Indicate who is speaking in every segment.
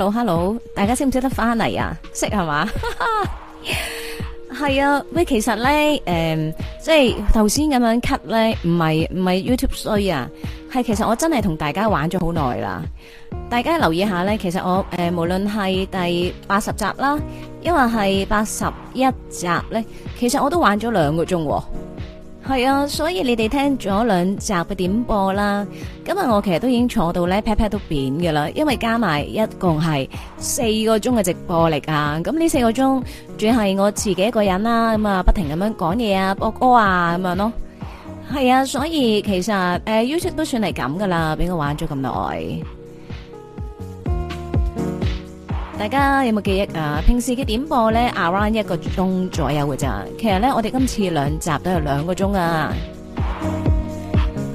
Speaker 1: hello hello 大家識唔識得翻嚟啊？識係嘛？係 啊，喂，其實呢誒、呃，即係頭先咁樣 cut 呢唔係唔係 YouTube 衰啊，係其實我真係同大家玩咗好耐啦。大家留意一下呢，其實我誒、呃，無論係第八十集啦，因為係八十一集呢，其實我都玩咗兩個鐘，啊。係啊，所以你哋聽咗兩集嘅點播啦。今日我其實都已經坐到咧 pat pat 都扁嘅啦，因為加埋一共係四個鐘嘅直播嚟㗎。咁呢四個鐘仲要係我自己一個人啦，咁啊不停咁樣講嘢啊，播歌啊咁樣咯。係啊，所以其實誒、呃，YouTube 都算係咁噶啦，俾我玩咗咁耐。大家有冇記憶啊？平時嘅點播咧 around 一個鐘左右嘅咋，其實咧我哋今次兩集都有兩個鐘啊。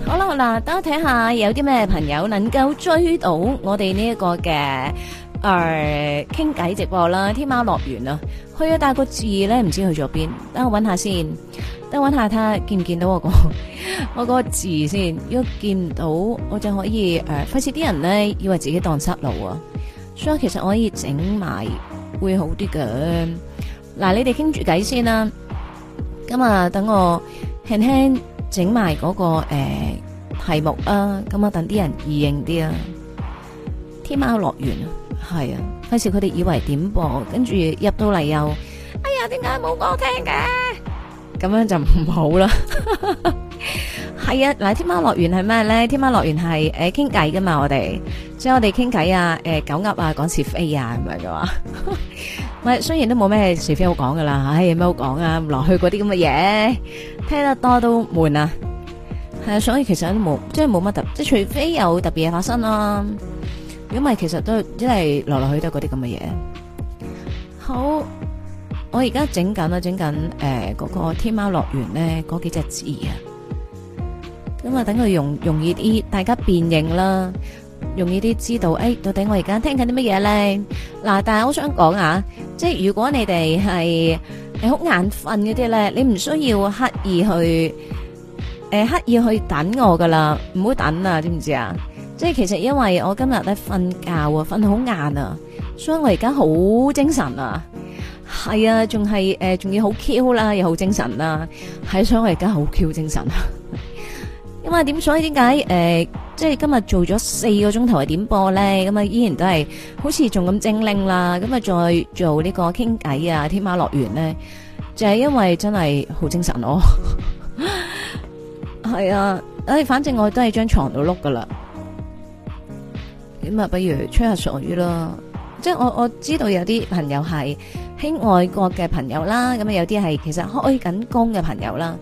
Speaker 1: 好啦，好啦，等我睇下有啲咩朋友能夠追到我哋呢一個嘅誒傾偈直播啦。天喵樂園啊，去咗帶個字咧，唔知去咗邊。等我揾下先，等我揾下睇下見唔見到我個我個字先。如果見唔到，我就可以誒，費事啲人咧以為自己蕩失路啊。所、so, 以其實我可以整埋會好啲嘅，嗱你哋傾住偈先啦，咁啊等我輕輕整埋嗰個誒、呃、題目啊，咁啊等啲人易認啲啊。天喵樂園係啊，費事佢哋以為點播，跟住入到嚟又，哎呀點解冇歌聽嘅？咁樣就唔好啦。係 啊，嗱天喵樂園係咩咧？天喵樂園係誒傾偈噶嘛，我哋。即係我哋傾偈啊，誒，狗鴨啊，講是非啊，咁樣嘅話，唔係，雖然都冇咩是非好講噶啦，唉，有咩好講啊？落去嗰啲咁嘅嘢，聽得多都悶啊。係啊，所以其實都冇，即係冇乜特，即係除非有特別嘢發生啦。如果唔係，其實都即係落落去都係嗰啲咁嘅嘢。好，我而家整緊啊，整緊，誒，嗰個天喵樂園咧嗰幾隻字啊，咁啊，等佢容容易啲，大家辨認啦。容易啲知道，哎，到底我而家聽緊啲乜嘢咧？嗱，但係我想講啊，即係如果你哋係係好眼瞓嗰啲咧，你唔需要刻意去，誒、呃，刻意去等我噶啦，唔好等啊，知唔知啊？即係其實因為我今日咧瞓覺啊，瞓好晏啊，所以我而家好精神啊，係啊，仲係誒，仲要好 Q 啦，又好精神啊，係，所以我而家好 Q 精神啊，因為點所以點解誒？即係今日做咗四個鐘頭係點播咧，咁啊依然都係好似仲咁精靈啦，咁啊再做呢個傾偈啊，天喵樂園咧，就係、是、因為真係好精神哦。係 啊，誒，反正我都係張床度碌噶啦。咁啊，不如吹下水啦。即係我我知道有啲朋友係喺外國嘅朋友啦，咁啊有啲係其實開緊工嘅朋友啦。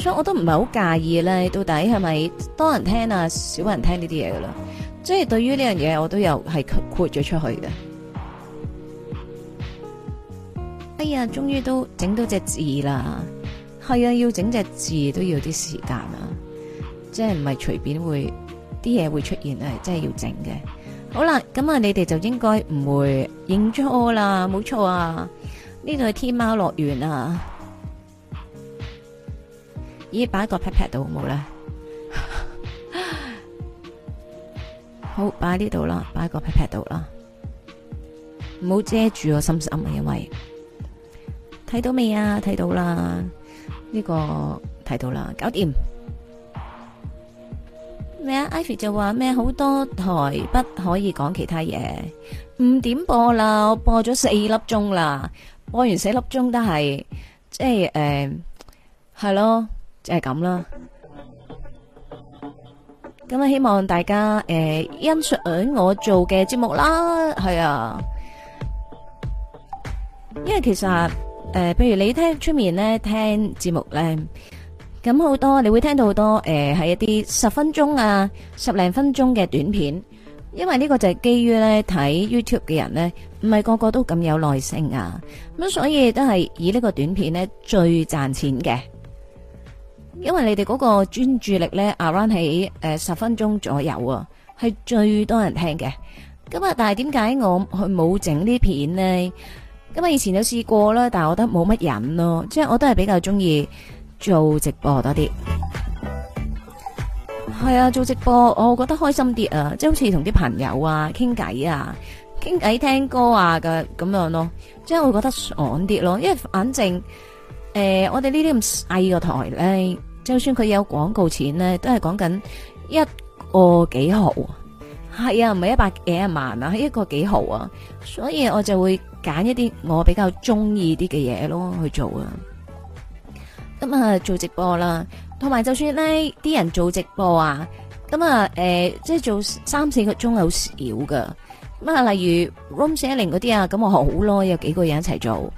Speaker 1: 所以我都唔係好介意咧，到底係咪多人聽啊，少人聽呢啲嘢噶啦。即係對於呢樣嘢，我都有係豁咗出去嘅。哎呀，終於都整到隻字啦！係啊，要整隻字都要啲時間啊，即係唔係隨便會啲嘢會出現啊，即係要整嘅。好啦，咁啊，你哋就應該唔會認錯啦，冇錯啊，呢度係天喵樂園啊。咦，擺個 petpet 度好冇咧？好，擺呢度啦，擺個 petpet 度啦，唔好遮住我心心啊，因為，睇到未啊？睇到啦，呢個睇到啦，搞掂。咩啊？Ivy 就話咩好多台不可以講其他嘢，唔點播啦。我播咗四粒鐘啦，播完四粒鐘都係即係誒，係咯。就係咁啦，咁啊希望大家誒欣賞我做嘅節目啦，係啊，因為其實誒，譬如你聽出面咧聽節目咧，咁好多你會聽到好多誒，係一啲十分鐘啊，十零分鐘嘅短片，因為呢個就係基於咧睇 YouTube 嘅人咧，唔係個個都咁有耐性啊，咁所以都係以呢個短片咧最賺錢嘅。因為你哋嗰個專注力咧，around 喺誒十分鐘左右啊，係最多人聽嘅。咁啊，但係點解我去冇整啲片咧？咁啊，以前有試過啦，但係我覺得冇乜癮咯，即係我都係比較中意做直播多啲。係、嗯、啊，做直播我覺得開心啲啊，即係好似同啲朋友啊傾偈啊，傾偈聽歌啊嘅咁樣咯，即係我覺得爽啲咯。因為反正誒、呃，我哋呢啲咁細個台咧。就算佢有廣告錢咧，都係講緊一個幾毫，係啊，唔係一百幾啊萬啊，一個幾毫啊。所以我就會揀一啲我比較中意啲嘅嘢咯，去做啊。咁、嗯、啊，做直播啦，同埋就算咧，啲人做直播啊，咁、嗯、啊，誒、呃，即係做三四個鐘有好少噶。咁、嗯、啊，例如 Room s h a 嗰啲啊，咁、嗯、我學好咯，有幾個人一齊做，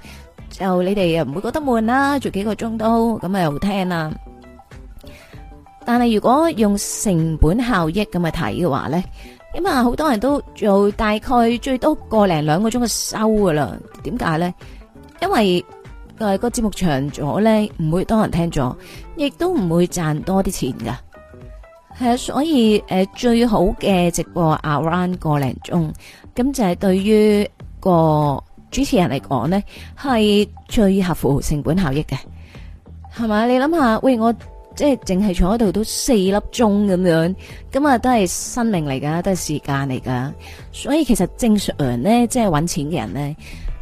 Speaker 1: 就你哋又唔會覺得悶啦？做幾個鐘都咁啊，又聽啊。但係如果用成本效益咁去睇嘅話呢，咁啊好多人都做大概最多個零兩個鐘嘅收噶啦。點解呢？因為誒個節目長咗呢，唔會多人聽咗，亦都唔會賺多啲錢噶。係啊，所以誒最好嘅直播 around 個零鐘，咁就係對於個主持人嚟講呢，係最合乎成本效益嘅。係咪？你諗下，喂我。即係淨係坐喺度都四粒鐘咁樣，咁啊都係生命嚟噶，都係時間嚟噶。所以其實正常人咧，即係搵錢嘅人咧，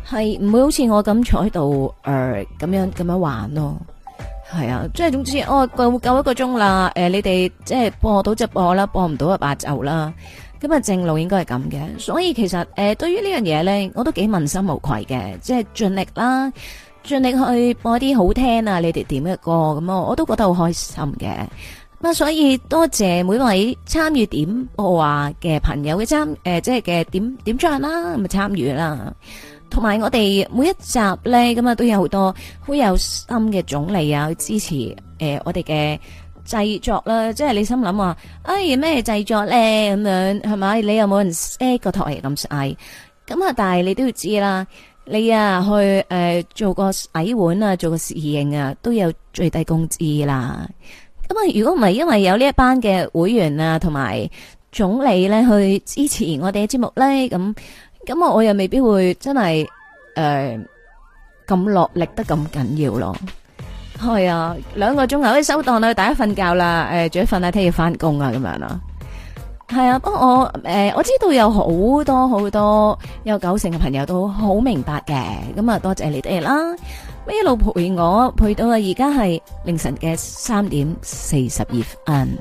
Speaker 1: 係唔會好似我咁坐喺度誒咁樣咁樣玩咯。係啊，即係總之，我夠夠一個鐘啦。誒、呃，你哋即係播到就播啦，播唔到就罷就啦。咁啊，正路應該係咁嘅。所以其實誒、呃，對於呢樣嘢咧，我都幾問心無愧嘅，即係盡力啦。盡力去播啲好聽啊！你哋點嘅歌咁，我都覺得好開心嘅。咁啊，所以多謝每位參與點播嘅朋友嘅參誒，即係嘅點點讚啦，咪參與啦。同埋我哋每一集咧，咁啊都有好多好有心嘅總理啊去支持誒，我哋嘅製作啦。即係你心諗話，哎咩製作咧咁樣係咪？你有冇人 set 個台咁嗌？咁啊，但係你都要知啦。你啊去誒、呃、做個洗碗啊，做個侍應啊，都有最低工資啦。咁啊，如果唔係因為有呢一班嘅會員啊，同埋總理咧去支持我哋嘅節目咧，咁咁我我又未必會真係誒咁落力得咁緊要咯。係啊，兩個鐘頭可以收檔啦，大家瞓覺啦。誒、呃，早啲瞓啦，聽日要翻工啊，咁樣啦係啊，不過我誒、呃，我知道有好多好多有九成嘅朋友都好明白嘅，咁啊，多謝你哋啦，咪一路陪我陪到現在是啊，而家係凌晨嘅三點四十二分。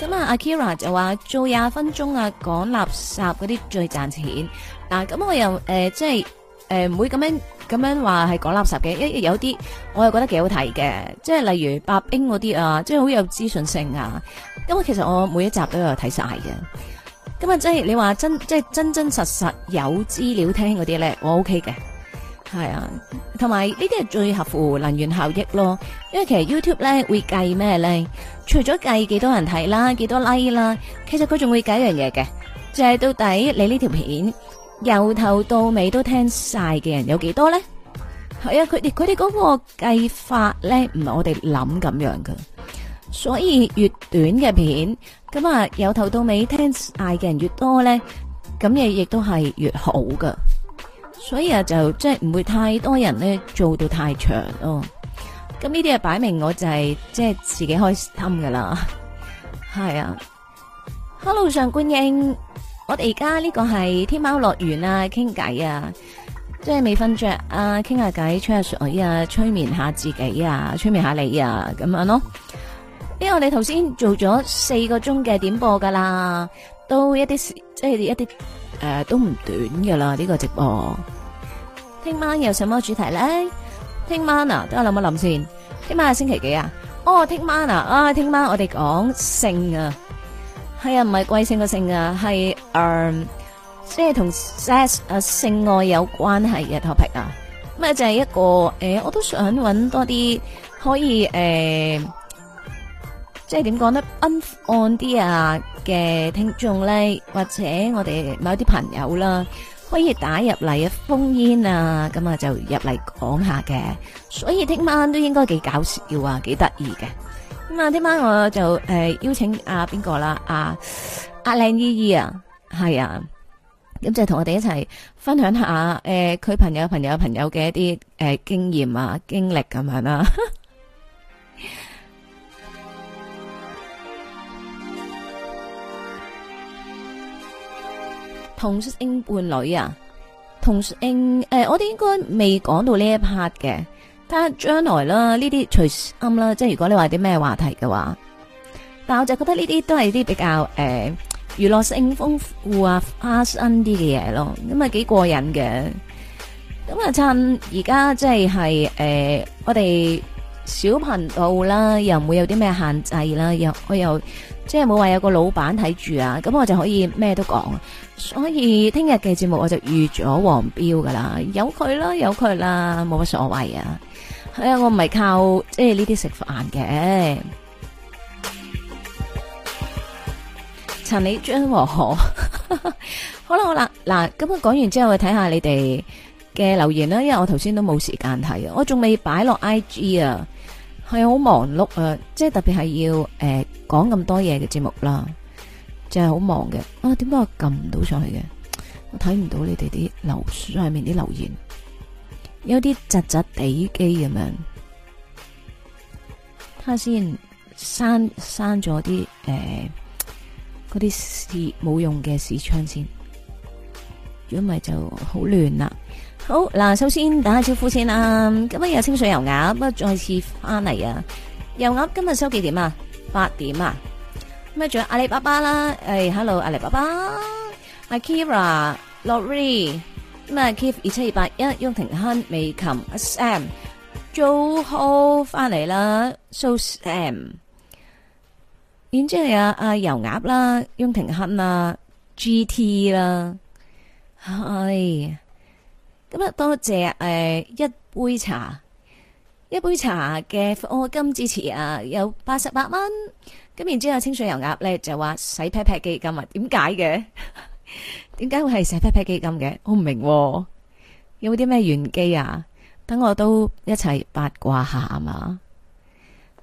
Speaker 1: 咁啊，Akira 就話做廿分鐘啊，講垃圾嗰啲最賺錢，嗱，咁我又誒、呃、即係。誒、呃，唔會咁樣咁樣話係講垃圾嘅，一有啲我又覺得幾好睇嘅，即係例如白冰嗰啲啊，即係好有資訊性啊。因為其實我每一集都有睇晒嘅。咁啊，即係你話真即係真真實實有資料聽嗰啲咧，我 OK 嘅，係啊。同埋呢啲係最合乎能源效益咯。因為其實 YouTube 咧會計咩咧？除咗計幾多人睇啦、幾多 like 啦，其實佢仲會計一樣嘢嘅，就係、是、到底你呢條片。由頭到尾都聽晒嘅人有幾多咧？係啊，佢哋佢哋嗰個計法咧，唔係我哋諗咁樣噶所以越短嘅片，咁啊由頭到尾聽晒嘅人越多咧，咁嘢亦都係越好噶所以啊，就即係唔會太多人咧做到太長咯。咁呢啲啊擺明我就係即係自己開心噶啦，係啊，Hello 上官英。我哋而家呢個係天喵樂園啊，傾偈啊，即係未瞓着啊，傾下偈，吹下水啊，催眠下自己啊，催眠下你啊，咁樣咯。因為我哋頭先做咗四個鐘嘅點播㗎喇，都一啲即係一啲誒、呃、都唔短㗎喇呢個直播。聽晚有什麼主題咧？聽晚啊，等我諗一諗先。聽晚係星期幾啊？哦，聽晚啊，啊，聽晚我哋講性啊。係啊，唔係貴姓個姓啊，係誒，即係同 sex 誒性愛有關係嘅 topic 啊。咁就係一個誒，我都想揾多啲可以誒，即係點講咧，不安啲啊嘅聽眾咧，或者我哋某啲朋友啦，可以打入嚟啊，烽煙啊，咁啊就入嚟講下嘅。所以聽晚都應該幾搞笑啊，幾得意嘅。咁、呃、啊，聽晚我就誒邀請阿邊個啦、啊啊啊，阿阿靚姨姨啊，係啊，咁、嗯、就同我哋一齊分享下誒佢、呃、朋友朋友朋友嘅一啲誒、呃、經驗啊經歷咁樣啦。同性伴侶啊，同性誒、呃，我哋應該未講到呢一 part 嘅。啊！將來啦，呢啲隨時啱啦，即係如果你話啲咩話題嘅話，但我就覺得呢啲都係啲比較誒、呃、娛樂性豐富啊、發生啲嘅嘢咯，咁啊幾過癮嘅。咁、嗯、啊趁而家即係係誒，我哋小頻道啦又唔會有啲咩限制啦，又我又即係冇話有個老闆睇住啊，咁、嗯、我就可以咩都講，所以聽日嘅節目我就預咗黃標噶啦，有佢啦，有佢啦，冇乜所謂啊！係、哎、啊，我唔係靠即係呢啲食飯嘅。陳李張和何， 好啦好啦，嗱，咁樣講完之後，去睇下你哋嘅留言啦。因為我頭先都冇時間睇，我仲未擺落 I G 啊，係好忙碌啊，即係特別係要誒講咁多嘢嘅節目啦，就係、是、好忙嘅。啊，點解我撳唔到上去嘅？我睇唔到你哋啲留上面啲留言。有啲窒窒地機咁樣，睇下先刪刪咗啲誒，啲是冇用嘅視窗先，如果唔係就好亂啦。好嗱，首先打下招呼先啦。今日有清水油鴨，咁啊再次翻嚟啊。油鴨今日收幾點啊？八點啊。咁啊仲有阿里巴巴啦。誒，hello 阿里巴巴，Akira，Lori。咁啊，keep 二七二八一，雍廷亨美琴，Sam a 做好翻嚟啦，so Sam，然之後係阿油鴨啦，雍廷亨啦，GT 啦，係，咁啊多謝誒一杯茶，一杯茶嘅課金支持啊，有八十八蚊，咁然之後清水油鴨咧就話使劈劈 t 基金今日，點解嘅？點解會係寫 PP 基金嘅？我唔明白，有冇啲咩玄機啊？等我都一齊八卦下係嘛？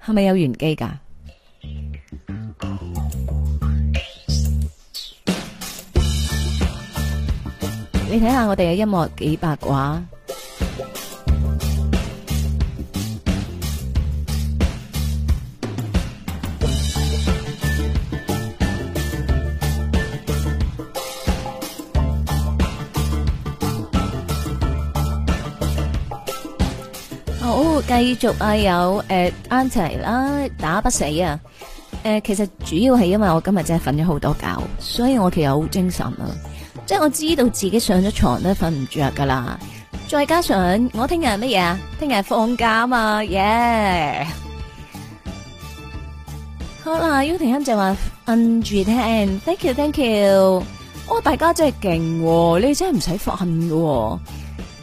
Speaker 1: 係咪有玄機噶？ 你睇下我哋嘅音樂幾八卦。好，繼續啊！有誒安齊啦，打不死啊！誒、呃，其實主要係因為我今日真係瞓咗好多覺，所以我其實好精神啊！即係我知道自己上咗床都瞓唔着噶啦，再加上我聽日係乜嘢啊？聽日放假啊嘛！耶、yeah! 好啦，U 婷欣就話瞓住聽，thank you，thank you，哦，大家真係勁、哦，你真係唔使瞓噶。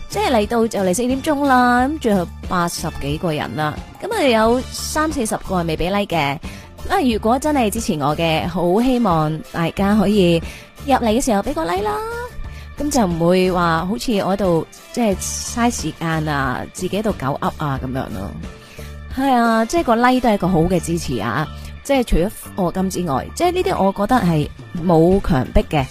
Speaker 1: 即係嚟到就嚟四點鐘啦，咁最後八十幾個人啦，咁啊有三四十個係未俾 like 嘅。啊，如果真係支持我嘅，好希望大家可以入嚟嘅時候俾個 like 啦，咁就唔會話好似我喺度即係嘥時間啊，自己喺度狗噏啊咁樣咯、啊。係啊，即係個 like 都係一個好嘅支持啊！即係除咗現金之外，即係呢啲我覺得係冇強迫嘅，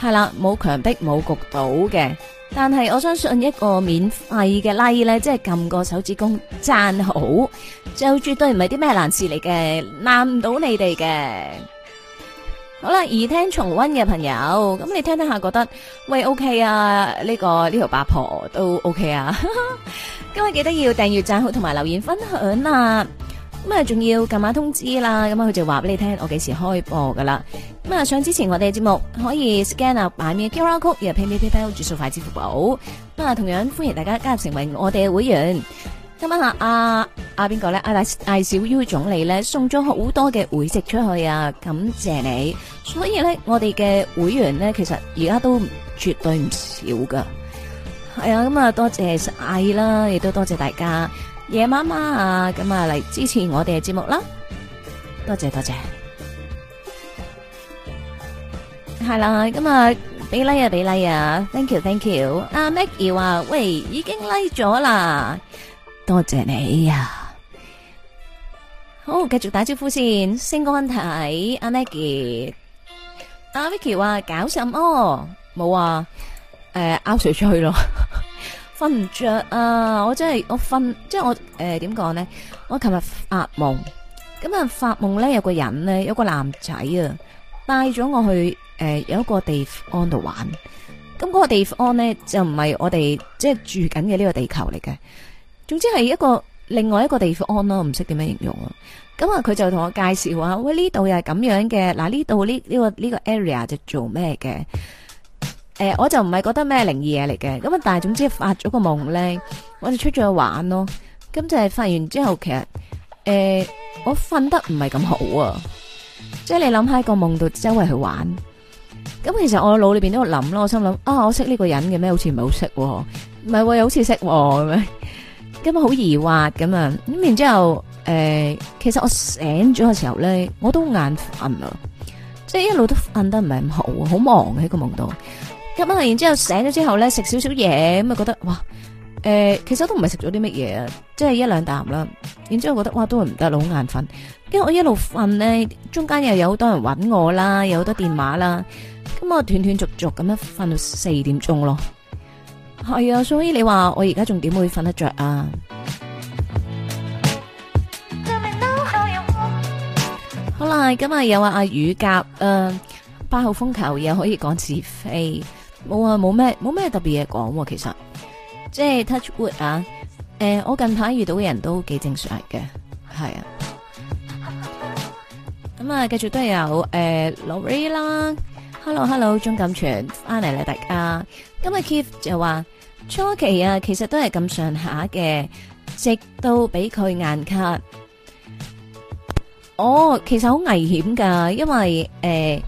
Speaker 1: 係啦、啊，冇強迫，冇焗到嘅。但係我相信一個免費嘅 like 呢，咧，即係撳個手指公讚好，就絕對唔係啲咩難事嚟嘅，難唔到你哋嘅。好啦，耳聽重溫嘅朋友，咁你聽聽下覺得，喂 OK 啊，呢、呢個呢條、呢個、八婆都 OK 啊，各 位記得要訂閱、讚好同埋留言分享啊！咁啊，仲要撳下通知啦，咁啊，佢就話俾你聽我幾時開播噶啦。咁啊，上之前我哋嘅節目可以 scan 啊，版面、QR Code，又 PayMe、PayPal 住數快支付寶。咁啊，同樣歡迎大家加入成為我哋嘅會員。今晚啊阿邊、啊啊、個咧？艾、啊啊、小 U 總理咧送咗好多嘅會籍出去啊，感謝你。所以咧，我哋嘅會員咧，其實而家都絕對唔少噶。係啊，咁啊，多謝艾啦，亦都多謝大家。夜媽媽啊，咁啊嚟支持我哋嘅節目啦，多謝多謝，係啦，咁啊俾 like 啊俾 like 啊，thank you thank you，阿 Maggie 話喂已經 like 咗啦，多謝你啊，好繼續打招呼先，升個問題，阿 Maggie，阿 Vicky 話搞什麼，冇啊，誒 out 出去咯。瞓唔着啊！我真係我瞓，即係我誒點講呢？我琴日發夢，咁啊發夢呢，有個人呢，有個男仔啊，帶咗我去誒、呃、有一個地方度玩。咁、那、嗰個地方呢，就唔係我哋即係住緊嘅呢個地球嚟嘅，總之係一個另外一個地方咯，唔識點樣形容啊。咁啊佢就同我介紹啊，喂，呢度又係咁樣嘅，嗱，呢度呢，呢個呢、這個 area 就做咩嘅？誒、呃，我就唔係覺得咩靈異嘢嚟嘅，咁啊，但係總之發咗個夢咧，我就出咗去玩咯。咁就係、是、發完之後，其實誒、呃，我瞓得唔係咁好啊，即係你諗喺個夢度周圍去玩，咁其實我腦裏邊都諗咯，我心諗啊，我識呢個人嘅咩？好似唔係好識，唔係又好似識咁樣，咁啊好疑惑咁啊。咁然之後誒、呃，其實我醒咗嘅時候咧，我都眼瞓啊，即係一路都瞓得唔係咁好，好忙喺個夢度。然後醒了之後醒咗之後咧食少少嘢咁啊覺得哇誒、呃、其實都唔係食咗啲乜嘢啊即係一兩啖啦然之後覺得哇都唔得好眼瞓跟住我一路瞓咧中間又有好多人揾我啦有好多電話啦咁我斷斷續續咁樣瞓到四點鐘咯係啊所以你話我而家仲點會瞓得着啊好啦今日有阿阿雨夾誒八號風球又可以講是非。冇啊，冇咩冇咩特別嘢講，啊，其實即係、就是、touch wood 啊！誒、呃，我近排遇到嘅人都幾正常嘅，係啊。咁、嗯、啊，繼續都係有誒、呃、Laurie 啦，Hello Hello 鍾錦全翻嚟啦，大家。今日 Keith 就話初期啊，其實都係咁上下嘅，直到俾佢硬卡。哦，其實好危險噶，因為誒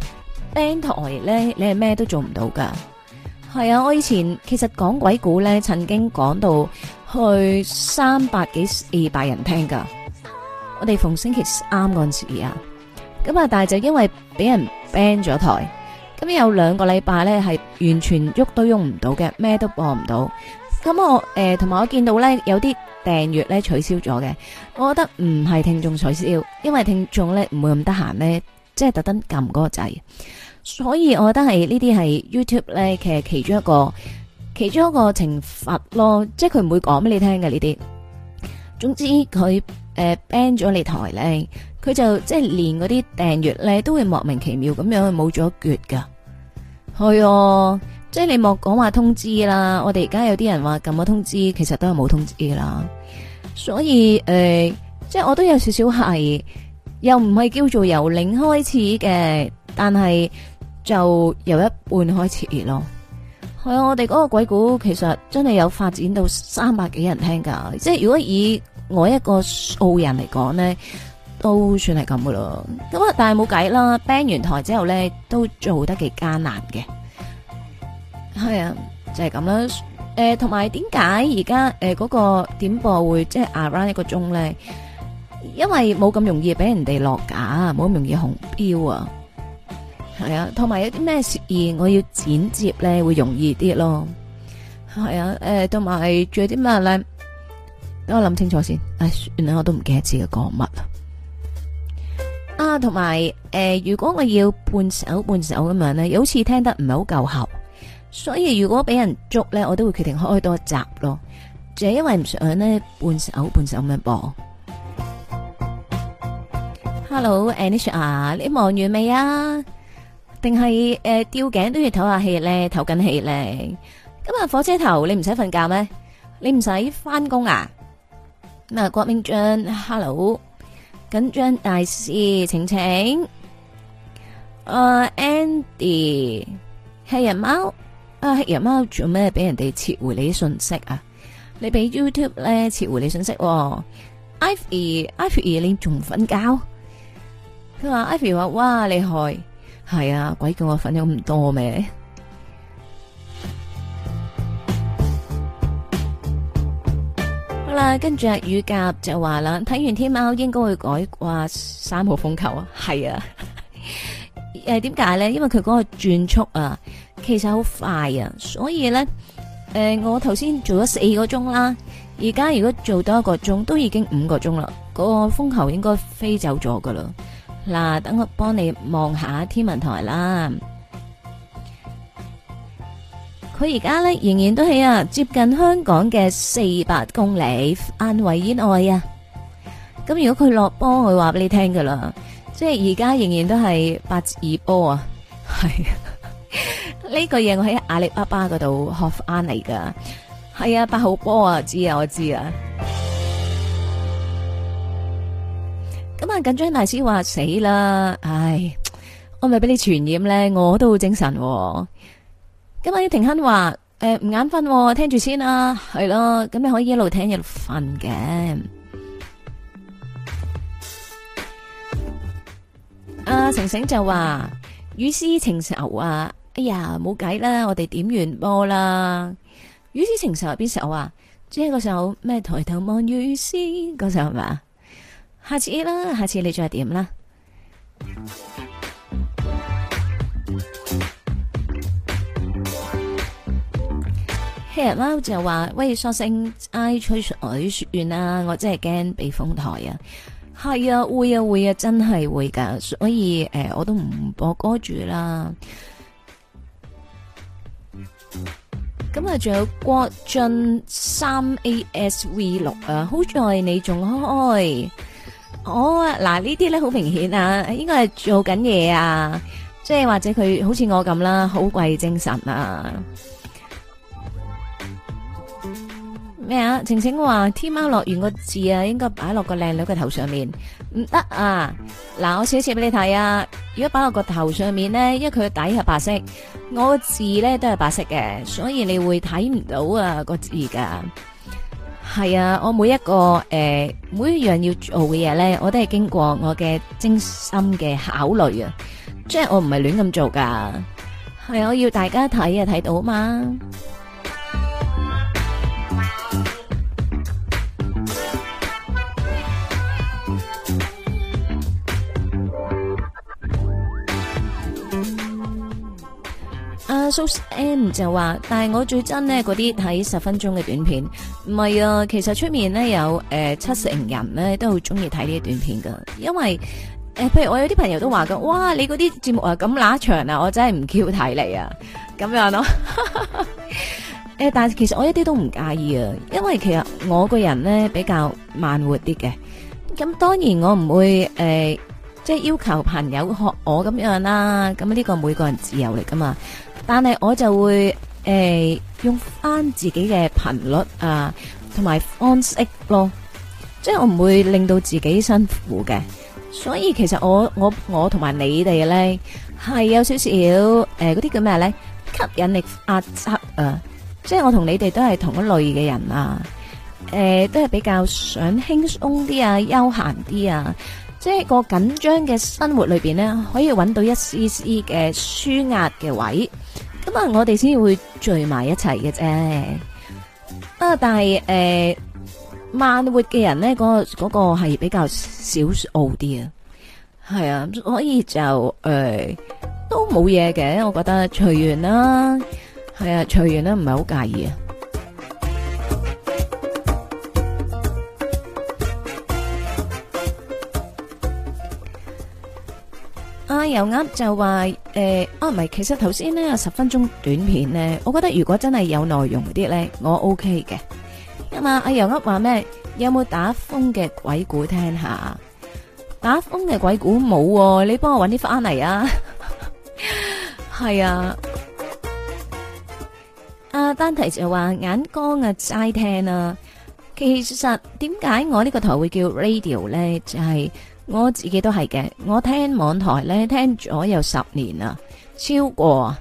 Speaker 1: ban、呃、台咧，你係咩都做唔到噶。係啊，我以前其實講鬼故呢，曾經講到去三百幾二百人聽噶。我哋逢星期三嗰陣時啊，咁啊，但係就因為俾人 ban 咗台，咁有兩個禮拜呢，係完全喐都喐唔到嘅，咩都播唔到。咁我誒，同埋我見到呢，有啲訂閱呢取消咗嘅，我覺得唔係聽眾取消，因為聽眾呢唔會咁得閒呢，即係特登撳嗰個掣。所以我覺得係呢啲係 YouTube 咧，其實其中一個其中一個懲罰咯，即係佢唔會講俾你聽嘅呢啲。總之佢誒 ban 咗你台咧，佢就即係連嗰啲訂閱咧都會莫名其妙咁樣冇咗絕噶。係哦，即係你莫講話通知啦。我哋而家有啲人話撳咗通知，其實都係冇通知啦。所以誒、呃，即係我都有少少係，又唔係叫做由零開始嘅，但係。就由一半開始熱咯，係、嗯、啊！我哋嗰個鬼故其實真係有發展到三百幾人聽噶，即係如果以我一個素人嚟講咧，都算係咁噶啦。咁、嗯、啊，但係冇計啦，ban 完台之後咧，都做得幾艱難嘅。係、嗯、啊，就係咁啦。誒、呃，同埋點解而家誒嗰個點播會即係 around 一個鐘咧？因為冇咁容易俾人哋落架，冇咁容易紅標啊。係啊，同埋有啲咩事宜我要剪接咧，會容易啲咯。係啊，誒、呃，同埋仲有啲咩咧？等我諗清楚先。唉、哎，算啦，我都唔記得自己講乜啦。啊，同埋誒，如果我要半首半首咁樣咧，好似聽得唔係好夠喉，所以如果俾人捉咧，我都會決定開多一集咯。就係因為唔想咧半首半首咁樣播。Hello，Anisha，你望完未啊？定係誒吊頸都要唞下氣咧，唞緊氣咧。今日火車頭你唔使瞓覺咩？你唔使翻工啊？嗱，郭明俊，hello，緊張大師，晴晴。啊，Andy，黑人貓，啊，黑人貓做咩俾人哋撤回你信息啊？你俾 YouTube 咧撤回你信息？Ivy，Ivy，你仲瞓覺？佢話 Ivy 話，哇厲害！係啊，鬼叫我粉咗咁多咩？好啦，跟住阿雨甲就話啦，睇完天喵應該會改掛三號風球是啊。係 啊、呃，誒點解咧？因為佢嗰個轉速啊，其實好快啊，所以咧，誒、呃、我頭先做咗四個鐘啦，而家如果做多一個鐘，都已經五個鐘啦，嗰、那個風球應該飛走咗噶啦。嗱，等我幫你望下天文台啦。佢而家咧仍然都係啊接近香港嘅四百公里範圍以外啊。咁如果佢落波，我話俾你聽噶啦，即係而家仍然都係八二波啊。係啊， 呢個嘢我喺阿里巴巴嗰度學翻嚟噶。係啊，八號波啊，我知啊，我知啊。咁啊！緊張大師話死啦！唉，我咪俾你傳染咧，我都好精神、啊。今晚要停欣話：誒、呃，唔眼瞓、啊，聽住先啦、啊，係咯、啊。咁你可以一路聽一路瞓嘅。阿醒醒就話：雨絲情愁啊！哎呀，冇計啦，我哋點完波啦。雨絲情愁係邊首啊？即係嗰首咩？抬頭望雨絲嗰首係咪？下次啦，下次你再點啦？Here 黑人貓就話：喂，索性 I 吹水算啦，我真係驚被封台啊。係啊，會啊，會啊，真係會噶。所以誒、呃，我都唔播歌住啦。咁啊，仲有郭俊三 A S V 六啊，好在你仲開。哦，啊，嗱呢啲咧好明顯啊，應該係做緊嘢啊，即係或者佢好似我咁啦，好貴精神啊。咩啊？晴晴話天喵樂園個字啊，應該擺落個靚女嘅頭上面，唔得啊！嗱，我寫一次俾你睇啊。如果擺落個頭上面咧，因為佢底係白色，我個字咧都係白色嘅，所以你會睇唔到啊個字噶。係啊，我每一個誒、欸、每一樣要做嘅嘢咧，我都係經過我嘅精心嘅考慮、就是、啊，即係我唔係亂咁做噶，係我要大家睇啊睇到啊嘛。阿 Sam 就話，但係我最憎咧嗰啲睇十分鐘嘅短片，唔係啊，其實出面咧有誒、呃、七成人咧都好中意睇呢啲短片噶，因為誒、呃，譬如我有啲朋友都話噶，哇，你嗰啲節目啊咁乸長啊，我真係唔 Q 睇你啊，咁樣咯，誒、 呃，但係其實我一啲都唔介意啊，因為其實我個人咧比較慢活啲嘅，咁當然我唔會誒即係要求朋友學我咁樣啦，咁呢個每個人自由嚟噶嘛。但係我就會誒、欸、用翻自己嘅頻率啊，同埋方式咯，即係我唔會令到自己辛苦嘅。所以其實我我我同埋你哋咧係有少少誒嗰啲叫咩咧吸引力壓、啊、積啊，即係我同你哋都係同一類嘅人啊，誒都係比較想輕鬆啲啊，休閒啲啊。即係個緊張嘅生活裏邊咧，可以揾到一絲絲嘅舒壓嘅位，咁啊，我哋先會聚埋一齊嘅啫。啊，但係誒、呃，慢活嘅人咧，嗰、嗰個嗰個係比較少傲啲啊。係啊，所以就誒、呃、都冇嘢嘅，我覺得隨緣啦。係啊，隨緣啦，唔係好介意啊。阿油鴨就話誒，啊唔係，其實頭先咧有十分鐘短片咧，我覺得如果真係有內容嗰啲咧，我 OK 嘅。阿阿油鴨話咩？有冇打風嘅鬼故聽下？打風嘅鬼故冇，你幫我搵啲翻嚟啊！係啊，阿丹提就話眼光啊齋聽啊，其實點解我呢個台會叫 radio 咧？就係。我自己都係嘅，我聽網台呢聽咗有十年啦，超過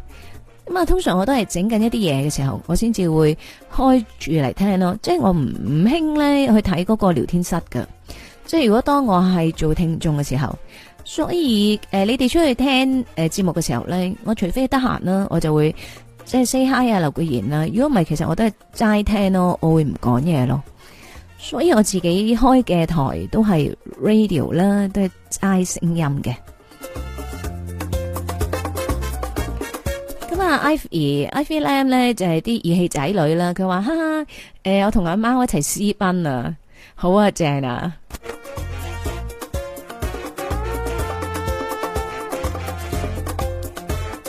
Speaker 1: 咁啊。通常我都係整緊一啲嘢嘅時候，我先至會開住嚟聽咯。即係我唔唔興呢去睇嗰個聊天室噶。即係如果當我係做聽眾嘅時候，所以誒、呃、你哋出去聽誒節、呃、目嘅時候呢，我除非得閒啦，我就會即係 say hi 啊留句言啦。如果唔係，其實我都係齋聽咯，我會唔講嘢咯。所以我自己開嘅台都係 radio 啦，都係齋聲音嘅。咁、嗯、啊 Ivy Ivy Lam 咧就係啲義氣仔女啦。佢話：，哈誒、呃，我同阿貓一齊私奔啊！好啊，正啊！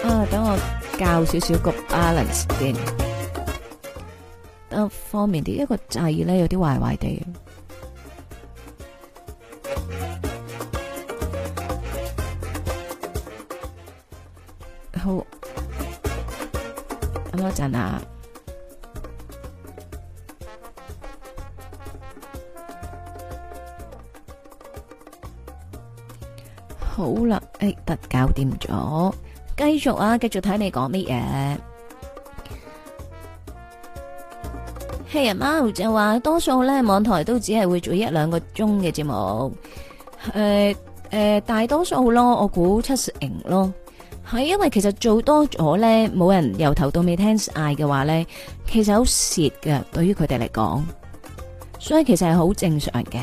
Speaker 1: 啊，等我調少少 balance 先。啊，方便啲，一個掣咧有啲壞壞地。好，等我一陣啊。好啦，哎，得搞掂咗，繼續啊，繼續睇你講咩嘢。係、hey, 啊，貓就話多數咧，網台都只係會做一兩個鐘嘅節目。誒、呃、誒、呃，大多數咯，我估七成咯。係因為其實做多咗咧，冇人由頭到尾聽嗌嘅話咧，其實好蝕㗎。對於佢哋嚟講，所以其實係好正常嘅。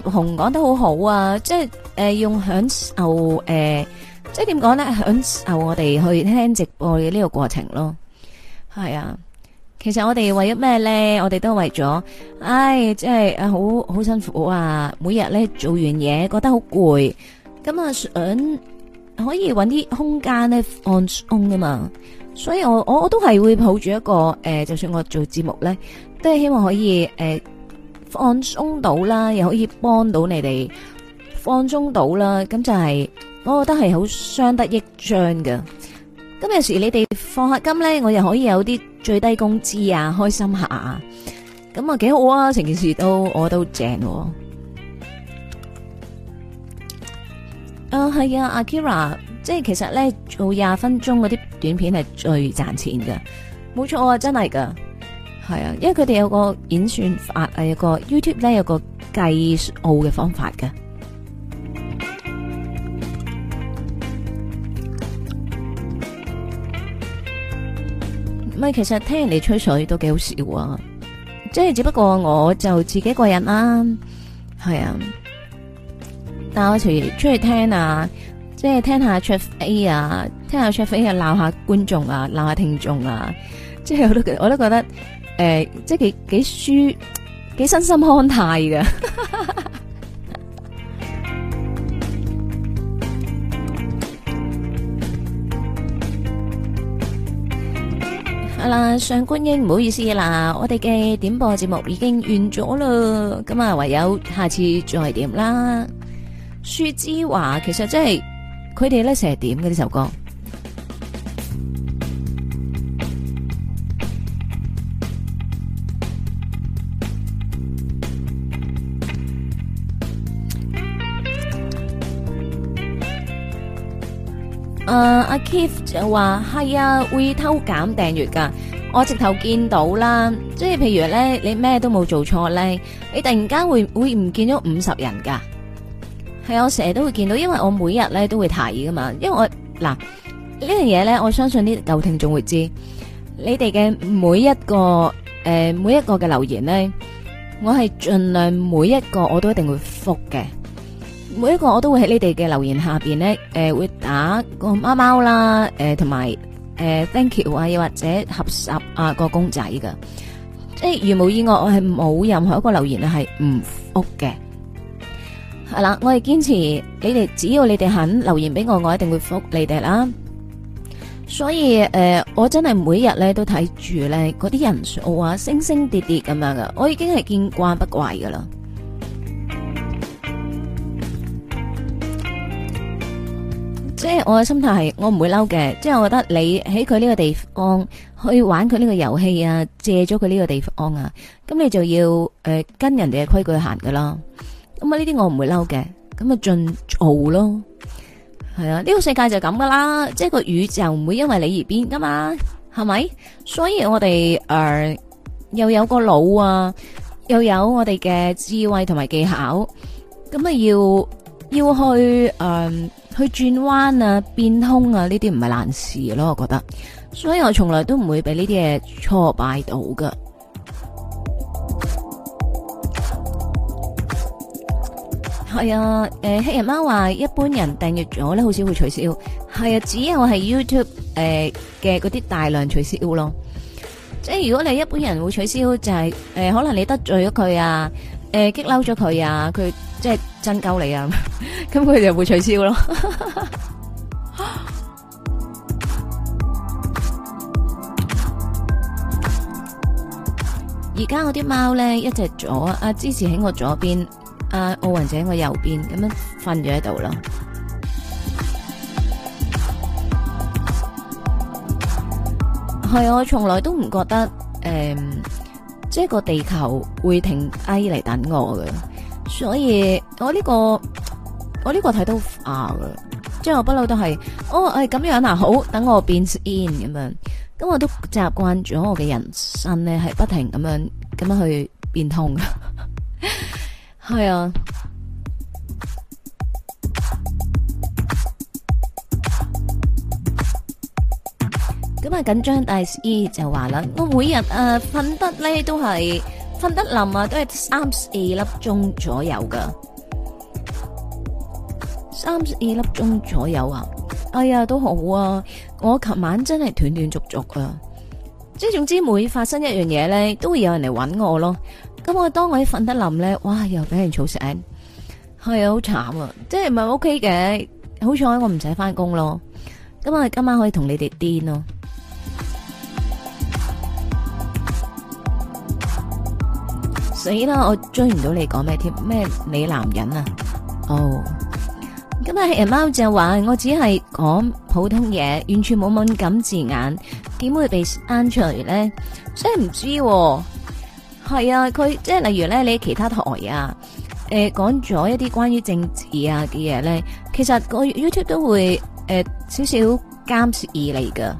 Speaker 1: 葉紅講得好好啊，即係誒、呃、用享受誒、呃，即係點講咧？享受我哋去聽直播嘅呢個過程咯。係啊，其實我哋為咗咩咧？我哋都為咗，唉，即係誒，好好辛苦啊！每日咧做完嘢，覺得好攰，咁啊想可以搵啲空間咧放鬆㗎嘛。所以我我我都係會抱住一個誒、呃，就算我做節目咧，都係希望可以誒。呃放鬆到啦，又可以幫到你哋放鬆到啦，咁就係、是、我覺得係好相得益彰㗎。咁有時你哋放下金咧，我又可以有啲最低工資啊，開心下啊，咁啊幾好啊，成件事都我都正啊。啊，係啊，阿 Kira，即係其實咧做廿分鐘嗰啲短片係最賺錢噶，冇錯啊，真係噶。係啊，因為佢哋有個演算法，有個 YouTube 咧有個計數嘅方法嘅。唔係， 其實聽人哋吹水都幾好笑啊！即係只不過我就自己一個人啦，係啊。但、啊、我平時出去聽啊，即係聽下 Chief A 啊，聽下 Chief A 鬧、啊、下觀眾啊，鬧下聽眾啊，即係我都我都覺得。誒、呃，即係幾幾舒，幾身心康泰嘅。係啦，上官英，唔好意思啦，我哋嘅點播節目已經完咗啦，咁啊唯有下次再點啦。雪之華，其實真係佢哋咧成日點嘅呢首歌。阿、uh, K 就話係啊，會偷減訂閱噶我直頭見到啦，即係譬如咧，你咩都冇做錯咧，你突然間會會唔見咗五十人噶係啊，我成日都會見到，因為我每日咧都會睇噶嘛，因為我嗱呢樣嘢咧，我相信啲舊聽眾會知，你哋嘅每一個誒、呃、每一個嘅留言咧，我係盡量每一個我都一定會覆嘅。每一個我都會喺你哋嘅留言下邊咧，誒、呃、會打個貓貓啦，誒同埋誒 thank you 啊，又或者合十啊個公仔噶，即係如無意外，我係冇任何一個留言係唔覆嘅。係啦，我係堅持你，你哋只要你哋肯留言俾我，我一定會覆你哋啦。所以誒、呃，我真係每日咧都睇住咧，嗰啲人數、啊、星星跌跌咁樣噶，我已經係見怪不怪噶啦。即係我嘅心態係，我唔會嬲嘅。即係我覺得你喺佢呢個地方去玩佢呢個遊戲啊，借咗佢呢個地方啊，咁你就要誒、呃、跟人哋嘅規矩行噶啦。咁啊呢啲我唔會嬲嘅，咁啊盡做咯，係啊。呢、呢個世界就咁噶啦，即係個宇宙唔會因為你而變噶嘛，係咪？所以我哋誒、呃、又有個腦啊，又有我哋嘅智慧同埋技巧，咁啊要要去誒。呃去轉彎啊，變通啊，呢啲唔係難事咯，我覺得。所以我從來都唔會俾呢啲嘢挫敗到噶。係啊，誒、欸，黑人貓話一般人訂閱咗咧，好少會取消。係啊，只有係 YouTube 誒嘅嗰啲大量取消咯。即係如果你一般人會取消，就係、是、誒、欸，可能你得罪咗佢啊，誒、欸，激嬲咗佢啊，佢。即係真鳩你啊！咁佢哋就會取消咯。而家我啲貓咧，一隻左、啊、支持喺我左邊，阿奧運者喺我右邊，咁樣瞓咗喺度咯。係啊，我從來都唔覺得，誒、嗯，即係個地球會停低嚟等我嘅。所以我呢、呢個我呢個睇到啊嘅，即係我不嬲都係哦，係咁樣啊，好，等我變 in 咁樣，咁我都習慣咗我嘅人生咧，係不停咁樣咁樣去變通嘅，係 啊。咁啊緊張， 大 E 就話啦，我每日、啊、噴瞓得咧都係。瞓得腍啊，都係三四粒鐘左右噶，三四粒鐘左右啊，哎呀都好啊，我琴晚真係斷斷續續啊，即係總之每發生一樣嘢咧，都會有人嚟搵我咯。咁我當我瞓得腍咧，哇又俾人吵醒，係啊好慘啊，即係唔係 ok 嘅，好彩我唔使返工咯，咁我今晚可以同你哋癲咯。所以啦，我追唔到你講咩添，咩你男人啊？哦、oh.，今日人貓就話我只係講普通嘢，完全冇敏感字眼，點會被刪出嚟咧？真係唔知。係啊，佢、啊、即係例如咧，你喺其他台啊，誒講咗一啲關於政治啊嘅嘢咧，其實個 YouTube 都會誒、呃、少少監視而嚟噶。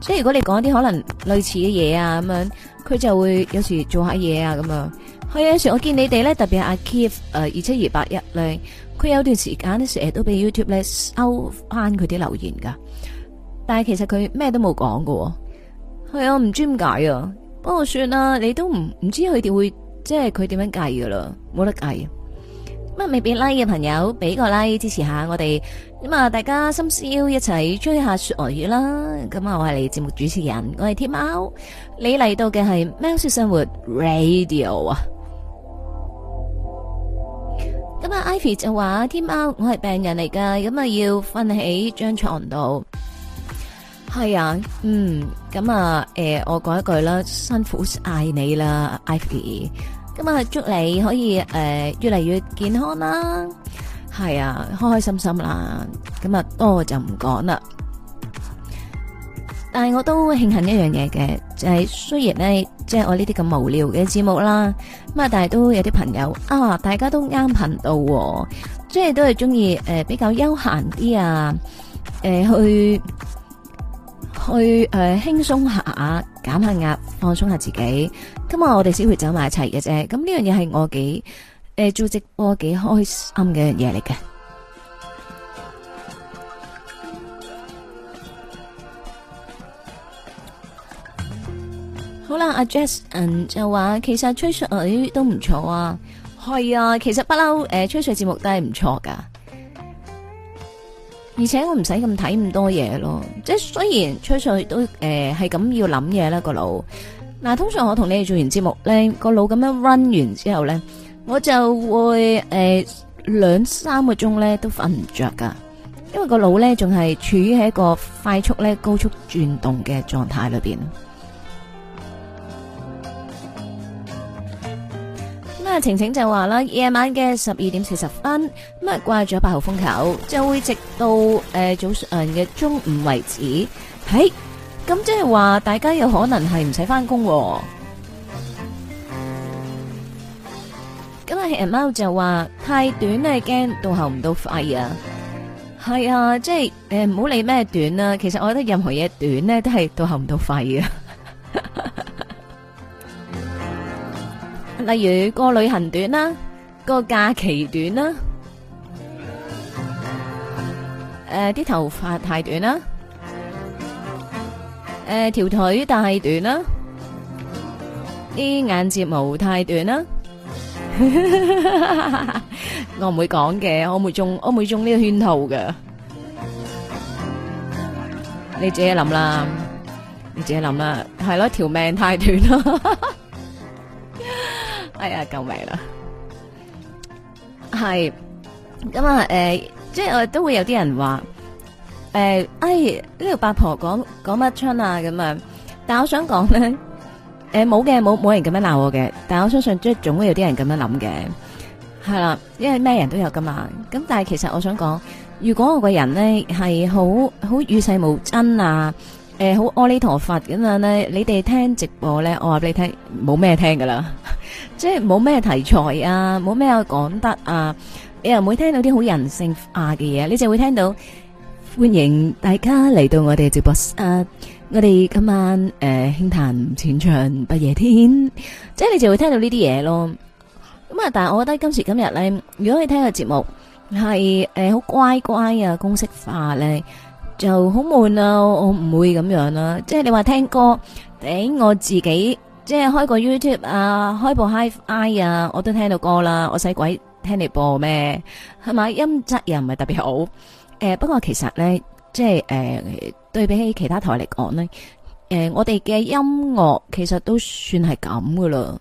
Speaker 1: 即係如果你講啲可能類似嘅嘢啊咁樣。佢就會有時做下嘢啊，咁樣。係有時我見你哋咧，特別阿 Keith 誒，二七二八一咧，佢有段時間咧，成日都俾 YouTube 咧收翻佢啲留言噶。但係其實佢咩都冇講噶，係啊，唔知點解啊。不過算啦，你都唔唔知佢哋會即係佢點樣計噶啦，冇得計啊。乜未俾 like 嘅朋友俾個 like 支持下我哋。咁啊，大家深宵一齊吹下雪鵝魚啦！咁啊，我係你節目主持人，我係天貓，你嚟到嘅係喵式生活 Radio 啊！咁啊，Ivy 就話天貓，我係病人嚟噶，咁啊要瞓喺張床度。係啊，嗯，咁啊，誒、呃，我講一句啦，辛苦晒你啦，Ivy。咁啊，祝你可以誒、呃、越嚟越健康啦！係啊，開開心心啦，咁啊多就唔講啦。但係我都慶幸一樣嘢嘅，就係、是、雖然呢，即係我呢啲咁無聊嘅節目啦，咁啊，但係都有啲朋友啊，大家都啱頻道，即係都係中意誒，比較休閒啲啊，誒、呃、去去誒輕鬆下，減下壓，放鬆下自己。今日我哋先會走埋一齊嘅啫，咁呢樣嘢係我幾。誒，做直播幾開心嘅嘢嚟嘅。好啦，阿 Jess 嗯，就話其實吹水女都唔錯啊，係啊，其實不嬲誒，吹水節目都係唔錯噶而且我唔使咁睇咁多嘢咯。即係雖然吹水都誒係咁要諗嘢啦，個腦嗱。通常我同你哋做完節目咧，個腦咁樣 run 完之後咧。我就會，誒,兩三個鐘咧都瞓唔着噶，因為個腦咧仲係處於喺一個快速咧高速轉動嘅狀態裏邊。咁啊晴晴就話啦，夜晚嘅十二點四十分，咁啊掛住八號風球，就會直到誒早上嘅中午為止。係，咁即係話，大家有可能係唔使返工。因為阿貓就話太短咧，驚到喉唔到肺啊。係啊，即係誒唔好理咩短啦，其實我覺得任何嘢短咧都係到喉唔到肺啊。例如個旅行短啦，個假期短啦，誒啲頭髮太短啦，誒條腿太短啦，啲眼睫毛太短啦。我唔會講嘅，我唔會中，我唔會中呢個圈套㗎，你自己諗啦，你自己諗啦，係咯，條命太短咯，哎呀，救命啦！係咁啊，誒，即係我哋都會有啲人話，誒，哎，呢條八婆講講乜春啊咁啊，但係我想講咧。誒，冇嘅，冇冇人咁樣鬧我嘅。但我相信即係總會有啲人咁樣諗嘅，係啦，因為咩人都有噶嘛。咁但係其實我想講，如果我個人咧係好好與世無爭啊，誒，好阿彌陀佛咁樣咧，你哋聽直播咧，我話俾你聽，冇咩聽噶啦，即係冇咩題材啊，冇咩講得啊，你又唔會聽到啲好人性化嘅嘢，你就會聽到歡迎大家嚟到我哋直播室。我哋今晚誒輕談淺唱不夜天，即係你就會聽到呢啲嘢咯。咁啊，但係我覺得今時今日咧，如果你聽個節目係誒好乖乖啊公式化咧，就好悶啊。我唔會咁樣啦。即係你話聽歌，頂我自己即係開個 YouTube 啊，開部 HiFi 啊，我都聽到歌啦。我使鬼聽你播咩？係咪，音質又唔係特別好。誒，不過其實咧，即係誒。對比起其他台嚟講咧，誒、呃，我哋嘅音樂其實都算係咁噶啦。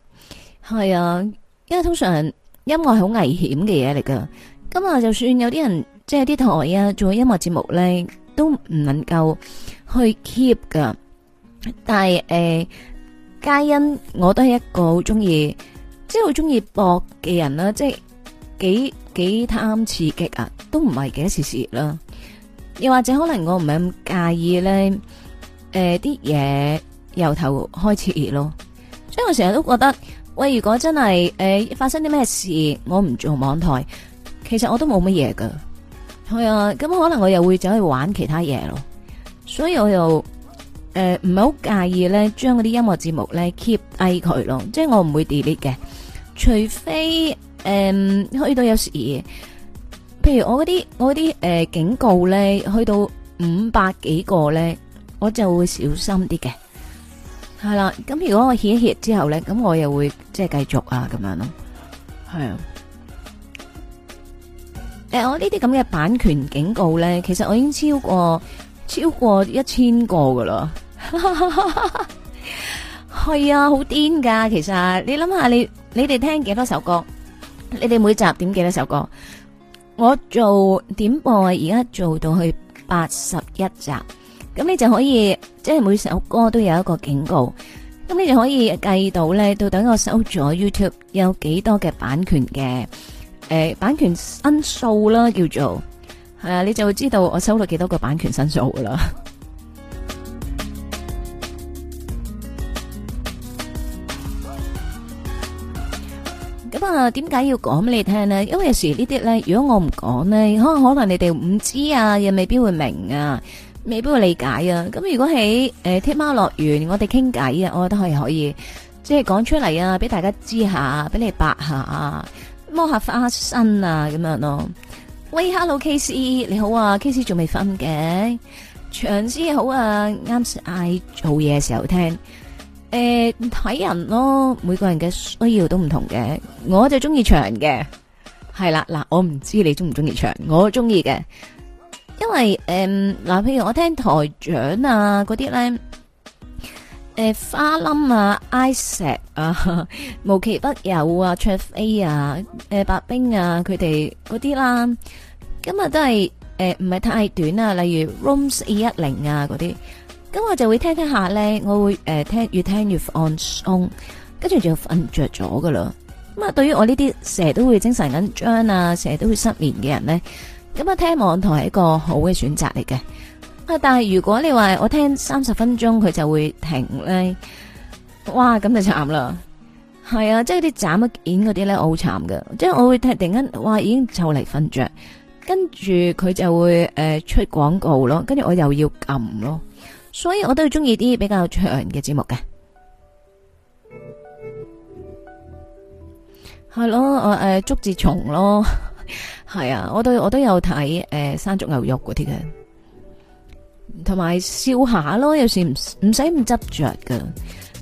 Speaker 1: 係啊，因為通常音樂係好危險嘅嘢嚟噶。咁啊，就算有啲人即係啲台啊做音樂節目咧，都唔能夠去 keep 噶。但係誒，皆因我都係一個好中意，即係好中意搏嘅人啦，即係幾幾貪刺激啊，都唔係幾一時事業、啊、啦。又或者可能我唔係咁介意咧，誒啲嘢由頭開始熱咯，所以我成日都覺得，喂，如果真係誒、呃、發生啲咩事，我唔做網台，其實我都冇乜嘢噶，係啊，咁可能我又會走去玩其他嘢咯，所以我又誒唔係好介意咧，將嗰啲音樂節目咧 keep 低佢咯，即係我唔會 delete 嘅，除非誒去到有時。譬如我嗰啲，我嗰啲誒警告咧，去到五百幾個咧，我就會小心啲嘅，係啦。咁如果我歇一歇之後咧，咁我又會即係繼續啊，咁樣咯，係啊。誒，我呢啲咁嘅版權警告咧，其實我已經超過超過一千個噶啦，係啊，好癲噶。其實你諗下，你你哋聽幾多首歌？你哋每集點幾多首歌？我做點播，而家做到去八十一集，咁你就可以即係每首歌都有一個警告，咁你就可以計到呢，到底我收咗 YouTube 有幾多嘅版權嘅誒、呃、版權申訴啦，叫做係啊，你就會知道我收咗幾多個版權申訴噶啦。咁啊，點解要講俾你聽咧？因為有時呢啲咧，如果我唔講咧，可能可能你哋唔知啊，又未必會明啊，未必會理解啊。咁如果喺誒天喵樂園，我哋傾偈啊，我覺得可以可以，即係講出嚟啊，俾大家知下，俾你白下，摸下花生啊，咁樣咯。喂，Hello K C，你好啊，K C 仲未瞓嘅，長詩好啊，啱晒做嘢嘅時候聽。誒、呃，睇人咯，每個人嘅需要都唔同嘅。我就中意長嘅，係啦，嗱、呃，我唔知你中唔中意長，我中意嘅，因為誒，嗱、呃呃，譬如我聽台長啊，嗰啲咧，誒、呃，花冧啊，Isaac 啊，無奇不有啊，卓飛啊，誒、呃，白冰啊，佢哋嗰啲啦，今日都係誒唔係太短啊，例如 rooms 一零啊嗰啲。咁我就會聽聽下咧，我會誒、呃、聽越聽越放鬆，跟住就瞓着咗噶啦。咁、嗯、啊，對於我呢啲成日都會精神緊張啊，成日都會失眠嘅人咧，咁、嗯、啊，聽網台係一個好嘅選擇嚟嘅啊。但係如果你話我聽三十分鐘佢就會停咧，哇，咁就慘啦。係啊，即係啲斬件嗰啲咧，我好慘噶，即係我會聽，突然間哇已經就嚟瞓着，跟住佢就會誒、呃、出廣告咯，跟住我又要撳咯。所以我都中意啲比較長嘅節目嘅，係咯，誒 誒樂，竹節蟲咯，係 啊，我都我都有睇誒、呃、山竹牛肉嗰啲嘅，同埋笑下咯，有時唔唔使咁執着噶，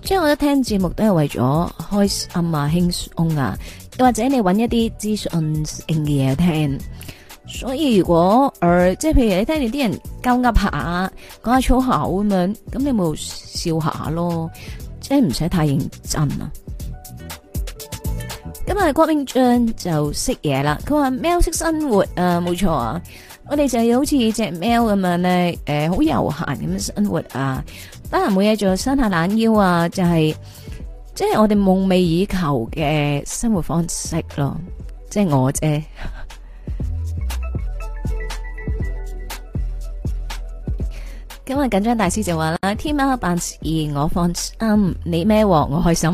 Speaker 1: 即係我一聽節目都係為咗開心啊輕鬆啊，又或者你揾一啲資訊性嘅嘢聽。所以如果，誒、呃，即係譬如你聽住啲人鳩噏下，講下粗口咁樣，咁你冇笑下下咯，即係唔使太認真啊。咁啊， 郭明俊就識嘢啦。佢話喵識生活啊，冇錯啊。我哋就係好似隻喵咁樣咧，誒，好悠閒咁樣生活啊，得閒冇嘢做，伸下懶腰啊，就係、是，即、就、係、是，我哋夢寐以求嘅生活方式咯，即係我啫。今日緊張大師就話啦：，天貓辦事而我放心 s-、um,，你咩喎？我開心。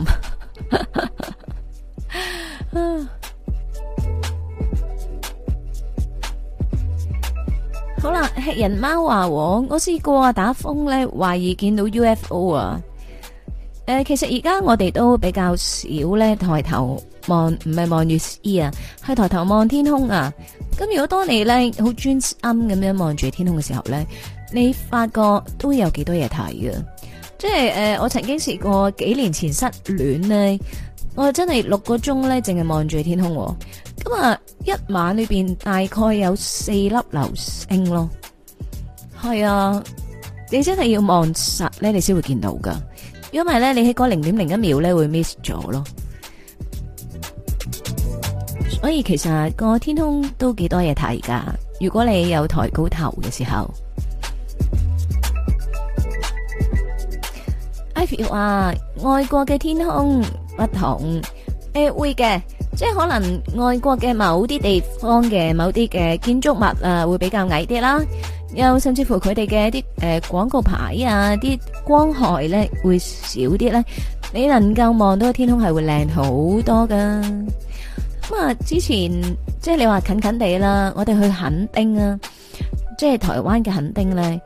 Speaker 1: 好啦，吃人貓話我試過啊，打風咧懷疑見到 UFO 啊。誒、呃，其實而家我哋都比較少咧抬頭望，唔係望月衣啊，係抬頭望天空啊。咁如果當你咧好專心咁樣望住天空嘅時候咧。你發覺都有幾多嘢睇嘅，即係誒、呃，我曾經試過幾年前失戀呢，我真係六個鐘呢，淨係望住天空，咁啊一晚裏邊大概有四粒流星咯，係啊，你真係要望實才要呢，你先會見到噶，因為呢，你喺個零點零一秒呢，會 miss 咗咯，所以其實個天空都幾多嘢睇噶，如果你有抬高頭嘅時候。譬如話外國嘅天空不同，誒、欸、會嘅，即係可能外國嘅某啲地方嘅某啲嘅建築物啊，會比較矮啲啦，又甚至乎佢哋嘅一啲誒廣告牌啊，啲光害咧會少啲咧，你能夠望到嘅天空係會靚好多噶。咁啊，之前即係你話近近地啦，我哋去墾丁啊，即係台灣嘅墾丁咧。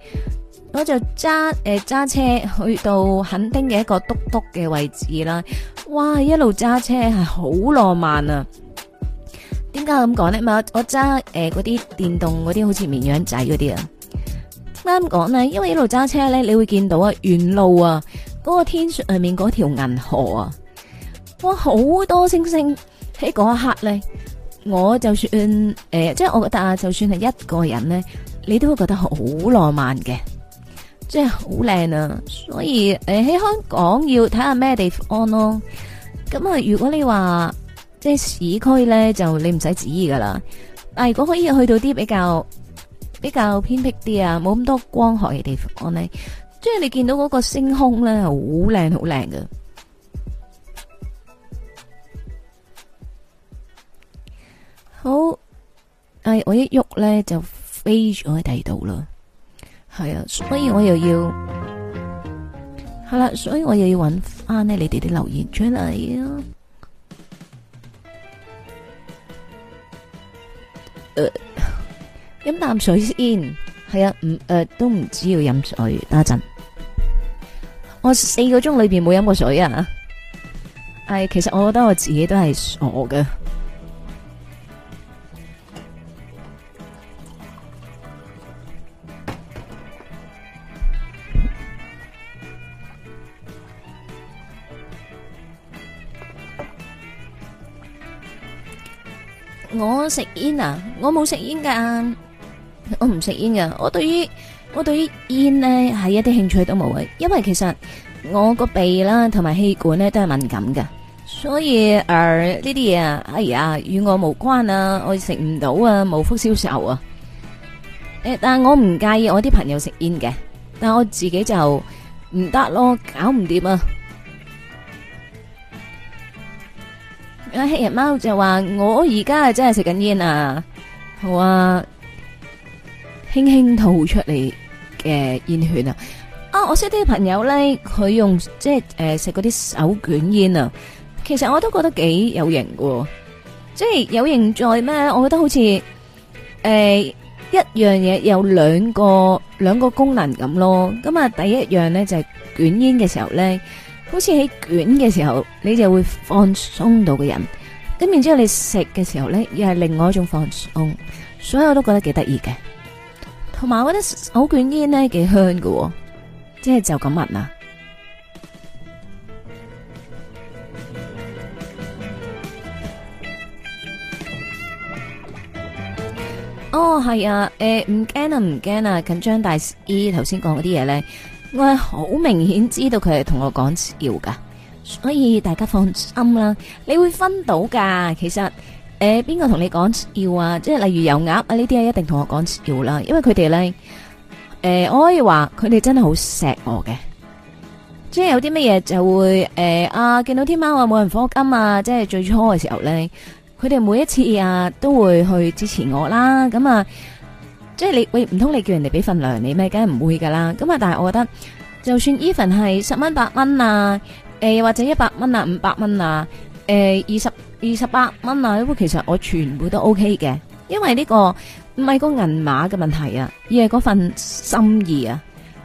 Speaker 1: 我就揸誒揸車去到墾丁嘅一個督篤嘅位置啦。哇，一路揸車係好浪漫啊！點解咁講呢？咪我我揸誒嗰啲電動嗰啲，好似綿羊仔嗰啲啊。啱講呢，因為一路揸車呢，你會見到遠路啊，沿路啊嗰個天上面嗰條銀河啊，哇，好多星星喺嗰一刻呢，我就算誒，即、呃、係、即係、我覺得啊，就算係一個人呢，你都會覺得好浪漫嘅。即係好靚啊！所以誒，喺香港要睇下咩地方咯。咁啊，如果你話即係市區咧，就你唔使指意噶啦。但如果可以去到啲比較比較偏僻啲啊，冇咁多光害嘅地方咧，即係你見到嗰個星空咧，好靚好靚㗎！好，誒，我一喐咧就飛咗喺第二度啦。係啊，所以我又要係啦、啊，所以我又要揾翻咧你哋啲留言出嚟啊。誒、呃，飲啖水先，係啊，唔誒、呃、都唔知要飲水，等下陣，我四個鐘裏邊冇飲過水啊。係，其實我覺得我自己都係傻嘅。我食煙啊！我冇食煙噶，我唔食煙噶。我對於我對於煙呢係一啲興趣都冇嘅，因為其實我個鼻啦同埋氣管呢都係敏感嘅，所以誒呢啲嘢啊，哎呀與我無關啊，我食唔到啊，冇福消受啊。誒、呃，但係我唔介意我啲朋友食煙嘅，但係我自己就唔得咯，搞唔掂啊。阿黑日貓就話：我而家啊真係食緊煙啊，好啊，輕輕吐出嚟嘅煙圈啊！啊，我識啲朋友咧，佢用即係誒食嗰啲手捲煙啊，其實我都覺得幾有型嘅，即係有型在咩？我覺得好似誒一樣嘢有兩個兩個功能咁咯。咁啊，第一樣咧就係捲煙嘅時候咧。好似喺捲嘅時候，你就會放鬆到個人，咁然之後你食嘅時候咧，又係另外一種放鬆，所以我都覺得幾得意嘅。同埋我覺得手捲煙咧，幾香喎。哦，即係就咁聞啦。哦，係啊，誒、呃，唔驚啊，唔驚啊，緊張大姨頭先講嗰啲嘢咧。我係好明顯知道佢係同我講笑噶，所以大家放心啦，你會分到噶。其實誒，邊個同你講笑啊？即係例如有鴨啊呢啲啊，這些是一定同我講笑啦。因為佢哋咧，誒、呃，我可以話佢哋真係好錫我嘅。即係有啲乜嘢就會誒、呃、啊，見到天喵我冇人放課金啊，即係最初嘅時候咧，佢哋每一次啊都會去支持我啦。咁啊。即係你喂，唔通你叫人哋俾份糧你咩？梗係唔會噶啦。咁啊，但係我覺得就算 even 係十蚊八蚊啊，誒，或者一百蚊啊，五百蚊啊，誒二十二十八蚊啊，都其實我全部都 OK 嘅。因為呢個唔係個銀碼嘅問題啊，而係嗰份心意啊。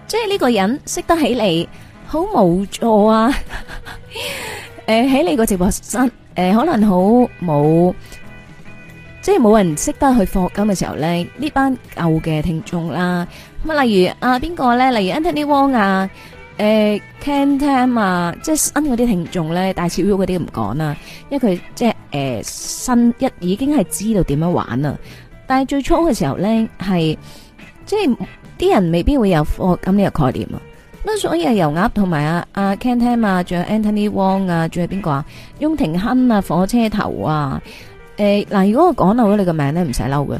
Speaker 1: 即係呢個人識得起你，好冇助啊。誒喺你個直播室，誒可能好冇。即係冇人識得去課金嘅時候咧，呢班舊嘅聽眾啦，咁啊，例如啊邊個咧，例如 Anthony Wong 啊，誒、呃、Can Tam 啊，即係新嗰啲聽眾咧，大小組嗰啲唔講啦，因為佢即係、呃、新一已經係知道點樣玩啦。但係最初嘅時候咧，係即係啲人未必會有課金呢個概念啊。咁所以啊，油鴨同埋啊啊 Can Tam 啊，仲有 Anthony Wong 啊，仲有邊個啊，雍廷亨啊，火車頭啊。誒，嗱，如果我講漏咗你個名咧，唔使嬲嘅，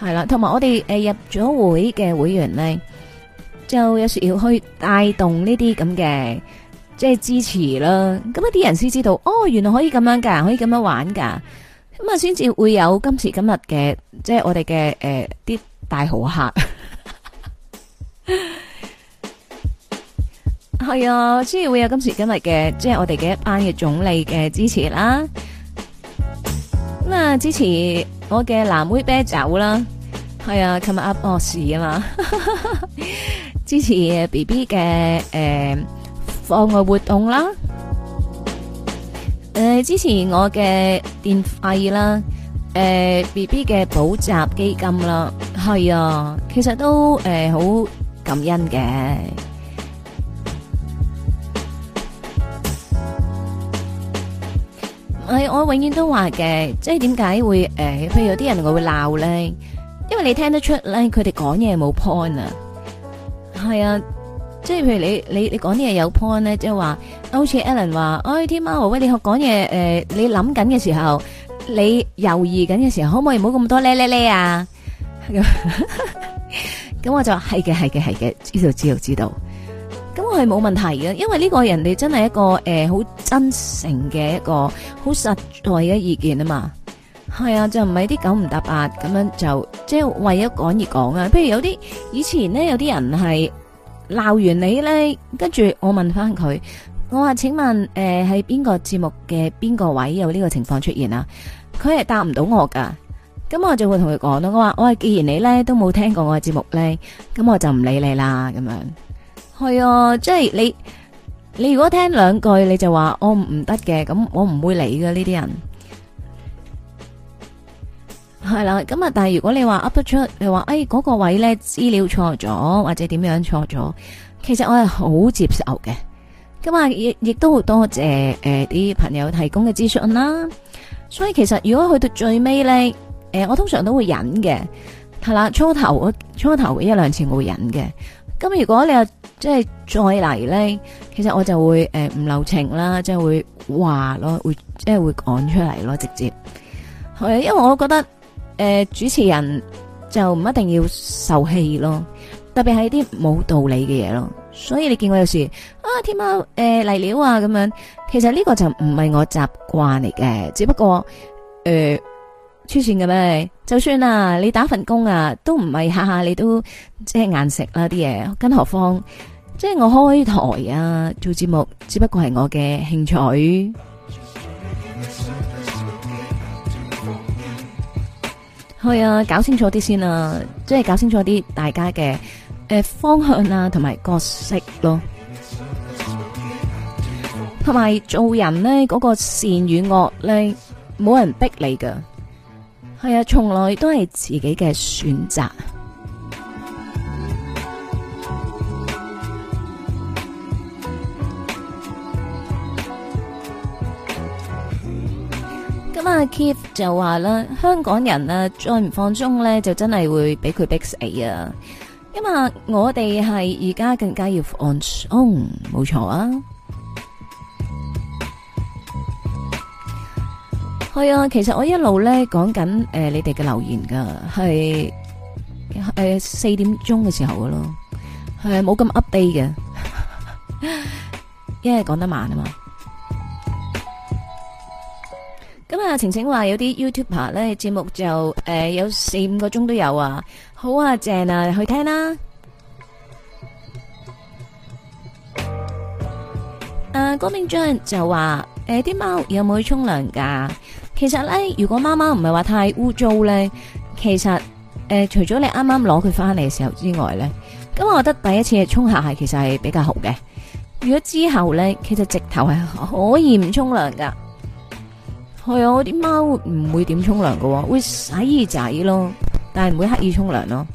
Speaker 1: 係啦，同埋我哋誒、呃、入咗會嘅會員咧，就有時要去帶動呢啲咁嘅，即係支持啦。咁一啲人先知道，哦，原來可以咁樣噶，可以咁樣玩噶，咁啊，先至會有今時今日嘅，即係我哋嘅誒啲大豪客。係 啊， 先至會有今時今日嘅，即係我哋嘅一班嘅總理嘅支持啦。咁啊！支持我嘅藍妹啤酒啦，係啊，琴日 up 博士啊嘛，支持 BB 嘅誒課外活動啦，誒支持我嘅電費啦，誒 BB 嘅補習基金啦，係啊，其實都誒好感恩嘅。係、哎，我永遠都話嘅，即係點解會誒、呃，譬如有啲人我會鬧咧，因為你聽得出咧，佢哋講嘢冇 point 啊。係啊，即係譬如你你你講啲嘢有 point 咧、啊，即係話，好似 Alan 話，哎，天喵，喂，你學講嘢誒，你諗緊嘅時候，你猶豫緊嘅時候，可唔可以唔好咁多咧咧咧啊？咁 我就係嘅，係嘅，係嘅，知道，知道，知道。咁我係冇問題嘅，因為呢個人哋真係一個誒好真誠嘅一個好實在嘅意見啊嘛，係啊，就唔係啲九唔搭八咁樣，就即係為咗講而講啊。譬如有啲以前咧，有啲人係鬧完你咧，跟住我問翻佢，我話請問誒喺邊個節目嘅邊個位有呢個情況出現啊？佢係答唔到我噶，咁我就會同佢講咯。我話我話既然你咧都冇聽過我嘅節目咧，咁我就唔理你啦，咁樣。係啊，即係你你如果聽兩句你就話我唔得嘅，咁我唔會理嘅呢啲人。係啦，咁啊，但係如果你話噏得出，你話誒嗰個位呢資料錯咗，或者點樣錯咗，其實我係好接受嘅。咁啊，亦亦都好多謝誒啲、呃、朋友提供嘅資訊啦。所以其實如果去到最尾呢，誒、呃、我通常都會忍嘅，係啦、啊，初頭我初頭一兩次我會忍嘅。咁如果你又即係再嚟咧，其實我就會誒唔留情啦，即係會話咯，會即係會講出嚟咯，直接係，因為我覺得誒主持人就唔一定要受氣咯，特別係啲冇道理嘅嘢咯，所以你見我有時啊天喵誒嚟料啊咁樣，其實呢個就唔係我習慣嚟嘅，只不過誒出現嘅咩？就算啊，你打份工啊，都唔係下下你都即係硬食啦啲嘢，更何況即係我開台啊，做節目只不過係我嘅興趣。係、嗯嗯嗯、啊，搞清楚啲先啊，即係搞清楚啲大家嘅誒、呃、方向啊，同埋角色咯，同、嗯、埋、嗯、做人呢，嗰、嗰個善與惡呢，冇人逼你噶。係啊，從來都係自己嘅選擇。咁啊 Keith 就話啦，香港人啊，再唔放鬆咧，就真係會俾佢逼死啊。因為我哋係而家更加要放鬆，冇錯啊。係啊，其實我一路咧講緊誒你哋嘅留言噶，係誒四點鐘嘅時候噶咯，係冇咁 update 嘅，因為講得慢啊嘛。咁啊晴晴話有啲 YouTuber 咧節目就誒有四五個鐘都有啊，好啊，正啊，去聽啦。啊郭明章就話誒啲貓有冇去沖涼噶？其實咧，如果貓貓唔係話太污糟咧，其實誒、呃，除咗你啱啱攞佢翻嚟嘅時候之外咧，咁我覺得第一次嘅沖下係其實係比較好嘅。如果之後咧，其實直頭係可以唔沖涼噶。係啊，我啲貓唔會點沖涼噶，會洗耳仔咯，但係唔會刻意沖涼咯。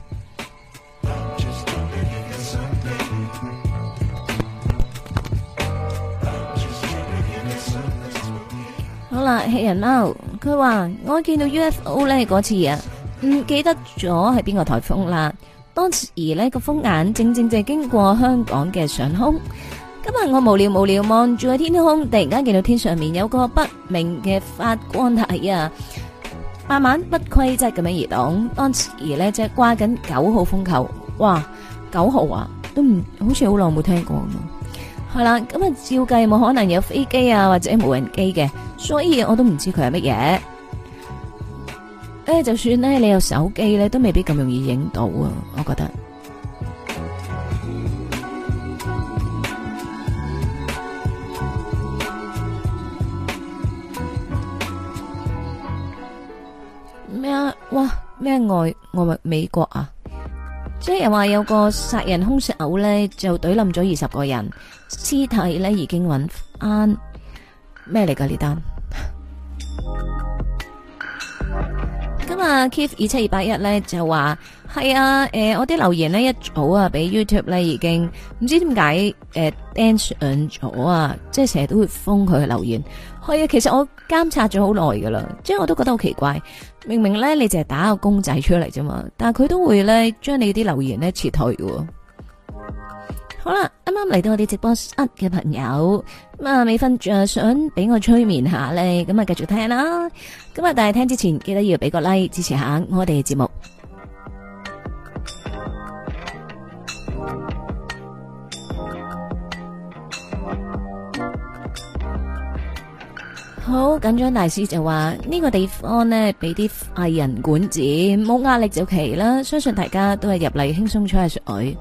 Speaker 1: 好啦，吃人啦！佢話我見到 UFO 咧嗰次啊，唔記得咗係邊個台風啦。當時呢個風眼正正正經過香港嘅上空。今日我無聊無聊望住個天空，突然間見到天上面有個不明嘅發光體啊，慢慢不規則咁樣移動。當時呢，即係掛緊九號風球，哇，九號啊，都唔，好似好耐冇聽過。係、嗯、啦，咁啊，照計冇可能有飛機啊或者無人機嘅，所以我都唔知佢係乜嘢。誒、欸，就算咧你有手機咧，都未必咁容易影到啊，我覺得。咩啊？ 哇！咩外外國美國啊？即係又話有個殺人凶手咧，就懟冧咗二十個人，屍體咧已經搵翻咩嚟噶呢單？咁啊，Keith 二七二八一咧就話係啊，誒、呃，我啲留言咧一早啊俾 YouTube 咧已經唔知點解誒 dance 上咗啊，即係成日都會封佢嘅留言。係啊，其實我監察咗好耐噶啦，即係我都覺得好奇怪。明明咧，你就係打個公仔出嚟啫嘛，但係佢都會咧將你啲留言咧撤退喎。好啦，啱啱嚟到我哋直播室嘅朋友，咁啊未瞓著，想俾我催眠下咧，咁啊繼續聽啦。咁啊，但係聽之前記得要俾個 like 支持下我哋嘅節目。好緊張大師就話呢個地方咧，俾啲藝人管治，冇壓力就奇啦。相信大家都係入嚟輕鬆吹下水，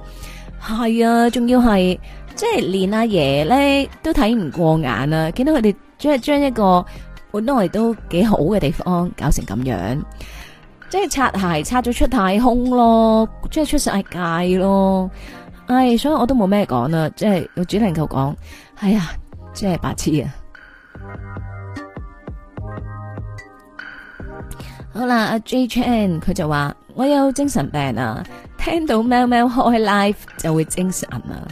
Speaker 1: 係啊，仲要係即係連阿爺咧都睇唔過眼啊！見到佢哋即係將一個本來都幾好嘅地方搞成咁樣，即係擦鞋擦咗出太空咯，即係出世界咯。唉，所以我都冇咩講啦，即係我只能夠講，係、哎呀，即係白痴啊！好啦，阿 J Chan 佢就話我有精神病啊，聽到喵喵開 live 就會精神啊。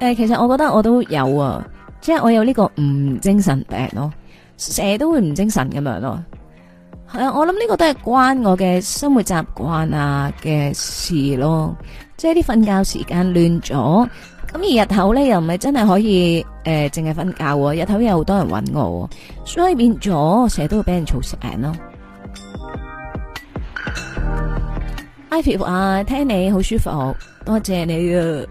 Speaker 1: 誒、呃，其實我覺得我都有啊，即係我有呢個唔精神病咯，成日都會唔精神咁樣咯。係、嗯、啊，我諗呢個都係關我嘅生活習慣啊嘅事咯，即係啲瞓覺時間亂咗，咁而日頭咧又唔係真係可以誒，淨係瞓覺，日頭有好多人搵我，所以變咗成日都會俾人嘈醒咯。Ivy 聽你好舒服，多謝你啊！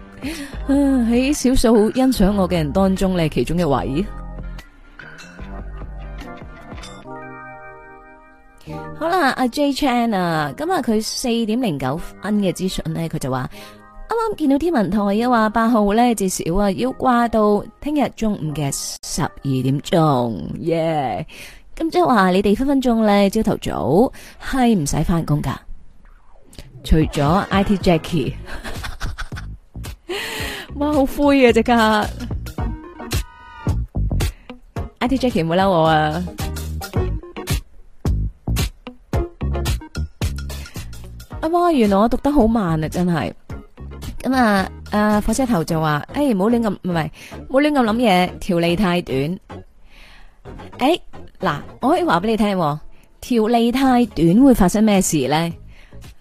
Speaker 1: 喺少數欣賞我嘅人當中，呢，其中一位。 好啦，阿 Jay Chan 啊，咁啊佢四點零九分嘅資訊咧，佢就話啱啱見到天文台啊話八號咧至少啊要掛到聽日中午嘅十二點鐘，耶！咁即係話你哋分分鐘咧朝頭早係唔使返工㗎。除咗 IT Jackie，哇好灰啊即刻，IT Jackie 唔好嬲我啊！啊，原來我讀得好慢啊，真係。咁啊，誒火車頭就話：誒，唔好亂咁，唔係，唔好亂咁諗嘢，條脷太短。誒，嗱，我可以話俾你聽，條脷太短會發生咩事咧？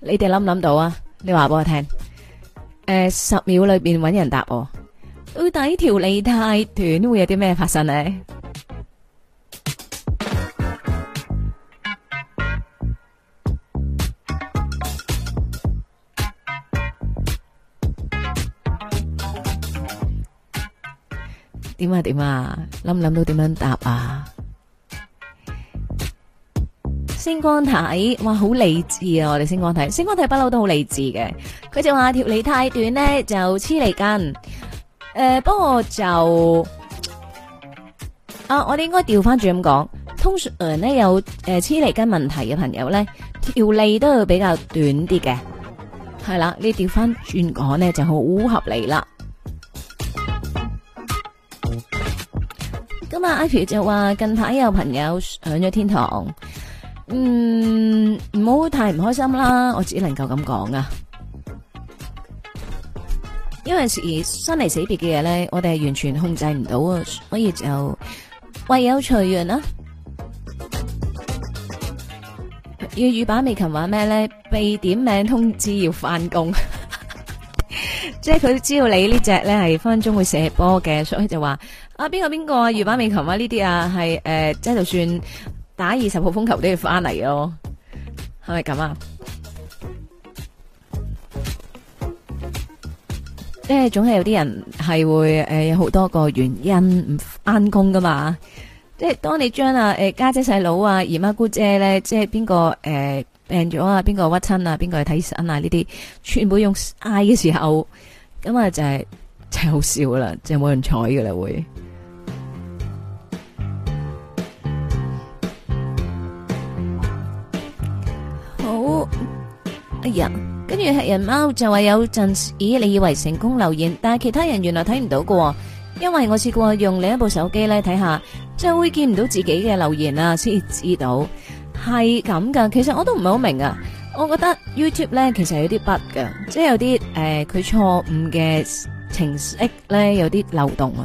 Speaker 1: 你哋諗唔諗到啊？你話俾我聽，誒，十秒裏邊揾人答我，到底條脷太短會有啲咩發生呢？點啊點啊，諗唔諗到點樣答啊？星光體，哇，好理智啊！我哋星光體，星光體不嬲都好理智嘅。佢就話條脷太短咧，就黐脷筋。誒、呃，不過就啊，我哋應該調翻轉咁講。通常咧有誒黐脷筋問題嘅朋友咧，條脷都會比較短啲嘅。係啦，你調翻轉講咧就好合理啦。噉阿 P 就話近排有朋友響咗天堂。嗯，唔好太唔開心啦，我只能夠咁講啊，因為事生離死別嘅嘢咧，我哋係完全控制唔到啊，所以就唯有隨緣啦。要魚板尾琴話咩咧？被點名通知要翻工，即係佢知道你呢隻咧係分分鐘會射波嘅，所以就話啊邊個邊個啊未話啊邊個邊個魚板尾琴啊呢啲啊係誒即係就算。打二十號風球都要翻嚟咯，係咪咁啊？即係 總係有啲人係會誒，有好多個原因唔啱工噶嘛。即係當你將阿誒家姐細佬啊、姨媽姑姐咧，即係邊個誒病咗啊，邊個屈親啊，邊個去睇診啊呢啲，全部用嗌嘅時候，咁啊就係、是、就係好笑啦，就冇人睬噶啦會。哎呀，跟住黑人貓就話有陣時，咦你以為成功留言，但係其他人原來睇唔到嘅，因為我試過用另一部手機咧睇下，即係會見唔到自己嘅留言啊，先知道係咁噶。其實我都唔係好明啊，我覺得 YouTube 咧其實有啲 bug 㗎，即係有啲誒佢錯誤嘅程式咧有啲漏洞啊。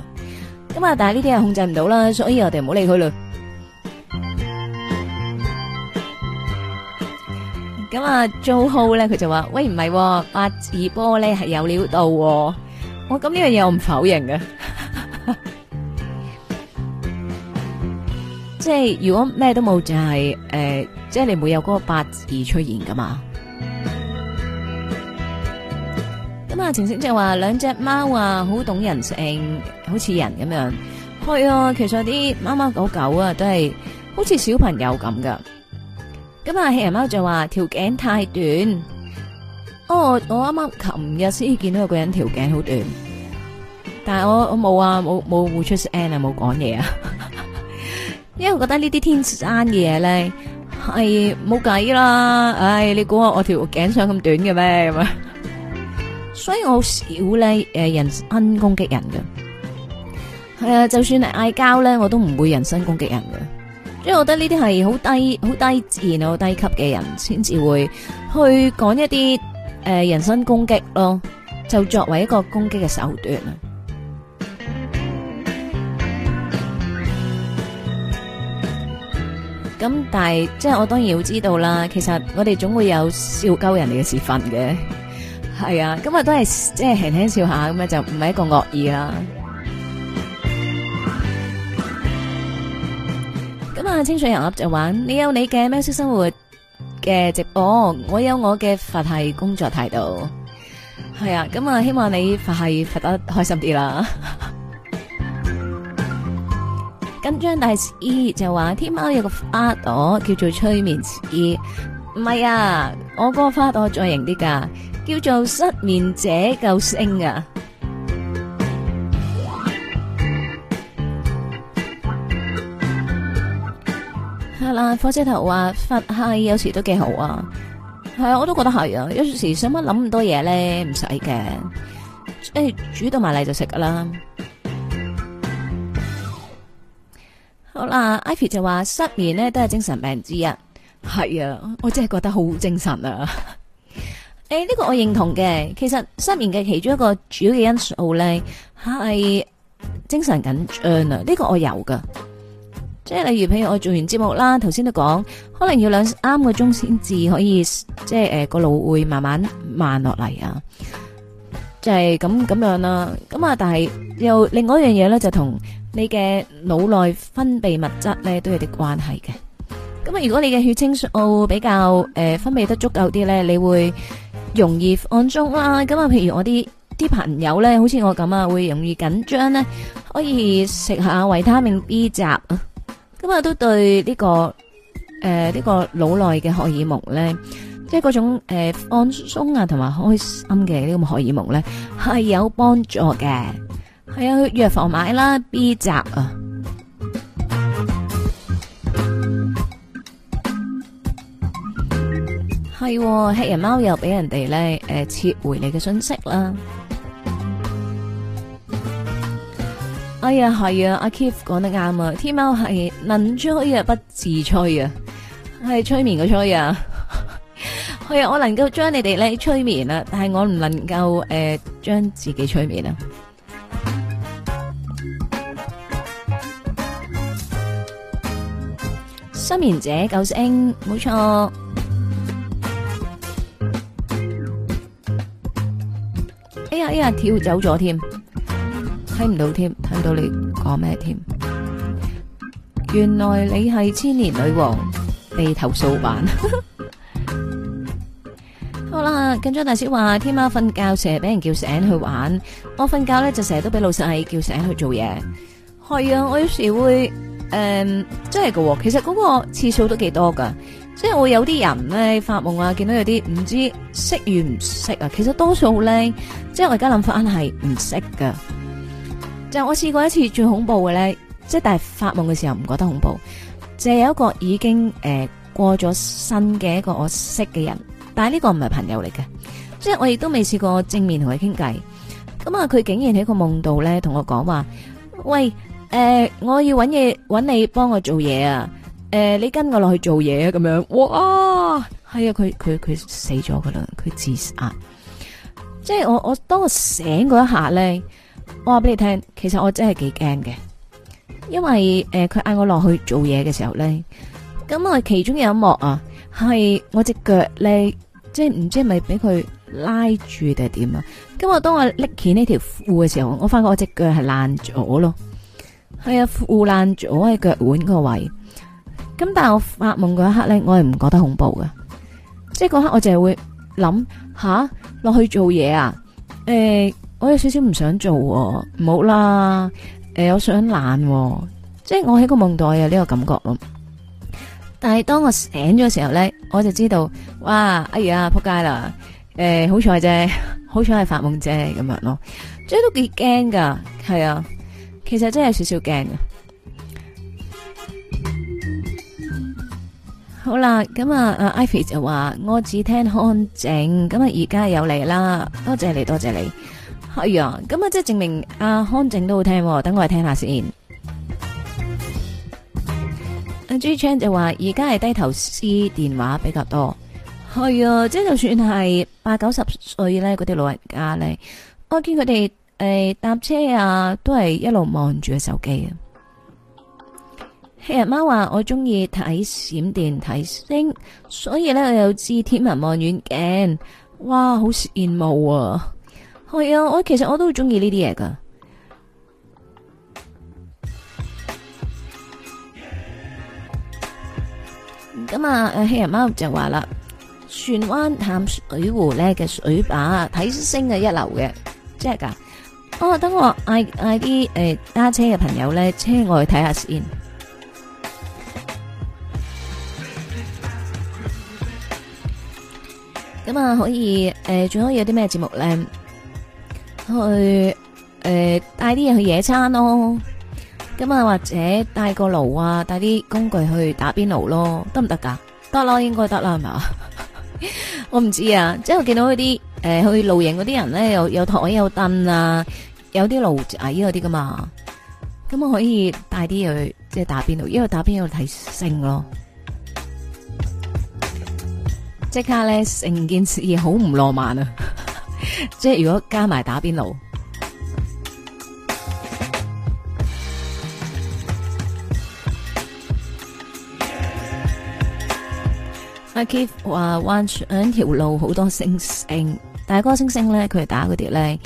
Speaker 1: 咁啊，但係呢啲係控制唔到啦，所以我哋唔好理佢啦。咁啊，做號咧，佢就話：喂，唔係、哦、八字玻璃係有料到、哦。哦、我咁呢樣嘢，我唔否認嘅。即 係、就是、如果咩都冇，就係、是、誒，即、欸、係、就是、你唔會有嗰個八字出現噶嘛？咁啊，程小就話兩隻貓啊，好懂人性，好似人咁樣。係、嗯、啊，其實啲貓貓狗狗啊，都係好似小朋友咁噶。咁啊！棄人貓就話條頸太短。哦，我啱啱琴日先見到有個人條頸好短，但係我冇啊，冇冇 choose end 啊，冇講嘢啊。因為我覺得呢啲天生嘅嘢咧係冇計啦。唉，你估下我條頸想咁短嘅咩？咁樣，所以，我好少咧誒，人身攻擊人噶。係啊，就算係嗌交咧，我都唔會人身攻擊人噶。因為我覺得呢啲係好低、好低賤哦、好低級嘅人先至會去講一啲誒、呃、人身攻擊咯，就作為一個攻擊嘅手段咁 但係即係我當然要知道啦，其實我哋總會有笑鳩人哋嘅時分嘅，係 啊，咁啊都係即係輕輕笑下咁樣，就唔係一個惡意啦。咁啊，清水油鴨就玩。你有你嘅喵式生活嘅直播，我有我嘅佛系工作態度，係啊，咁啊，希望你佛系佛得開心啲啦。緊 張 大師就話天貓有個花朵叫做催眠師。唔係啊，我個花朵再型啲噶，叫做失眠者救星啊。火車頭啊，發嗨有時都幾好啊，係啊，我都覺得係啊，有時想乜諗咁多嘢咧，唔使嘅。誒、欸，煮到埋嚟就食噶啦。好啦，Ivy 就話失眠咧都係精神病之一，係啊，我真係覺得好精神啊。誒、 欸，呢、這個我認同嘅，其實失眠嘅其中一個主要嘅因素咧係精神緊張啊，呢、這個我有噶。即係例如，譬如我做完節目啦，頭先都講，可能要兩三個鐘先至可以，即係誒個腦會慢慢慢落嚟啊。就係咁咁樣啦。咁啊，但係又另外一樣嘢咧，就同你嘅腦內分泌物質咧都有啲關係嘅。咁啊，如果你嘅血清素比較誒分泌得足夠啲咧，你會容易放鬆啦。咁啊，譬如我啲啲朋友咧，好似我咁啊，會容易緊張咧，可以食下維他命 B 雜。咁、嗯，這個呃這個呃、啊，都對呢個誒呢個腦內嘅荷爾蒙咧，即係嗰種誒放鬆啊，同埋開心嘅呢個荷爾蒙咧，係有幫助嘅。係啊，去藥房買啦，B 集啊，係，黑、 啊、人貓又俾人哋咧，誒、呃、撤回你嘅信息啦。哎呀，係啊，阿 Kif 講得啱啊，天貓係能吹啊，不自吹啊，係催眠嘅催啊，係 我能夠將你哋咧催眠啊。但係我唔能夠誒將自己催眠啊，失眠者救星，冇錯，哎呀哎呀，跳走咗添。睇唔到添，睇唔到你講咩添？原來你係千年女王被投訴版 好。好啦，緊張大師話，天喵瞓覺成日俾人叫醒去玩，我瞓覺咧就成日都俾老細叫醒去做嘢。係啊，我有時候會誒、嗯，真係噶。其實嗰個次數都幾多噶，即係我有啲人咧發夢啊，見到有啲唔知識與唔識啊。其實多數咧，即係我而家諗返係唔識噶。就是，我試過一次最恐怖嘅咧，即係但係發夢嘅時候唔覺得恐怖，就係有一個已經誒過咗身嘅一個我識嘅人，但係呢個唔係朋友嚟嘅，即係我亦都未試過正面同佢傾偈。咁啊，佢竟然喺個夢度咧同我講話，喂，誒、呃，我要搵嘢搵你幫我做嘢啊！誒、呃，你跟我落去做嘢啊！咁樣，哇，係啊，佢佢佢死咗噶啦，佢自殺。即係我我當我醒嗰一下咧。我話俾你聽，其實我真係幾驚嘅，因為誒，佢、呃、嗌我落去做嘢嘅時候咧，咁我其中有一幕啊，係我隻腳咧，即係唔知係咪俾佢拉住定係點啊？咁我當我拎起呢條褲嘅時候，我發覺我隻腳係爛咗咯，係啊，褲爛咗喺腳腕個位置。咁但係我發夢嗰一刻咧，我係唔覺得恐怖噶，即係嗰刻我就係會諗吓，落去做嘢啊，誒、欸。我有少少唔想做，唔好啦。誒，我想懶啊，即係我喺個夢袋有呢個感覺咯。但係當我醒咗嘅時候咧，我就知道，哇，哎呀，扑街啦！誒，好彩啫，好彩係發夢啫，咁樣咯。即係都幾驚噶，係啊，其實真係有少少驚啊。好啦，咁啊，阿 Ivy 就話我只聽安靜，咁啊，而家又嚟啦，多謝你，多謝你。係啊，咁啊，即係證明阿康靜都好聽、哦，等我哋聽一下先。阿朱 chan 就話而家係低頭資電話比較多，係啊，即係就算係八九十歲咧，嗰啲老人家咧，我見佢哋誒搭車啊，都係一路望住個手機啊。黑人貓話：我中意睇閃電睇星，所以咧我有支天文望遠鏡，哇，好羨慕啊！係啊，我其實我都中意呢啲嘢噶。咁、yeah. 啊，氣人貓就話啦，船灣淡水湖咧嘅水把睇星嘅一流嘅，即係噶。哦、啊，等我嗌嗌啲誒揸車嘅朋友咧，車我去睇下先。咁啊，可以誒，仲、呃、可以有啲咩節目咧？去誒，帶啲嘢去野餐咯。咁、嗯、啊，或者帶個爐啊，帶啲工具去打邊爐咯，得唔得噶？得咯，應該得啦，係咪？ 我唔知啊，即係我見到嗰啲誒去露營嗰啲人咧，有有台有凳啊，有啲爐仔嗰啲噶嘛。咁、嗯、可以帶啲去即係打邊爐，因為打邊爐睇星咯。即刻咧，成件事好唔浪漫啊！即係如果加埋打邊爐，阿 Kiep 話彎彎條路好多星星，但係個星星咧，佢係打嗰啲咧，誒、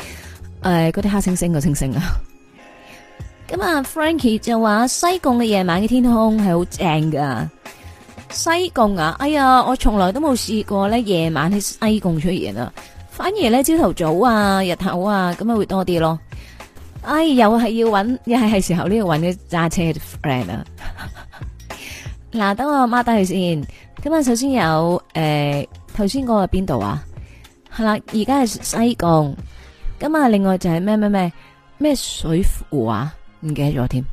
Speaker 1: 呃，嗰啲黑猩猩個星星啊。咁 啊，Frankie 就話西貢嘅夜晚嘅天空係好正噶西貢啊，哎呀，我從來都冇試過咧，夜晚喺西貢出現啊。反而咧，朝頭早啊，日頭啊，咁啊會多啲咯。哎，又係要搵，又係係時候呢？要搵啲揸車 friend 啊。嗱，等我 mark 低佢先。咁啊，首先有誒，頭先嗰個邊度啊？係啦，而家係西貢。咁啊，另外就係咩咩咩咩水湖啊？唔記得咗添。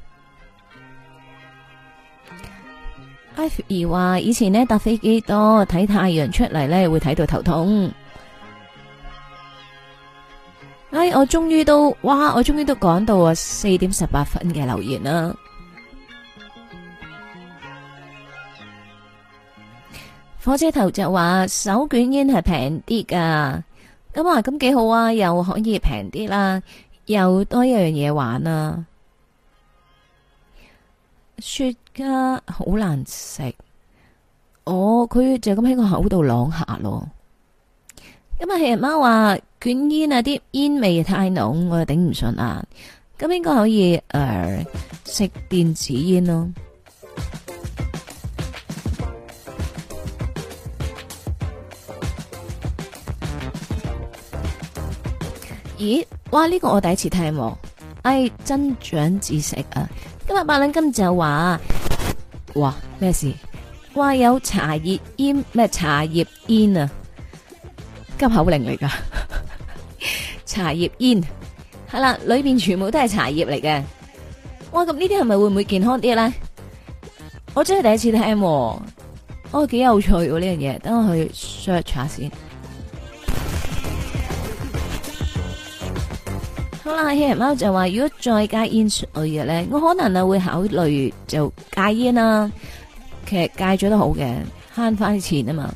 Speaker 1: 阿雪兒話：以前呢，搭飛機多，睇太陽出嚟咧會睇到頭痛。哎，我終於都哇，我終於都講到啊四點十八分嘅留言啦！火車頭就話手捲煙係平啲㗎，咁啊咁、啊、幾好啊，又可以平啲啦，又多一樣嘢玩啦、啊。雪茄好難食，哦、他這麼在我佢就咁喺個口度啷下咯。今日棄人貓話捲煙啊啲煙味太濃，我又頂唔順啊！咁應該可以誒、呃、食電子煙咯。咦？哇！呢、個我第一次聽、喎，哎增長知識啊！今日八兩金就話，哇咩事？話有茶葉煙咩？茶葉煙啊！急口令嚟噶， 茶葉煙係啦，裏邊全部都係茶葉嚟嘅。哇，咁呢啲係咪會唔會健康啲咧？我真係第一次聽喎，我幾有趣呢樣嘢。等我去 search 下先。 好啦，喜人貓就話，如果再加煙稅嘅咧，我可能啊會考慮就戒煙啦。其實戒咗都好嘅，慳翻啲錢啊嘛。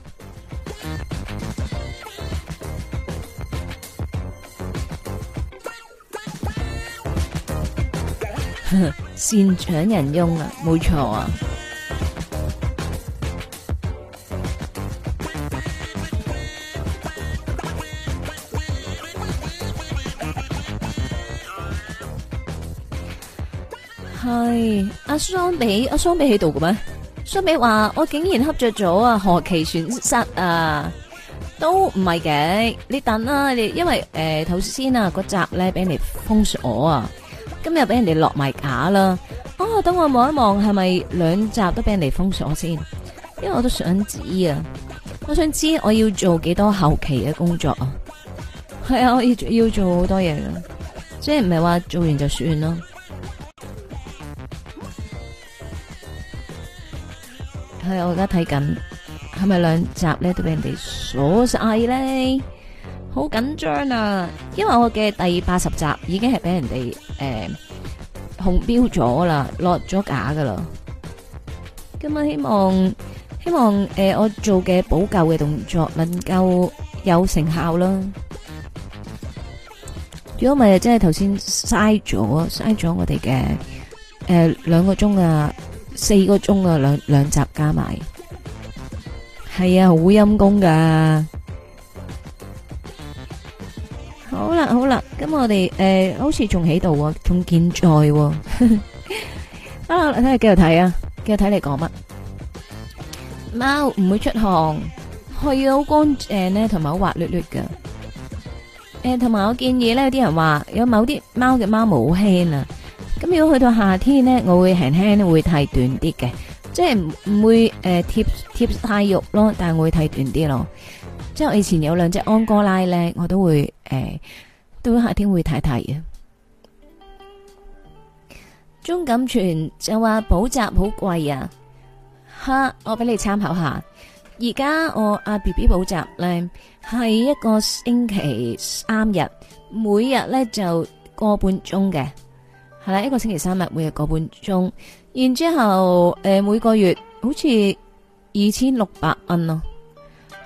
Speaker 1: 擅 搶人用啊，冇錯啊！係阿桑比，阿桑比喺度嘅咩？桑比話：我竟然恰着咗啊，何其損失啊！都唔係嘅，你等啦，啊，你因為誒，頭、呃、先啊，個閘咧俾你封鎖啊。今日俾人哋落埋架啦！哦，等我望一望係咪兩集都俾人哋封鎖先，因為我都想知啊，我想知我要做幾多後期嘅工作啊，係啊，我要做要做好多嘢嘅，即係唔係話做完就算咯。係啊，我而家睇緊，係咪兩集咧都俾人哋鎖晒咧？好緊張啊！因為我嘅第八十集已經係俾人哋誒紅標咗啦，落咗架噶啦。咁希望希望誒我做嘅補救嘅動作能夠有成效啦。如果唔係，真係頭先嘥咗嘥咗我哋嘅誒兩個鐘啊，四個鐘啊兩兩集加埋。係啊，好陰功噶。好啦，好啦，咁我哋誒，好似仲喺度，仲健在。啊，你睇下繼續睇啊，繼續睇你講乜？貓唔會出汗，去到好乾淨咧，同埋好滑捋捋嘅。誒，同埋我建議咧，有啲人話有某啲貓嘅貓毛好輕啊。咁如果去到夏天咧，我會輕輕會剃短啲嘅，即係唔會誒貼貼太肉咯，但係我會剃短啲咯。即係以前有兩隻安哥拉咧，我都會誒、呃，都會夏天會睇睇嘅。鍾錦泉就話補習好貴啊，哈！我俾你參考一下，而家我阿 B B 補習咧係一個星期三日，每日咧就個半鐘嘅，係啦，一個星期三日每日個半鐘，然之後誒、呃、每個月好似二千六百蚊咯。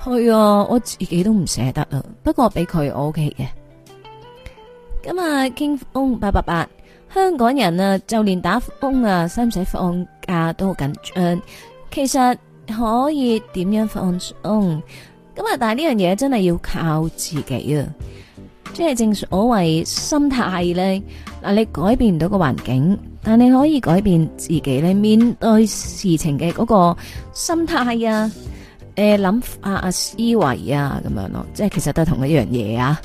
Speaker 1: 去、啊，我自己都唔捨得啊！不過俾佢我 OK 嘅。咁啊，傾風八八八，香港人啊，就連打風啊，使唔使放假都好緊張。其實可以點樣放鬆？咁啊，但係呢樣嘢真係要靠自己啊！即、就、係、是、正所謂心態咧，嗱，你改變唔到個環境，但你可以改變自己咧，面對事情嘅嗰個心態啊！誒、呃，諗啊思維啊，咁樣咯，即係其實都係同一樣嘢啊。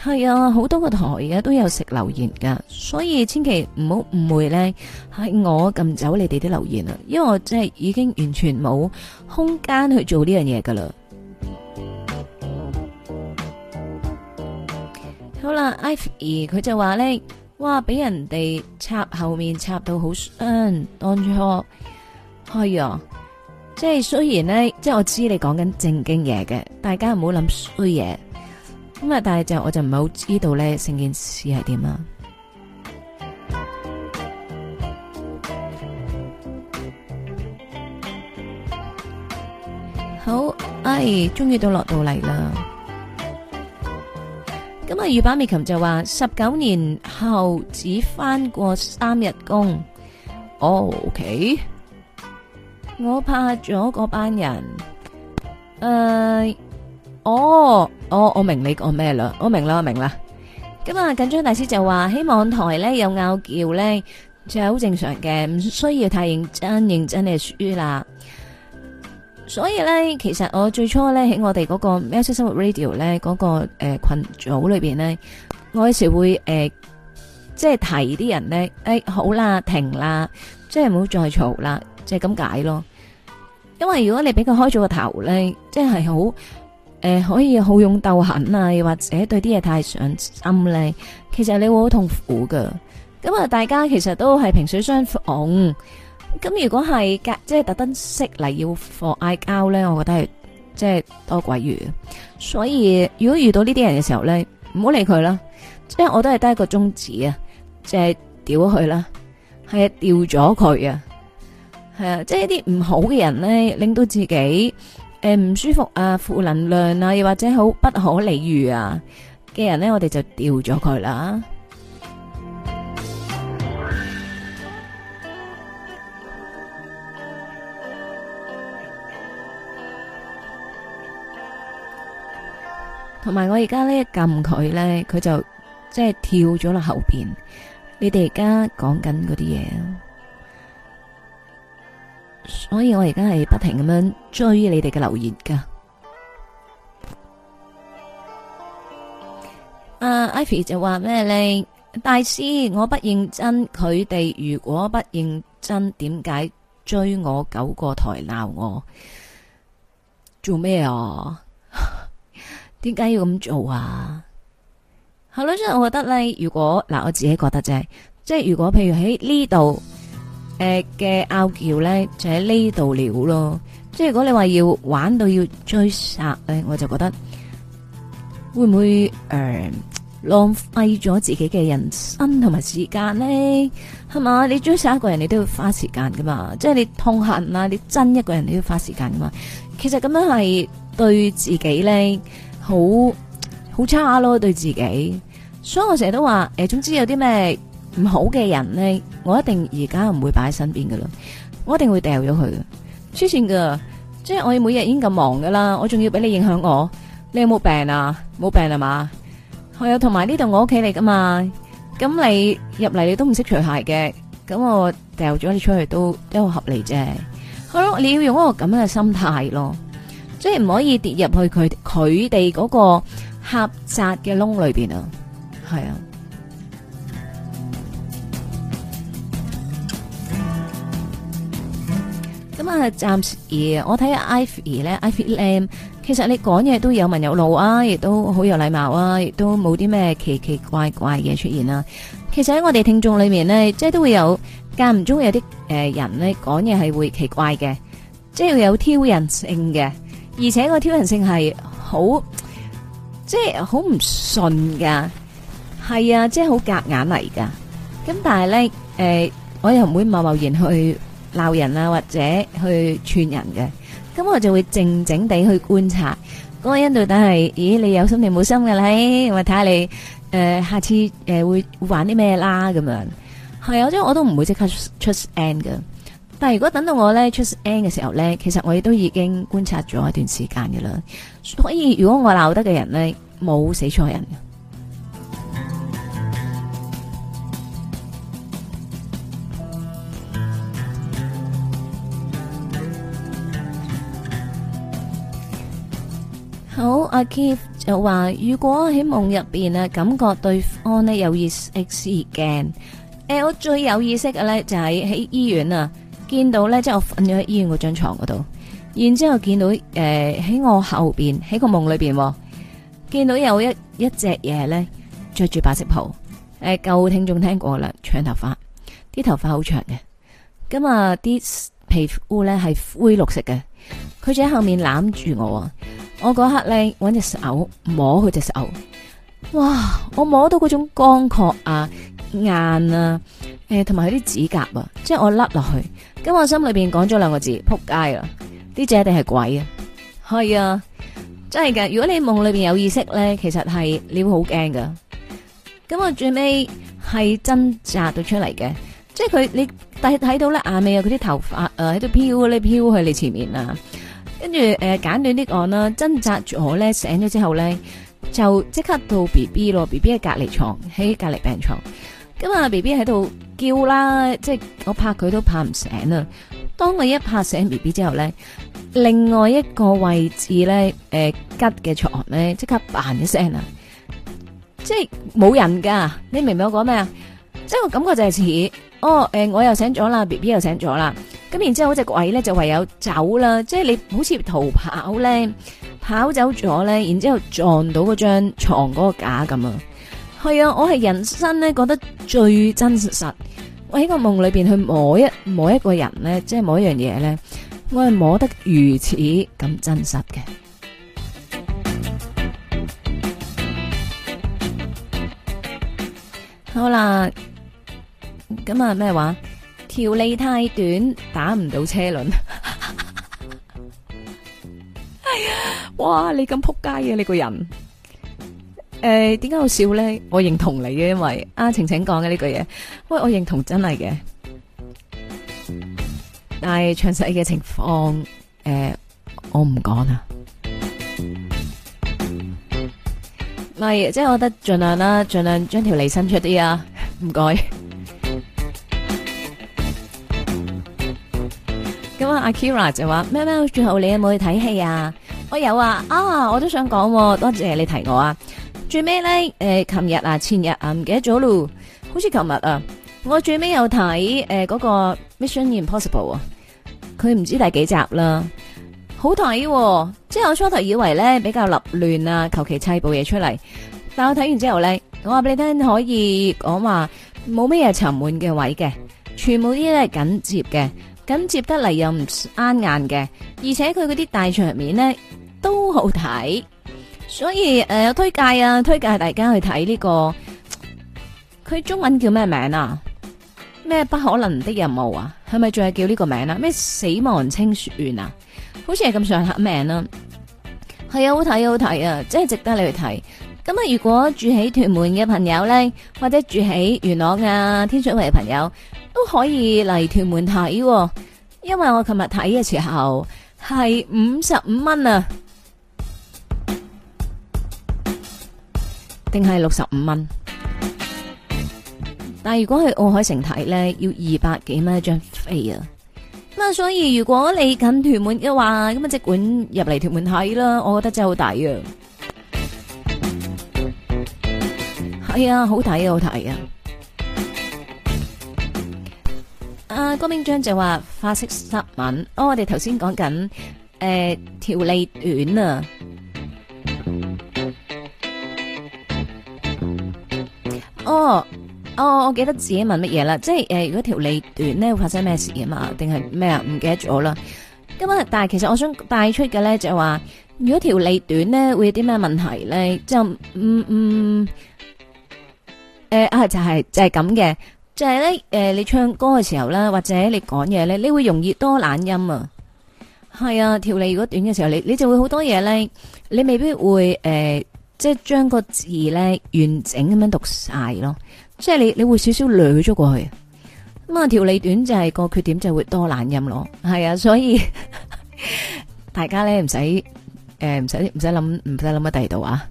Speaker 1: 係 啊，好多個台而家都有食留言噶，所以千祈唔好誤會咧，喺、哎、我撳走你哋啲留言啦，因為我真係已經完全冇空間去做呢樣嘢噶啦。好啦，Ivy 佢就話咧。哇！俾人哋插後面插到好傷，當初係啊，即係雖然咧，即係我知你講緊正經嘢嘅，大家唔好諗衰嘢。咁啊，但係就我就唔係好知道咧，成件事係點啊？好，哎，終於都落到嚟啦！咁啊，御板美琴就話十九年後只翻過三日工。哦，OK，我拍咗嗰班人。誒、uh, oh, oh,，哦，我我明你講咩啦。我明啦，明啦。咁啊，緊張大師就話希望台咧有拗撬咧，就係好正常嘅，唔需要太認真，認真咧輸啦。所以咧，其實我最初咧喺我哋嗰個喵式生活 Radio 咧嗰、那個誒、呃、群組裏邊咧，我有時會誒、呃、即係提啲人咧，誒、哎、好啦，停啦，即係唔好再嘈啦，即係咁解咯。因為如果你俾佢開咗個頭咧，即係好誒，可以好勇鬥狠啊，又或者對啲嘢太上心咧，其實你會好痛苦噶。咁、嗯、啊，大家其實都係萍水相逢。咁如果係隔即係特登識嚟要放嗌交咧，我覺得係即係多鬼餘。所以如果遇到呢啲人嘅時候咧，唔好理佢啦，即係我都係得一個宗旨，啊，即係屌佢啦，係掉咗佢啊，係啊，即係一啲唔好嘅人咧，令到自己誒唔、呃、舒服啊，負能量啊，又或者好不可理喻啊嘅人咧，我哋就掉咗佢啦。同埋我而家呢一撳佢呢，佢就即係跳咗落後邊。你哋而家講緊嗰啲嘢，所以我而家係不停咁樣追你哋嘅留言噶。阿、uh, Ivy 就話咩你，大師，我不認真，佢哋如果不認真，點解追我九個台鬧我？做咩啊？點解要咁做啊？係咯，即係我覺得咧。如果嗱，我自己覺得啫，即係如果譬如喺、呃、呢度誒嘅拗撬咧，就喺呢度了咯。即係如果你話要玩到要追殺咧，我就覺得會唔會誒、呃、浪費咗自己嘅人生同埋時間咧？係嘛？你追殺一個人你都要花時間噶嘛。即係你痛恨啊，你憎一個人你都要花時間噶嘛。其實咁樣係對自己咧。好好差咯，對自己，所以我成日都話，誒，總之有啲咩唔好嘅人咧，我一定而家唔會擺喺身邊噶啦，我一定會掉咗佢嘅，黐線噶，即係我哋每日已經咁忙噶啦，我仲要俾你影響我，你有冇病啊？冇病係嘛？係啊，同埋呢度我屋企嚟噶嘛，咁你入嚟你都唔識除鞋嘅，咁我掉咗你出去都都合理啫，好，你要用一個咁樣嘅心態咯。即係唔可以跌入去佢佢哋嗰個狹窄嘅窿裏邊啊，係啊。咁啊，暫時我睇下 Ivy 咧，Ivy M，其實你講嘢都有文有路啊，亦都好有禮貌啊，亦都冇啲咩奇奇怪怪嘅出現啊。其實喺我哋聽眾裏面呢，即係都會有間唔中有啲誒人呢講嘢係會奇怪嘅，即係會有挑釁性嘅。而且個挑釁性係好，即係好唔順噶，係啊，即係好夾眼嚟噶。咁但係咧，誒、呃，我又唔會貿貿然去鬧人啊，或者去串人嘅。咁我就會靜靜地去觀察嗰、那個人到底係，咦，你有心定冇心噶啦？我睇下你，誒、呃，下次誒、呃、會玩啲咩啦？咁樣係啊，我都我都唔會即刻出 N 嘅。但如果等到我咧出 N 嘅時候咧，其實我亦都已經觀察咗一段時間嘅啦。所以如果我鬧得嘅人咧，冇死錯人嘅。 好，阿 Keith 就話：如果喺夢入邊啊，感覺對方咧有意識嘅。誒、欸，我最有意識嘅咧就係喺醫院啊。見到咧，即係我瞓咗喺醫院嗰張床嗰度，然之後見到誒喺、呃、我後邊喺個夢裏邊，見到有一一隻嘢咧着住白色袍，誒、呃、舊聽眾聽過啦，頭髮頭髮長頭髮，啲頭髮好長嘅，咁啊啲皮膚咧係灰綠色嘅，佢就喺後面攬住我，我嗰刻咧搵隻手摸佢隻手，哇，我摸到嗰種乾涸啊！硬啊，誒、呃，同埋佢啲指甲啊，即係我甩落去。咁我心裏邊講咗兩個字：撲街啊！啲姐一定係鬼啊，係啊，真係噶。如果你夢裏邊有意識咧，其實係你會好驚噶。咁我最尾係掙扎到出嚟嘅，即係佢你第睇到咧眼尾有啊，佢啲頭髮喺度飄咧飄去你前面啊，跟住誒簡短啲講啦，掙扎住好咧醒咗之後咧就即刻到 B B 咯，B B 嘅隔離床喺隔離病床。咁啊！B B 喺度叫啦，即係我拍佢都拍唔醒啊！當我一拍醒 B B 之後咧，另外一個位置咧，誒、呃、吉嘅床咧即刻嘭一聲啊！即係冇人噶，你明唔明我講咩啊？即係個感覺就係似哦，誒、呃、我又醒咗啦，B B 又醒咗啦，咁然之後嗰隻鬼咧就唯有走啦，即係你好似逃跑咧，跑走咗咧，然之後撞到嗰張床嗰個架咁啊！係啊，我係人生咧覺得最真實。我喺個夢裏邊去摸一摸一個人咧，即係摸一樣嘢咧，我係摸得如此咁真實嘅。 好啦，咁啊咩話？條脷太短，打唔到車輪、 哎。哇！你咁撲街啊，你個人。誒、欸，點解好笑咧？我認同你嘅，因為阿、啊、晴晴講嘅呢句嘢，喂，我認同真係嘅，但係詳細嘅情況，誒、欸，我唔講啊。咪， 即係我覺得盡量啦、啊，盡量將條脷伸出啲啊！唔該。咁 啊，Akira 就話喵喵，最後你有冇去睇戲啊？ 我有啊，啊，我都想講、啊，多謝你提我啊！最尾咧，誒、呃，琴日啊，前日啊，唔記得咗咯，好似琴日啊，我最尾有睇誒嗰個 Mission Impossible 啊，佢唔知第幾集啦，好睇、啊，即係我初頭以為咧比較立亂啊，求其砌部嘢出嚟，但我睇完之後咧，我話俾你聽，可以說說，講話冇咩嘢沉悶嘅位嘅，全部啲咧係緊接嘅，緊接得嚟又唔啱硬嘅，而且佢嗰啲大場面咧都好睇。所以誒，有、呃、推介啊，推介大家去睇呢、這個，佢中文叫咩名啊？咩不可能的任務啊？係咪仲係叫呢個名啊？咩死亡清算啊？好似係咁上下名啦、啊。係啊，好睇好睇啊，真係值得你去睇。咁啊，如果住喺屯門嘅朋友咧，或者住喺元朗啊、天水圍嘅朋友，都可以嚟屯門睇、啊。因為我琴日睇嘅時候係五十五蚊啊。定係六十五蚊，但係如果去澳海城睇咧，要二百幾蚊一張飛啊！咁啊，所以如果你近屯門嘅話，咁啊即管入嚟屯門睇啦，我覺得真係好抵啊！係啊，好睇啊，好睇啊！啊，郭明章就話花式濕吻，哦，我哋頭先講緊誒條脷短啊。哦，哦，我記得自己問乜嘢啦，即係誒，如果條脷短咧會發生咩事啊嘛？定係咩啊？唔記得咗啦。咁啊但係其實我想帶出嘅咧就係話，如果條脷短咧會有啲咩問題咧？就唔唔誒啊，就係就係咁嘅，就係咧誒，你唱歌嘅時候咧，或者你講嘢咧，你會容易多懶音啊。係啊，條脷如果短嘅時候，你你就會好多嘢咧，你未必會誒。即係將個字咧完整咁樣讀晒咯，即係你你會少少掠咗過去，咁啊條脷短就係、是、個缺點，就會多懶音咯，係啊，所以呵呵大家咧唔使誒唔使唔使諗唔使諗第二度啊，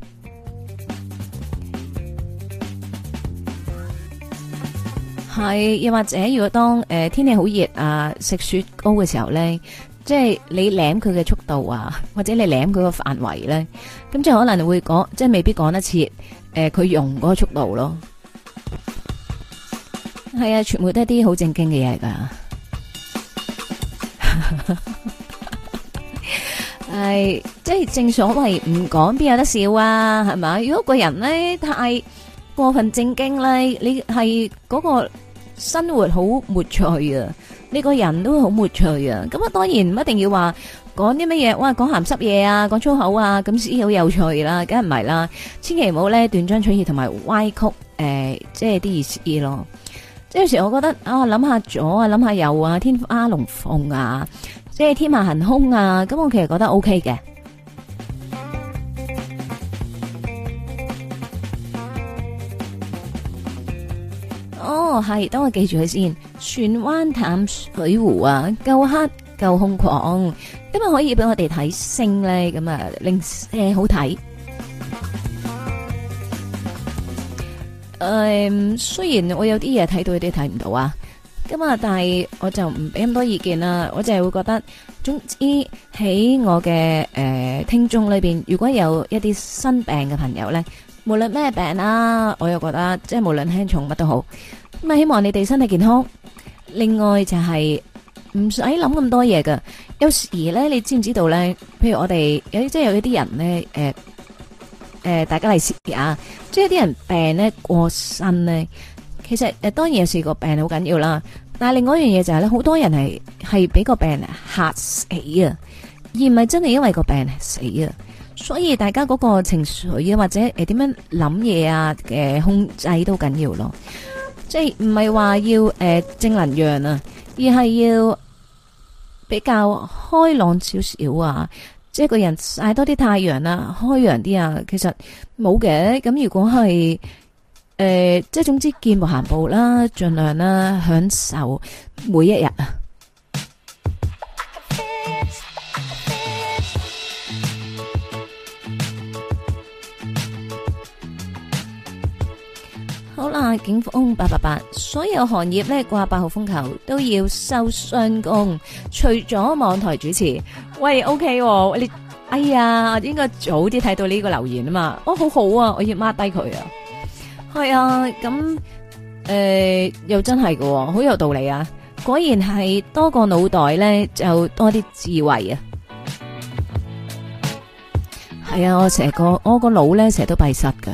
Speaker 1: 係又 或者如果當誒、呃、天氣好熱啊食雪糕嘅時候咧。即係你舐佢嘅速度啊，或者你舐佢個範圍咧，咁即係可能會講，即係未必講得切。誒，佢用嗰個速度咯，係啊，全部都係啲好正經嘅嘢噶。係，即係正所謂唔講邊有得笑啊，係咪？如果個人咧太過分正經咧，你係嗰個生活好沒趣啊。呢、這個人都好冇趣啊！咁啊當然唔一定要說說說說話講啲乜嘢，哇講鹹濕嘢啊，講粗口啊，咁先好有趣啦，梗係唔係啦？千祈唔好咧斷章取義同埋歪曲誒、呃就是，即係啲意思咯。即係有時我覺得啊，諗下左啊，諗下右啊，天花龍鳳啊，即係天馬行空啊，咁我其實覺得 O K 嘅。係，等我記住佢先。船灣淡水湖啊，夠黑，夠空曠。今日可以俾我哋睇星咧，咁啊，令、欸、誒好睇。誒、嗯，雖然我有啲嘢睇到，有啲睇唔到啊。咁啊，但係我就唔俾咁多意見啦。我就係會覺得，總之喺我嘅誒、呃、聽眾裏邊，如果有一啲新病嘅朋友咧，無論咩病啦，啊，我又覺得即係無論輕重，乜都好。咁希望你哋身體健康。另外就係唔使諗咁多嘢㗎。有時咧，你知唔知道咧？譬如我哋有即係有啲人咧，誒、呃、誒、呃，大家嚟試啊。即係啲人病咧過身咧，其實誒、呃，當然有時個病好緊要啦。但係另外一樣嘢就係、是、咧，好多人係係俾個病吓死啊，而唔係真係因為個病係死啊。所以大家嗰個情緒或者誒點、呃、樣諗嘢啊，誒控制都緊要咯。即係唔係話要誒正能量啊，而係要比較開朗少少啊，即係個人曬多啲太陽啊開陽啲啊。其實冇嘅，咁如果係誒，即、呃、係總之見步行步啦，盡量啦，享受每一日啊。啦，景風八八八，所有行業咧掛八號風球都要收雙工，除咗網台主持。喂，OK 喎，你哎呀，應該早啲睇到呢個留言啊嘛。哦，好好啊，我要 mark 低佢啊。係、哎、啊，咁誒、呃、又真係噶，好有道理啊。果然係多個腦袋咧就多啲智慧啊。係、哎、啊，我成日個我個腦咧成日都閉塞噶。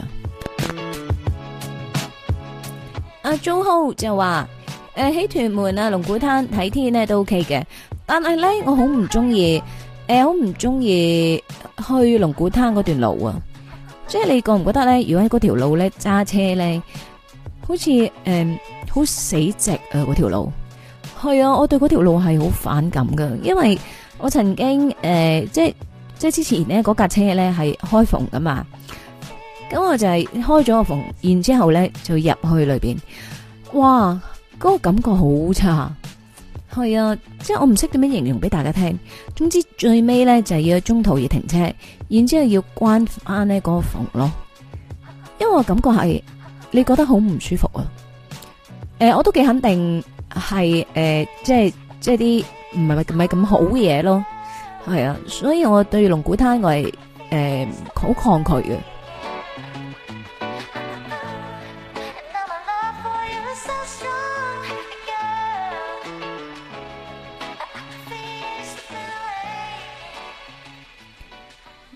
Speaker 1: 阿、啊、JoHo 就話：誒、呃，喺屯門啊，龍鼓灘睇天咧都 OK 嘅，但係咧我好唔中意，誒好唔中意去龍鼓灘嗰段路啊！即係你覺唔覺得咧？如果喺嗰條路咧揸車咧，好似誒好死直啊！嗰條路係啊，我對嗰條路係好反感噶，因為我曾經誒、呃、即即之前咧嗰架車咧係開篷噶嘛。咁我就係開咗個縫，然之後咧就入去裏邊，哇，嗰、那個感覺好差，係啊，即係我唔識點樣形容俾大家聽。總之最尾咧就係、是、要中途要停車，然之後要關翻呢個縫咯，因為我感覺係你覺得好唔舒服啊，誒、呃，我都幾肯定係誒、呃，即係即係啲唔係咁係咁好嘢咯，係啊，所以我對龍鼓灘我係誒好抗拒嘅。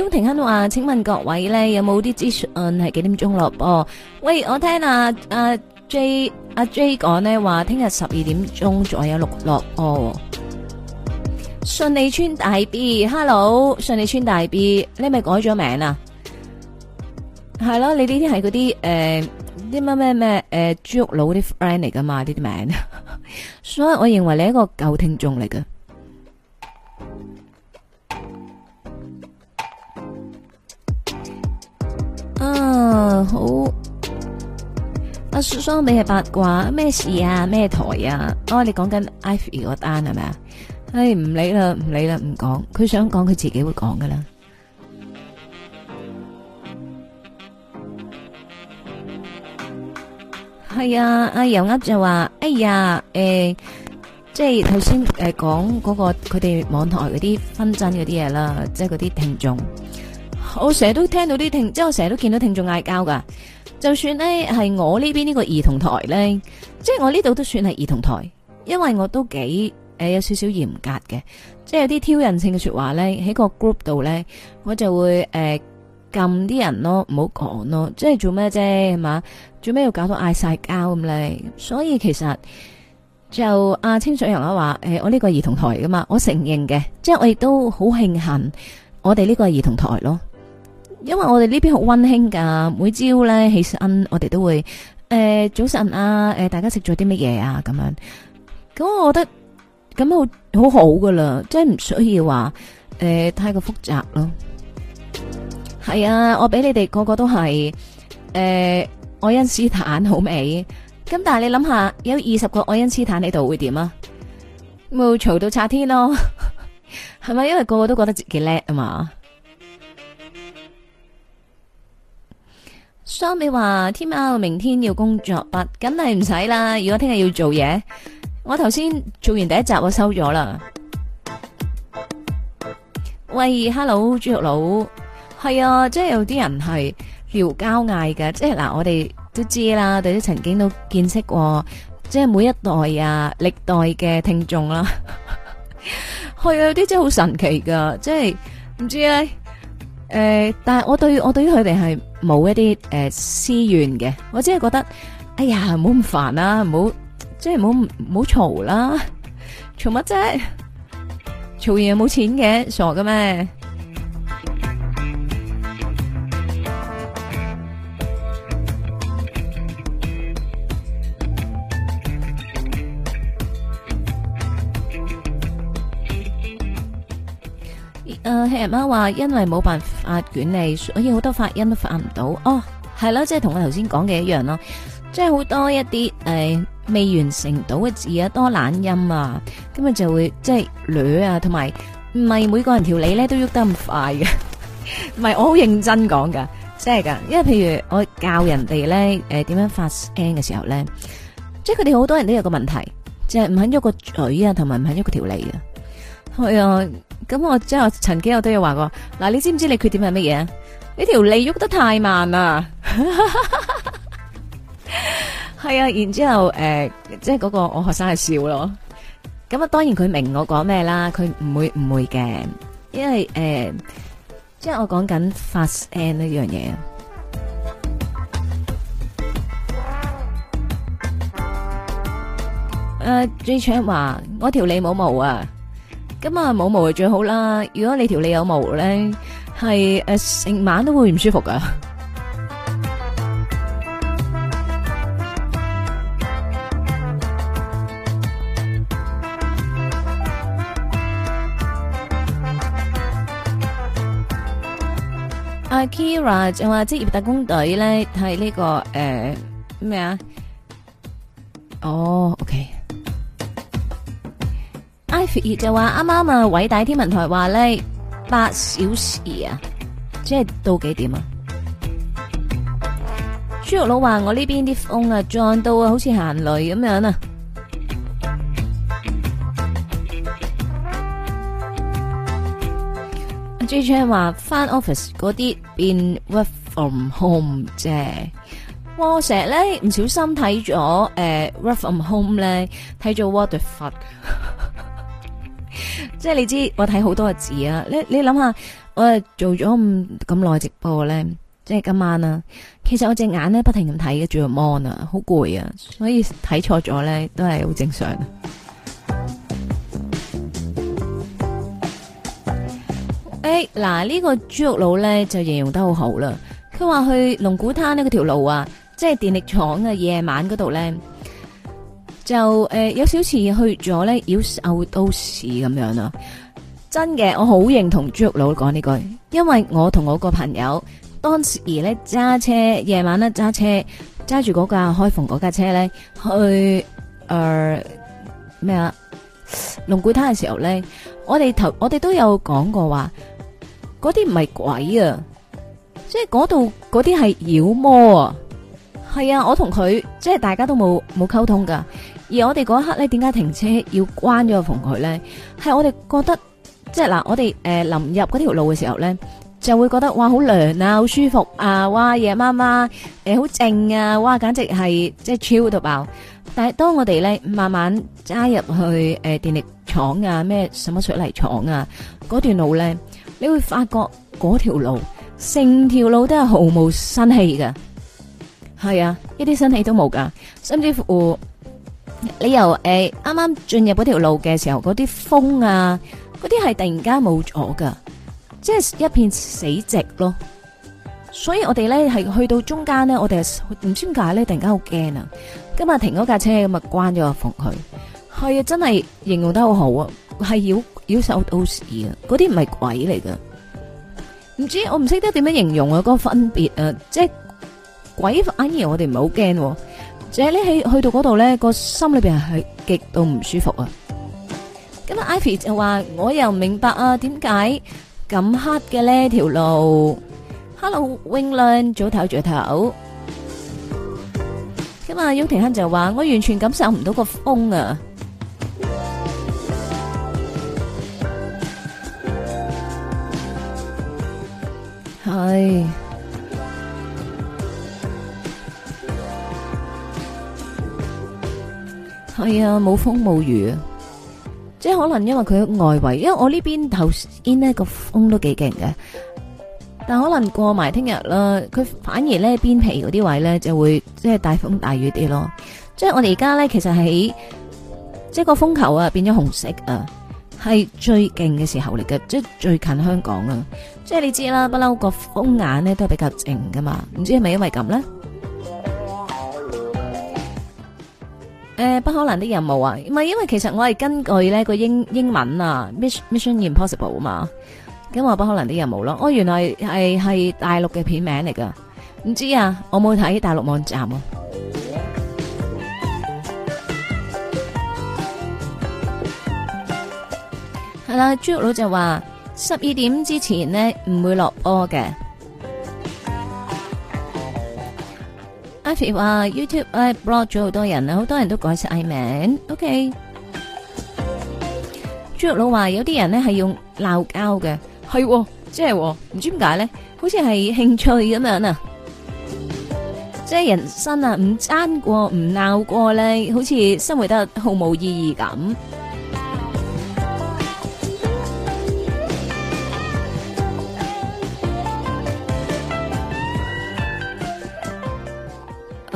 Speaker 1: 鐘庭亨話：請問各位咧，有冇啲資訊係幾點鐘落播？喂，我聽阿阿 J 阿 J 講咧話，聽日十二點鐘左右落播，順利村大 B，Hello，順利村大 B，你係咪改咗名啊？係咯，你呢啲係嗰啲誒，啲乜咩咩誒，豬肉佬啲 friend 嚟噶嘛？呢啲名， 所以我認為你係一個舊聽眾嚟嘅。啊，好，阿雪雙你係八卦咩事啊？咩台啊？哦，你講緊 ivy 嗰單係咪啊？唉唔理啦，唔理啦，唔講，佢想講佢自己會講噶啦。係、嗯、啊、阿、啊、楊就話，哎呀，誒、欸，即係頭先誒講嗰個佢哋網台嗰啲紛爭嗰啲嘢啦，即係嗰啲聽眾。我成日都聽到啲聽，即係我成日都見到聽眾嗌交噶。就算呢係我呢邊呢個兒童台呢，即係我呢度都算係兒童台，因為我都幾誒、呃、有少少嚴格嘅，即係有啲挑釁性嘅說話呢。喺個 group 度呢，我就會誒、呃、撳啲人咯，唔好講咯，即係做咩啫係嘛？做咩要搞到嗌晒交咁呢？所以其實就阿清水人啊話誒，我呢個兒童台噶嘛，我承認嘅，即係我亦都好慶幸我哋呢個兒童台咯。因為我哋呢邊好溫馨噶，每朝咧起身，我哋都會誒、呃、早晨啊，誒、呃、大家食咗啲乜嘢啊咁樣，咁我覺得咁好好好噶啦，即係唔需要話誒、呃、太過複雜咯。係啊，我俾你哋個個都係誒愛因斯坦好未？咁但係你諗下，有二十個愛因斯坦喺度會點啊？會嘈到拆天咯？係咪？因為個個都覺得自己叻啊嘛？相比話，天喵明天要工作，八梗係唔使啦。如果聽日要做嘢，我頭先做完第一集，我收咗啦。喂，Hello，豬肉佬，係啊，即係有啲人係聊交嗌嘅，即係嗱，我哋都知啦，我哋都曾經都見識過，即係每一代啊，歷代嘅聽眾啦，係啊，有啲真係好神奇噶，即係唔知咧，誒，但係我對我對於佢哋係。冇一啲誒、呃、私怨嘅，我只係覺得，哎呀，唔好咁煩啦、啊，唔好即係唔好唔好嘈啦，嘈乜啫？嘈嘢又冇錢嘅，傻嘅咩？誒、啊，黑人媽話，因為冇辦法捲你，所以好多發音都發唔到。哦，係咯，即係同我頭先講嘅一樣咯，即係好多一啲誒、呃、未完成到嘅字啊，多懶音啊，咁啊就會即係捋啊，同埋唔係每個人條脷咧都喐得咁快嘅。唔係，我好認真講噶，即係噶。因為譬如我教人哋咧，誒、呃、點樣發 n 嘅時候咧，即係佢哋好多人都有個問題，即係唔肯喐個嘴啊，同埋唔肯喐個條脷啊。係啊，咁我之後曾經我都有話過，嗱，你知唔知你缺點係乜嘢？你條脷喐得太慢啦，係、嗯、啊，然之後誒，即係嗰個我學生係笑咯。咁啊，當然佢明我講咩啦，佢唔會唔會嘅，因為誒，即係我講緊 fast end 呢樣嘢。誒，J J 話我條脷冇毛啊！咁啊，冇毛係最好啦。如果你條脷有毛咧，係誒成晚都會唔舒服噶。阿 Kira 就話職業特工隊咧係呢個誒咩啊？哦，OK。Ivy 就話啱啱啊，偉大天文台話咧八小時啊，即係到幾點啊？朱玉佬話我呢邊啲風啊撞到啊，好似行雷咁樣啊！JJ 話翻 office 嗰啲變 work from home 啫。我成日咧唔小心睇咗誒 work from home 咧睇咗 what the fuck 即係你知，我睇好多字啊！你你諗下，我做咗咁咁耐直播咧，即係今晚啊。其實我隻眼咧不停咁睇嘅，仲要 mon 啊，好攰啊，所以睇錯咗咧都係好正常啊。誒， 嗱、欸、呢、呢個豬肉佬咧就形容得好好啦。佢話去龍鼓灘呢個條路啊，即係電力廠嘅夜晚嗰度咧。就誒、呃，有少次去咗咧，妖獸都市咁樣啦。真嘅，我好認同豬肉佬講呢句，因為我同我個朋友當時咧揸車，夜晚咧揸車揸住嗰架開篷嗰架車咧去誒咩、呃、啊龍鼓灘嘅時候咧，我哋頭我哋都有講過話，嗰啲唔係鬼啊，即係嗰度嗰啲係妖魔啊。係啊，我同佢即係大家都冇冇溝通噶。而我哋嗰一刻咧，點解停車要關咗個風櫃咧？係我哋覺得，即係嗱，我哋誒臨入嗰條路嘅時候咧，就會覺得哇，好涼啊，好舒服啊，哇，夜媽媽誒好靜啊，哇，簡直係即係 chill 到爆。但係當我哋咧慢慢揸入去誒電力廠啊，咩什麼水泥廠啊嗰段路咧，你會發覺嗰條路成條路都係毫無生氣噶，係啊，一啲生氣都冇噶，甚至乎。你由誒啱啱進入嗰條路嘅時候，嗰啲風啊，嗰啲係突然間冇咗噶，即係一片死寂咯。所以我哋咧係去到中間咧，我哋係唔知點解咧，突然間好驚啊！今日停嗰架車咁啊，關咗個房佢。係啊，真係形容得好好啊，係妖妖獸到死啊！嗰啲唔係鬼嚟噶，唔知我唔識得點樣形容啊，嗰個分別啊，即係鬼反而我哋唔係好驚。就係你去去到嗰度咧，個心裏邊係極度唔舒服啊！咁啊，Ivy 就話我又唔明白啊，點解咁黑嘅呢條路？Hello，永亮早唞早唞。咁啊，邱庭亨就話我完全感受唔到個風啊。係。係、哎、啊，冇風冇雨，即係可能因為佢外圍，因為我呢邊頭先呢咧個風都幾勁嘅，但可能過埋聽日啦，佢反而咧邊皮嗰啲位咧就會即係大風大雨啲咯。即係我哋而家咧其實喺即係個風球啊變咗紅色啊，係最勁嘅時候嚟嘅，即係最近香港啊，即係你知啦，不嬲個風眼咧都係比較靜噶嘛，唔知係咪因為咁咧？誒、呃，不可能的任務啊，唔係因為其實我係根據呢個英英文啊，Mission Impossible 啊嘛，咁話不可能的任務咯、啊，我、哦、原來係係大陸嘅片名嚟噶，唔知啊，我冇睇大陸網站啊。係啦，朱、 啊、佬就話十二點之前呢唔會落坡嘅。阿話 YouTube 誒 block 咗好多人啊，好多人都改晒名。OK，豬肉佬話有啲人咧，係用鬧交嘅，係即係唔知點解咧，好似係興趣咁樣啊， 即係人生啊，唔爭過唔鬧過咧，好似生活得毫無意義咁。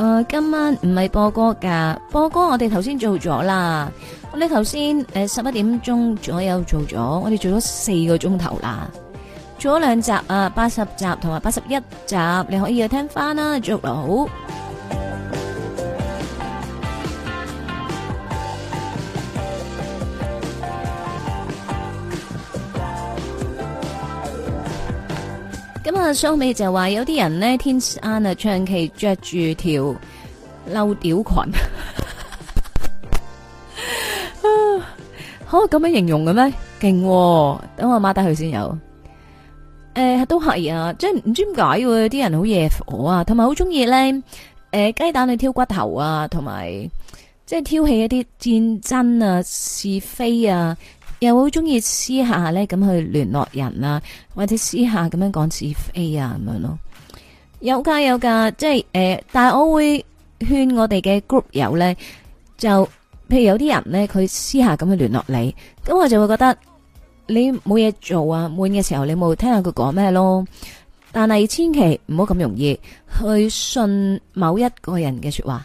Speaker 1: 誒，今晚唔係播歌噶，播歌我哋頭先做咗啦。我哋頭先誒十一點鐘左右做咗，我哋做咗四個鐘頭啦，做咗兩集啊，八十集同埋八十一集，你可以去聽翻啦，繼續落好。咁、嗯、啊，相比就話有啲人咧，天生穿褲褲 啊，長期着住條漏屌裙，啊，可咁樣形容嘅咩？勁、哦，等我媽得佢先有。誒、欸，都係啊，即係唔知點解喎，啲人好惹火啊，同埋好中意咧，誒、欸，雞蛋去挑骨頭啊，同埋即係挑起一啲戰爭啊，是非啊。又會好中意私下咧咁去聯絡人啊，或者私下咁樣講是非啊，咁樣咯。有噶有噶，即係誒、呃，但係我會勸我哋嘅 group 友咧，就譬如有啲人咧，佢私下咁去聯絡你，咁我就會覺得你冇嘢做啊，悶嘅時候，你冇聽下佢講咩咯。但係千祈唔好咁容易去信某一個人嘅說話，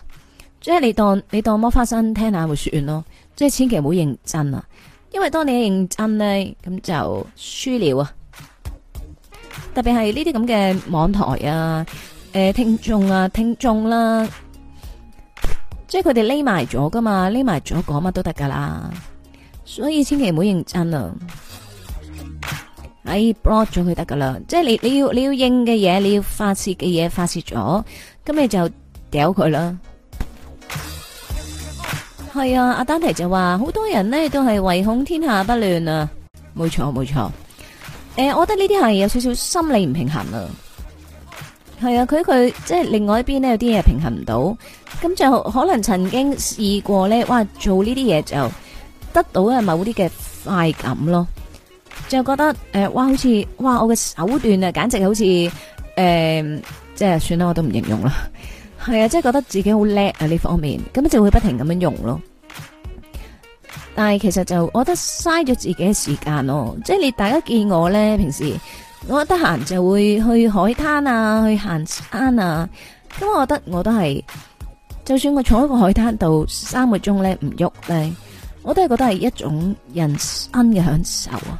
Speaker 1: 即係你當你當魔花生聽下，會算咯。即係千祈唔好認真啊。因為當你認真咧，咁就輸了啊！特別係呢啲咁嘅網台啊，誒、呃、聽眾啊，聽眾啦，即係佢哋匿埋咗噶嘛，匿埋咗講乜都得噶啦，所以千祈唔好認真啊！哎 block 咗佢得噶啦，即係你你要你要應嘅嘢，你要發洩嘅嘢，發洩咗，咁你就屌佢啦。係啊，阿丹提就話好多人咧都係唯恐天下不亂啊，冇錯冇錯。誒、呃，我覺得呢啲係有少少心理唔平衡啦。係啊，佢佢即係另外一邊咧，有啲嘢平衡唔到，咁就可能曾經試過咧，哇做呢啲嘢就得到啊某啲嘅快感咯，就覺得誒、呃、哇好似哇我嘅手段啊簡直好似誒、呃、即係算啦，我都唔形容啦。係啊，即係覺得自己好叻啊呢方面，咁就會不停咁樣用咯。但係其實就我覺得嘥咗自己嘅時間咯。即係你大家見我咧，平時我得閒就會去海灘啊，去行山啊。咁我覺得我都係，就算我坐喺個海灘度三個鐘咧唔喐咧，我都係覺得係一種人生嘅享受啊。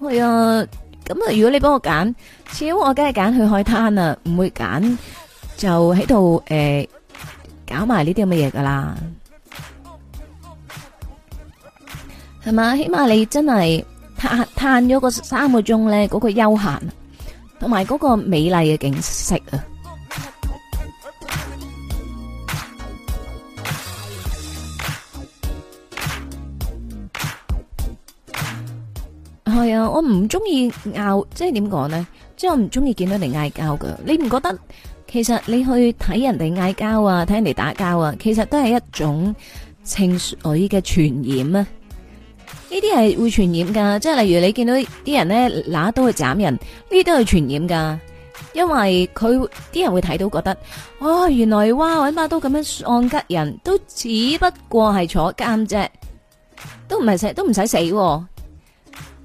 Speaker 1: 係啊，咁啊，如果你幫我揀，始終我梗係揀去海灘啊，唔會揀。就喺度誒，搞埋呢啲咁嘅嘢噶啦，係嘛？起碼你真係嘆嘆咗個三個鐘咧，嗰個休閒同埋嗰個美麗嘅景色啊。係啊，我唔中意拗，即係點講咧？即係我唔中意見到人嗌交噶，你唔覺得？其實你去睇人哋嗌交啊，睇人哋打交啊，其實都係一種情緒嘅傳染啊！呢啲係會傳染噶，即係例如你見到啲人咧拿刀去斬人，呢啲都係傳染噶，因為佢啲人會睇到覺得，哦原來哇搵把刀咁樣按吉人都只不過係坐監啫，都唔係使都唔使死啊。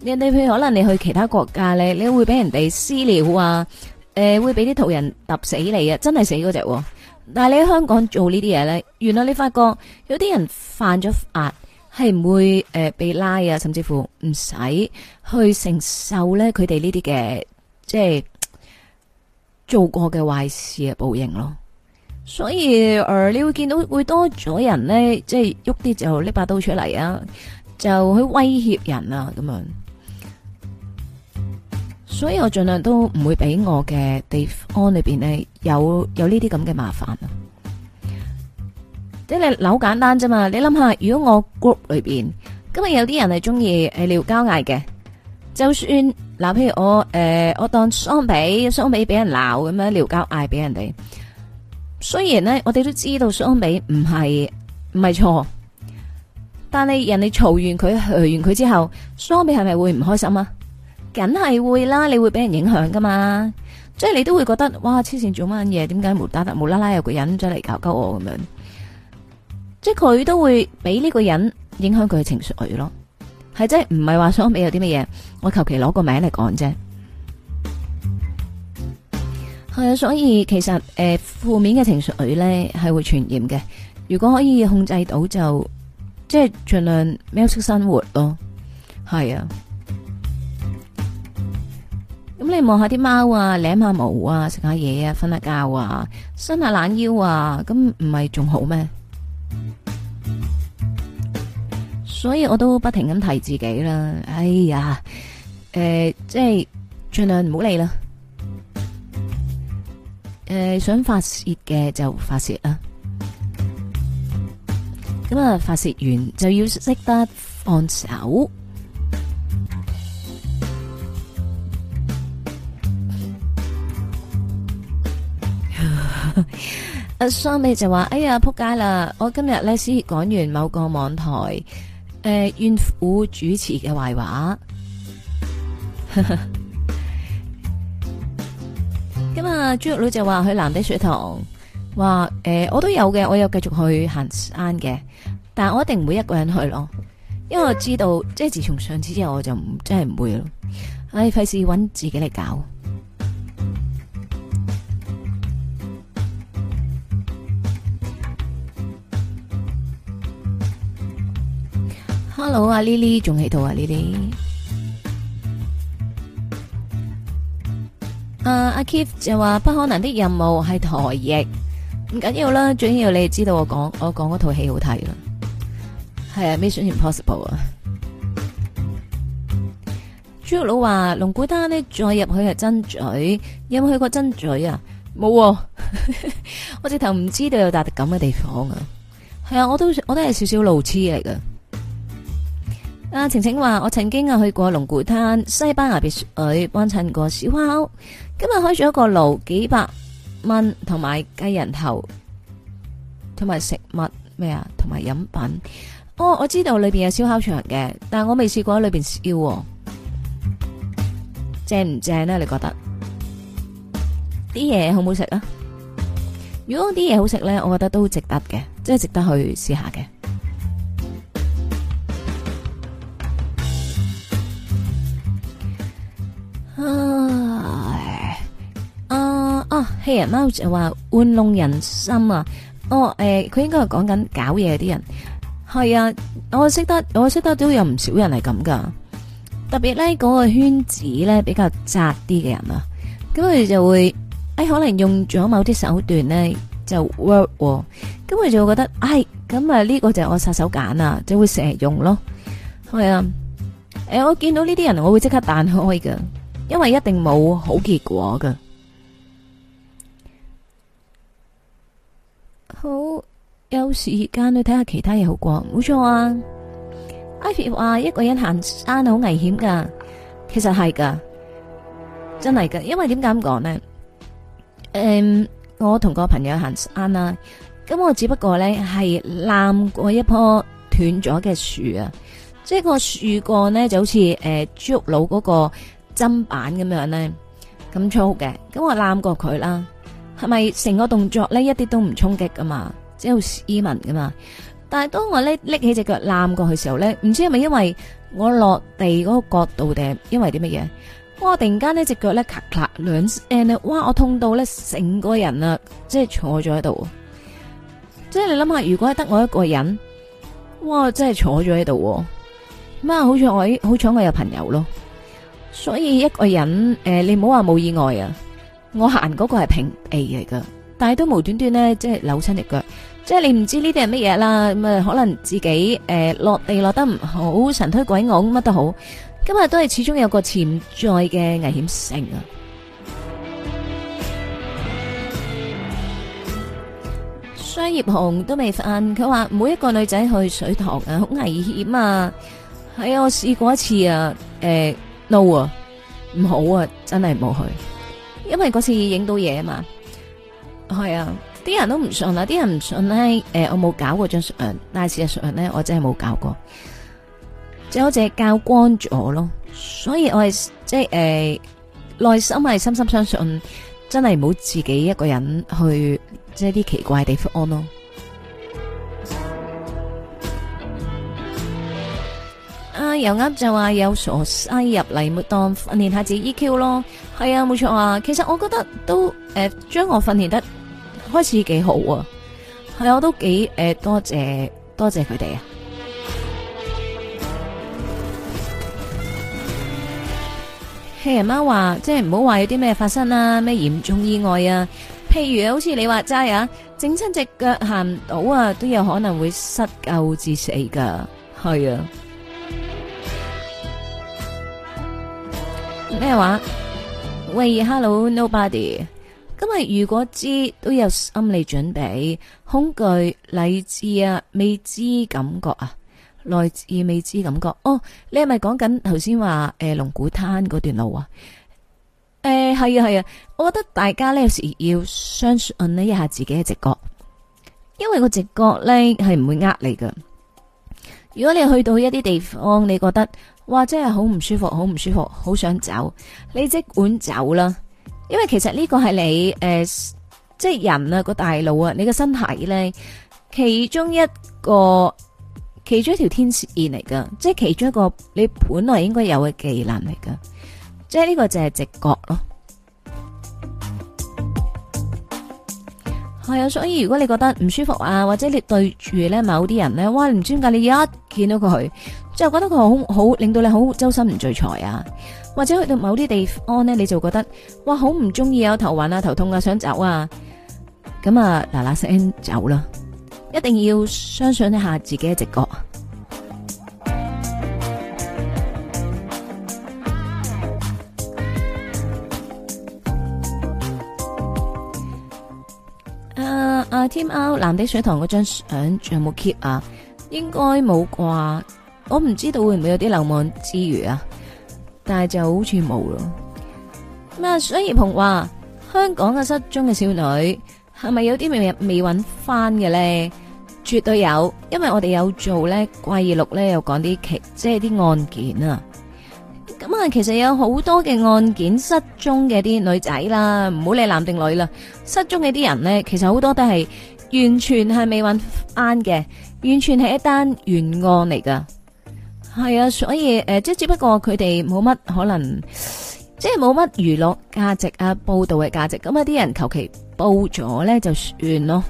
Speaker 1: 你你譬如可能你去其他國家咧，你會俾人哋私了啊。誒，會俾啲途人揼死你啊！真係死嗰隻。但係你喺香港做呢啲嘢咧，原來你發覺有啲人犯咗法，係唔會誒被拉啊，甚至乎唔使去承受咧佢哋呢啲嘅，即係做過嘅壞事嘅報應咯。所以誒你會見到會多咗人咧，即係喐啲就拎把刀出嚟啊，就去威脅人啊咁樣。所以我盡量都唔會俾我嘅地方裏邊咧有有呢啲咁嘅麻煩啊！即係你好簡單啫嘛，你諗下，如果我 group 裏邊今日有啲人係鍾意誒撩交嗌嘅，就算嗱，譬如我誒、呃、我當雙比雙比俾人鬧咁樣撩交嗌俾人哋，雖然咧我哋都知道雙比唔係唔係錯，但係人哋嘈完佢去完佢之後，雙比係咪會唔開心啊？梗係會啦，你會俾人影響噶嘛？即係你都會覺得哇，黐線做乜嘢？點解無端端無啦啦有個人咁樣嚟搞搞我咁樣？即係佢都會俾呢個人影響佢嘅情緒咯。係即係唔係話想俾有啲乜嘢？我求其攞個名嚟講啫。係啊，所以其實誒，負、呃、面嘅情緒咧係會傳染嘅。如果可以控制到就，就即係盡量喵式生活咯。係啊。咁你望下啲貓啊，舐下毛啊，食下嘢啊，瞓下覺啊，伸下懶腰啊，咁唔係仲好咩？所以我都不停咁提自己啦。哎呀，誒、呃，即係盡量唔好理啦。誒、呃，想發泄嘅就發泄啦。咁啊，發泄完就要識得放手。阿 雙美就話：哎呀，撲街啦！我今日咧先講完某個網台誒怨婦主持嘅壞話。咁 啊，朱玉女就話去藍地水塘，話誒、呃，我都有嘅，我有繼續去行山嘅，但係我一定唔會一個人去咯，因為我知道，即係自從上次之後，我就唔真係唔會咯。唉，費事搵自己嚟搞。hello，阿 Lily 仲喺度啊！Lily，阿阿 Keith 就話不可能的任務係台譯唔緊要啦，最緊要你哋知道我講我講嗰套戲好睇啦。係啊，Mission Impossible 啊。朱、啊、玉老話龍鼓灘呢，再入去係真嘴，有冇去過真嘴啊？冇、啊， 我直頭唔知道有搭達咁嘅地方啊。係啊，我都我都係少少路痴嚟噶。阿晴晴話：我曾經啊去過龍鼓灘西班牙別墅，幫襯過燒烤。今日開咗個爐，幾百蚊同埋雞人頭，同埋食物咩啊，同埋飲品。哦，我知道裏邊有燒烤場嘅，但係我未試過喺裏邊燒。正唔正呢、啊？你覺得啲嘢好唔好食啊？如果啲嘢好食呢，我覺得都值得嘅，即係值得去試下嘅。啊啊啊！黑人貓就話玩弄人心啊。哦，誒、欸，佢應該係講緊搞嘢啲人係啊。我識得我識得都有唔少人係咁噶，特別咧嗰個圈子咧比較窄啲嘅人啊。咁佢就會誒、欸，可能用咗某啲手段咧就 work，咁、啊、佢就會覺得，唉、欸，咁啊呢個就我殺手鐧啊，就會成日用咯。係啊，誒、欸，我見到呢啲人我會即刻彈開噶。因為一定冇好結果嘅，好有時間去睇下其他嘢好過，冇錯啊。Ivy 話一個人行山好危險噶，其實係噶，真係噶，因為點解咁講呢？誒、嗯，我同個朋友行山啊，咁我只不過咧係攬過一棵斷咗嘅樹啊，即係個樹幹咧就好似誒竹老嗰個。砧板咁樣咧咁粗嘅，咁我攬過佢啦，係咪成個動作咧一啲都唔衝擊噶嘛？即係好斯文噶嘛？但係當我咧拎起隻腳攬過去嘅時候咧，唔知係咪因為我落地嗰個角度定因為啲乜嘢？我突然間呢隻腳咧咔咔兩聲，哇！我痛到咧成個人啊，即係坐咗喺度。即係你諗下，如果係得我一個人，哇！真係坐咗喺度。咁、嗯、啊，好我，好彩，我有朋友咯。所以一個人誒、呃，你唔好話冇意外啊！我行嗰個係平地嚟噶，但係都無端端呢，即係扭親隻腳，即係你唔知呢啲係乜嘢啦。咁啊，可能自己誒、呃、落地落得唔好，神推鬼拱乜都好，今日都係始終有個潛在嘅危險性啊！商業紅都未瞓，佢話每一個女仔去水塘啊，好危險啊！係、哎、啊，我試過一次啊，誒、呃。no 啊，唔好啊，真係唔好去，因為嗰次影到嘢嘛，係啊，啲人都唔信啊，啲人唔信咧，誒，我冇搞過張相，但係事實上咧，我真係冇搞過，即係好似教光咗咯，所以我係即係誒，內心係深深相信，真係唔好自己一個人去即係啲奇怪地方安咯。啊、又啱就話有傻西入嚟，沒當訓練下自己 EQ 咯。係啊，冇錯啊。其實我覺得都誒，將、呃、我訓練得開始幾好啊。係、啊，我都幾誒、呃，多謝多謝佢哋啊。黑人貓話，即係唔好話有啲咩發生啊，咩嚴重意外啊。譬如好似你話齋啊，整親隻腳行唔到啊，都有可能會失救致死㗎。係啊。咩話？喂，Hello，Nobody。Hello, Nobody. 今日如果知都有心理準備，恐懼、未知啊、未知感覺啊，來自未知感覺。哦，你係咪講緊頭先話誒，龍鼓灘嗰段路啊？誒、呃，係啊，係啊。我覺得大家咧有時要相信一下自己嘅直覺，因為個直覺咧係唔會呃你㗎。如果你去到一啲地方，你覺得哇，真係好唔舒服，好唔舒服，好想走，你即管走啦。因為其實呢個係你誒、呃，即係人啊個大腦啊，你個身體咧，其中一個其中一條天線嚟噶，即係其中一個你本來應該有嘅技能嚟噶，即係呢個就係直覺咯。係啊，所以如果你覺得唔舒服啊，或者你對住咧某啲人咧，哇，唔知點解你一見到佢就覺得佢好好，令到你好周身唔聚財啊，或者去到某啲地方咧，你就覺得哇，好唔中意啊，頭暈啊，頭痛啊，想走啊，咁啊嗱嗱聲走啦，一定要相信一下自己嘅直覺。啊 Team 歐，藍地水塘嗰張相仲有冇 keep 啊？應該冇啩，我唔知道會唔會有啲漏網之魚啊，但係就好似冇咯。咁、嗯、啊，孫葉紅話香港嘅失蹤嘅少女係咪有啲未未揾翻嘅咧？絕對有，因為我哋有做咧，怪異錄咧，有講啲奇，即係啲案件啊。咁啊，其實有好多嘅案件失蹤嘅啲女仔啦，唔好理男定女啦。失蹤嘅啲人咧，其實好多都係完全係未揾翻嘅，完全係一單懸案嚟噶係啊，所以誒，即、呃、係只不過佢哋冇乜可能，即係冇乜娛樂價值啊，報道嘅價值。咁啊，啲人求其報咗咧就算咯。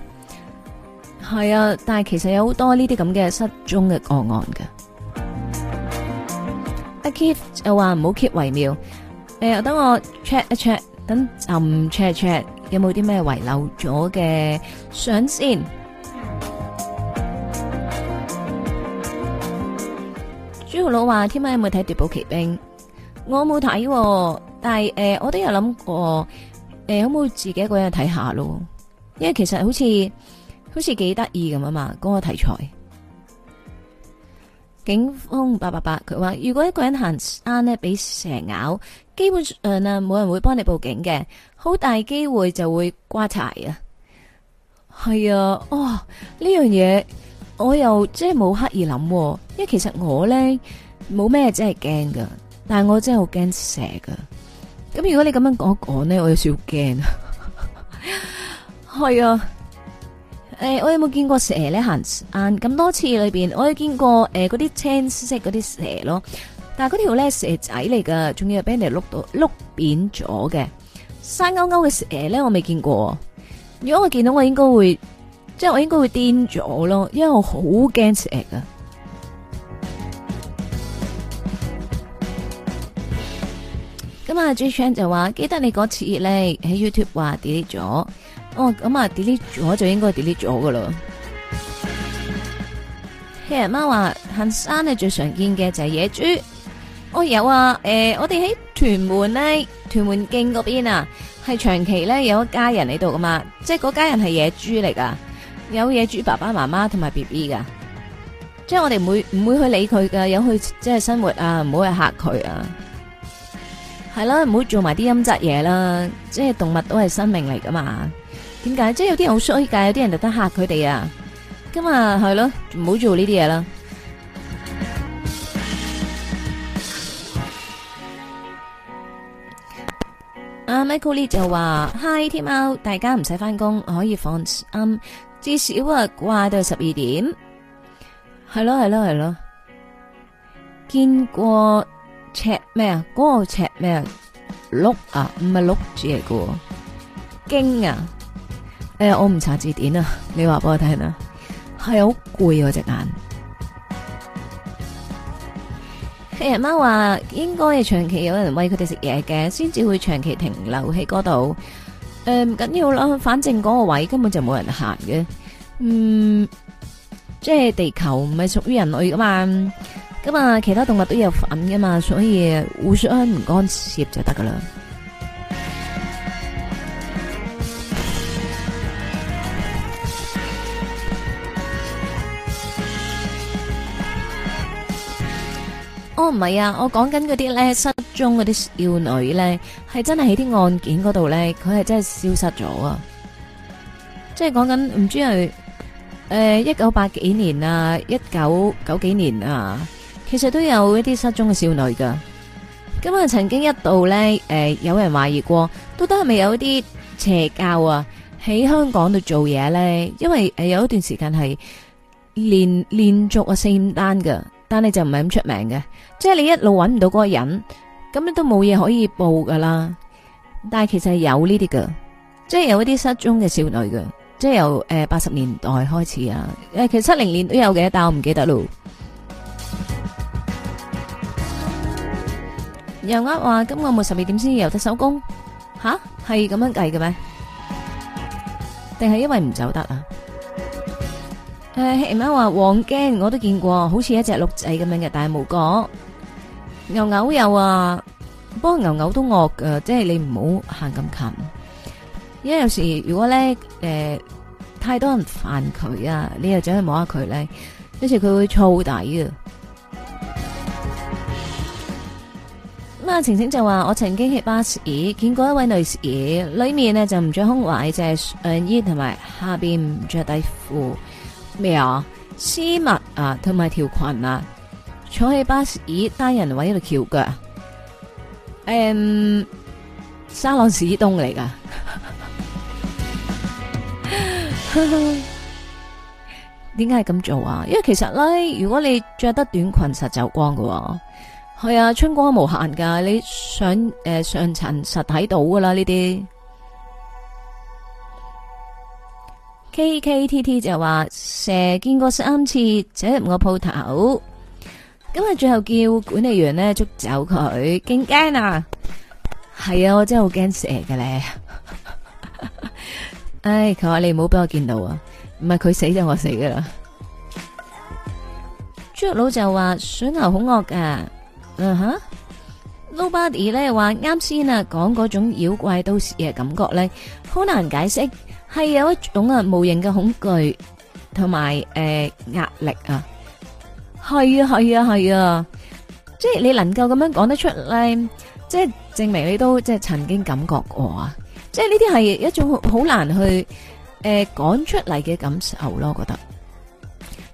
Speaker 1: 係啊，但係其實有好多呢啲咁嘅失蹤嘅個案嘅。阿 Keith 就話唔好 keep 為妙，誒、欸，等我 check 一 check，等陣 check 一 check，有冇啲咩遺漏咗嘅相先？ 朱浩佬話：，天喵有冇睇《奪寶奇兵》？我冇睇，啊，但係誒、欸，我都有諗過，誒、欸，可唔可以自己一個人去睇下咯？因為其實好似好似幾得意咁啊嘛，嗰，那個題材。警方八八八，佢話如果一個人行山咧，俾蛇咬，基本上啊冇人會幫你報警嘅，好大機會就會瓜柴啊。係啊，哦呢樣嘢我又真係冇刻意諗、哦，因為其實我咧冇咩真係驚噶，但係我真係好驚蛇噶。咁如果你咁樣講一講咧，我有少少驚 啊。係啊。誒、哎，我有冇見過蛇咧行咁、嗯、多次裏邊，我有見過誒嗰啲青色嗰啲蛇咯。但係嗰條咧蛇仔嚟噶，仲要俾人碌到碌扁咗嘅。山勾勾嘅蛇咧，我未見過。如果我見到，我應該會，即係我應該會癲咗咯，因為我好驚蛇、嗯、啊。咁啊，G Chan 就話記得你嗰次咧喺 YouTube 話 delete 咗。哦，咁啊 delete 咗就應該 delete 咗噶啦。聽、hey, 人媽話行山係最常見嘅就係野豬。哦有啊，誒、欸、我哋喺屯門咧屯門徑嗰邊啊，係長期咧有一家人喺度噶嘛，即係嗰家人係野豬嚟噶，有野豬爸爸媽媽同埋 B B 噶。即係我哋唔會唔會去理佢噶，有去即係生活啊，唔好去吓佢啊。係啦、啊，唔好做埋啲陰質嘢啦，即係動物都係生命嚟噶嘛。點解？即係有啲人好衰，介有啲人特登吓佢哋啊。今日係咯，唔好做呢啲嘢啦。阿 Michael 就話：，Hi，天喵，大家唔使翻工，可以放暗、嗯，至少啊，掛到十二點，係咯，係咯，係咯。見過赤咩、那個、啊？嗰個赤咩啊？碌啊，唔係碌住嚟嘅，驚啊。我唔查字典啊！你話俾我聽啊，係好攰啊隻眼。阿媽話應該係長期有人喂佢哋食嘢嘅，先至會長期停留喺嗰度。誒唔緊要啦，反正嗰個位根本就冇人行嘅。嗯，即係地球唔係屬於人類噶嘛，咁啊其他動物都有份噶嘛，所以互相唔干涉就得噶啦。我唔係啊，我講緊嗰啲咧失蹤嗰啲少女咧，係真係喺啲案件嗰度咧，佢係真係消失咗啊！即係講緊唔知係誒一九八幾年啊，一九九幾年啊，其實都有一啲失蹤嘅少女噶。咁啊，曾經一度咧誒，有人懷疑過，都都係咪有一啲邪教啊喺香港度做嘢咧？因為誒有一段時間係連連續啊四五單噶。但你就唔係咁出名嘅，即係你一路揾唔到嗰個人，咁你都冇嘢可以報噶啦。但係其實係有呢啲嘅，即係有一啲失蹤嘅少女嘅，即係由誒八十年代開始啊，誒其實七零年都有嘅，但我唔記得咯。又呃話：今日冇十二點先至有得收工，吓係咁樣計嘅咩？定係因為唔走得啊？誒、哎，唔好話黃麖，我都見過，好似一隻鹿仔咁樣嘅大毛角。牛牛又話，波牛牛都惡噶，即係你唔好行咁近，因為有時如果咧誒、呃、太多人煩佢啊，你又想去摸下佢咧，跟住佢會燥底啊。咁啊，晴晴就話我曾經喺巴士見過一位女士，裏面呢就唔着胸圍，就係、就是、上衣同埋下邊唔着底褲。咩啊？絲襪啊，同埋條裙啊，坐喺巴士單人位度翹腳，誒、啊嗯，沙朗士東嚟噶，點解係咁做啊？因為其實咧，如果你着得短裙，實走光噶，係啊，春光無限噶，你想誒上層、呃、實睇到噶啦呢啲。K K T T 就話蛇見過三次走入我鋪頭，今日最後叫管理員咧捉走佢，勁驚啊！係啊，我真係好驚蛇嘅咧。 哎，佢話你唔好俾我見到啊，唔係佢死就我死噶啦。豬肉佬就話水牛好惡噶，嗯哼。Nobody 咧話啱先啊，講嗰種妖怪都市嘅感覺咧，好難解釋。係有一種啊無形嘅恐懼同埋誒壓力啊，係啊係啊係啊，即係你能夠咁樣講得出咧，即係證明你都即係曾經感覺過這些是、呃、感啊！即係呢啲係一種好難去誒講出嚟嘅感受咯，我覺得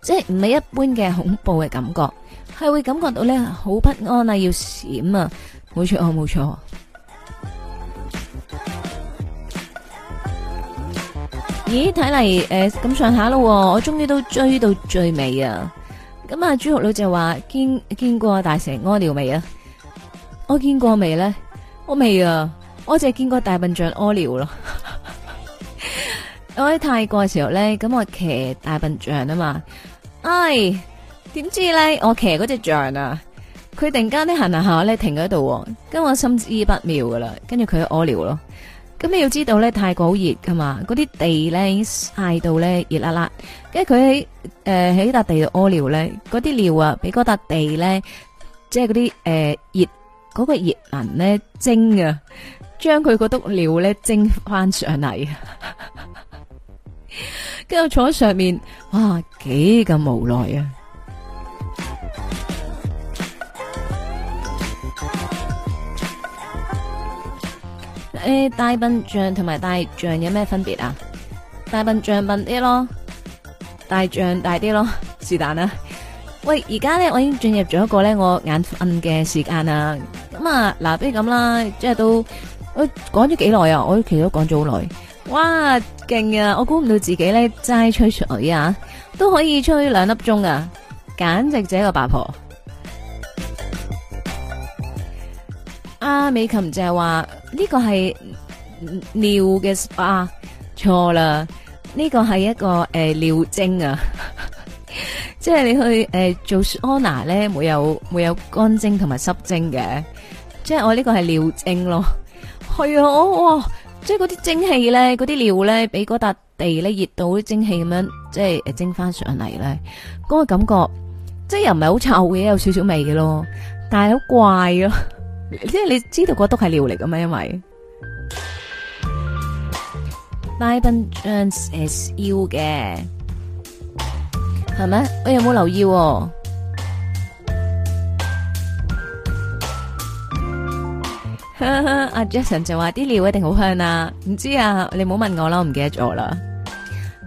Speaker 1: 即係唔係一般嘅恐怖嘅感覺，係會感覺到咧好不安啊，要閃啊！冇錯冇錯。沒錯咦，睇嚟誒咁上下咯，我終於都追到最尾啊！咁啊，朱玉佬就話見見過大蛇屙尿未啊？我見過未咧？我未啊！我淨係見過大笨象屙尿咯。 我喺泰國嘅時候咧，咁我騎大笨象啊嘛，唉、哎，點知咧我騎嗰隻象啊，佢突然間咧行行下咧停咗喺度，咁我心知不妙噶啦，跟住佢屙尿咯。咁你要知道咧，泰國好熱噶嘛，嗰啲地咧已經晒到咧熱辣辣，跟住佢喺誒喺笪地度屙尿咧，嗰啲尿啊，俾嗰笪地咧，即係嗰啲誒熱嗰個熱能咧蒸啊，將佢嗰篤尿咧蒸翻上嚟，跟住我坐喺上面，哇，幾咁無奈啊！誒，大笨象同埋大象有咩分別啊？大笨象笨啲咯，大象大啲咯，是但啦。喂，而家咧我已經進入咗一個咧我眼瞓嘅時間啦。咁、嗯、啊，嗱，不如咁啦，即係都我講咗幾耐啊，我其實都講咗好耐。哇，勁啊！我估唔到自己咧齋吹水啊，都可以吹兩粒鐘啊，簡直就係一個八婆。阿美琴就係話呢個係尿嘅 spa 錯啦，呢個係一個誒尿蒸啊，即係你去誒做 sauna 咧，會有會有乾蒸同埋濕蒸嘅，即係我呢個係尿蒸咯。係啊，我哇，即係嗰啲蒸汽咧，嗰啲尿咧，俾嗰笪地咧熱到啲蒸汽咁樣，即係誒蒸翻上嚟咧，嗰個感覺，即係又唔係好臭嘅，有少少味嘅咯，但係好怪咯。即係你知道個篤係尿嚟噶嘛？因為 m i b n Jones is 嘅，係咩？我有冇留意、哦？阿、 啊、Jason 就話啲尿一定好香啊！唔知啊，你唔好問我啦，唔記得咗啦。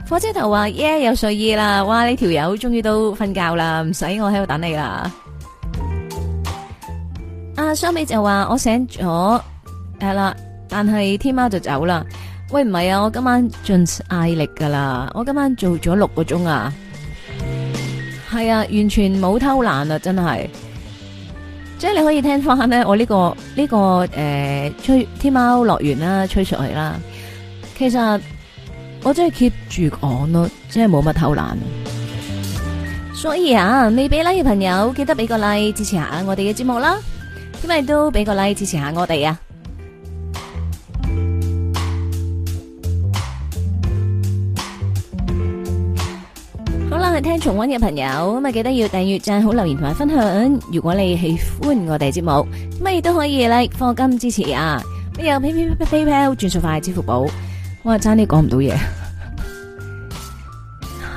Speaker 1: 火車頭話：耶，有睡意啦！哇，你條友終於都瞓覺啦，唔使我喺度等你啦。阿相比就話我醒咗誒啦，但係天喵就走啦。喂，唔係啊，我今晚盡嗌力噶啦，我今晚做咗六個鐘啊，係啊，完全冇偷懶啊，真係。即係你可以聽翻咧、這個，我、這、呢個呢個誒吹天喵樂園啦，吹出去啦。其實我真係 keep 住講咯，真係冇乜偷懶。所以啊，未俾禮嘅朋友記得俾個禮、like, 支持下我哋嘅節目啦。今日都俾個 like 支持下我哋啊，好！好啦，聽重溫嘅朋友咁啊，記得要訂閱、讚好、留言同埋分享。如果你喜歡我哋節目，乜嘢都可以 like 課金支持啊！咩有 paypay、PayPal、轉數快、支付寶，我阿差啲講唔到嘢。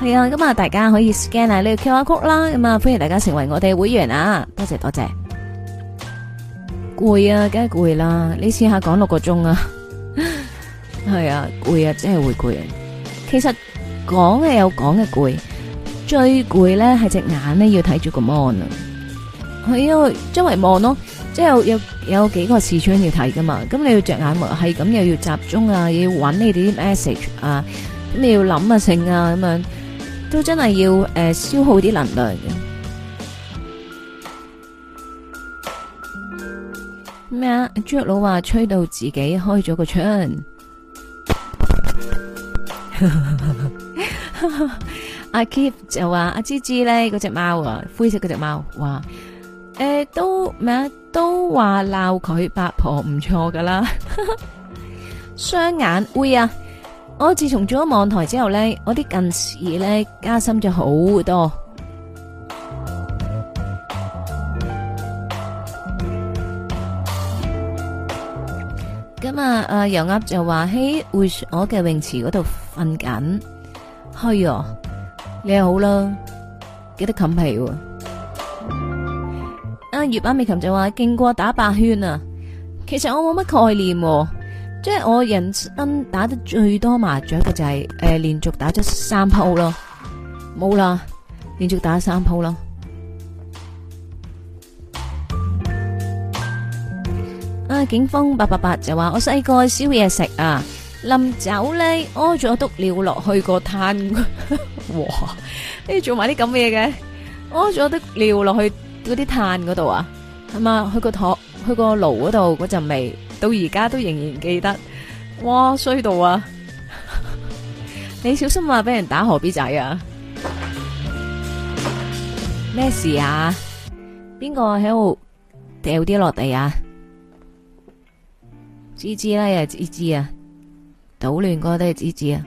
Speaker 1: 係啊，咁啊，大家可以 scan 下呢個 QR Code 啦。咁啊，歡迎大家成為我哋會員啊！多謝多謝。攰啊，梗係攰啦！你試下講六個鐘啊，係啊，攰啊，真係會攰啊。其實講係有講嘅攰，最攰咧係隻眼咧要睇住個 mon 啊，係因為周圍望咯，即係有有有幾個視窗要睇噶嘛，咁你要著眼啊，係咁又要集中啊，要揾你哋啲 message 啊，咁你要諗啊，剩啊，咁樣都真係要誒消耗啲能量嘅。咩啊？豬肉佬話吹到自己開咗個窗、 啊。阿 K e e 就話阿芝芝咧，嗰隻貓啊，灰色嗰隻貓話，誒、欸，都咩都話鬧佢八婆唔錯噶啦。雙眼會啊！我自從做咗網台之後咧，我啲近視咧加深咗好多。咁、嗯、啊！阿油鴨就話喺會所嘅泳池嗰度瞓緊。嗨、 哦，你好啦，記得冚被、哦。阿葉阿美琴就話經過打八圈啊，其實我冇乜概念、哦，即、就、係、是、我人生打得最多麻雀嘅就係、是、誒、呃，連續打咗三鋪咯，冇啦，連續打了三鋪啦。警方八八八就話：我細個燒嘢食啊，臨走咧屙咗篤尿落去個炭。哇！呢做埋啲咁嘢嘅，屙咗篤尿落去嗰啲炭嗰度啊，係嘛？去個托，去個爐嗰度嗰陣味，到而家都仍然記得。哇衰到啊！你小心啊，俾人打河 B 仔啊！咩事啊？邊個喺度掉啲落地啊？芝芝啦，又係芝芝啊！搗亂嗰都係芝芝啊！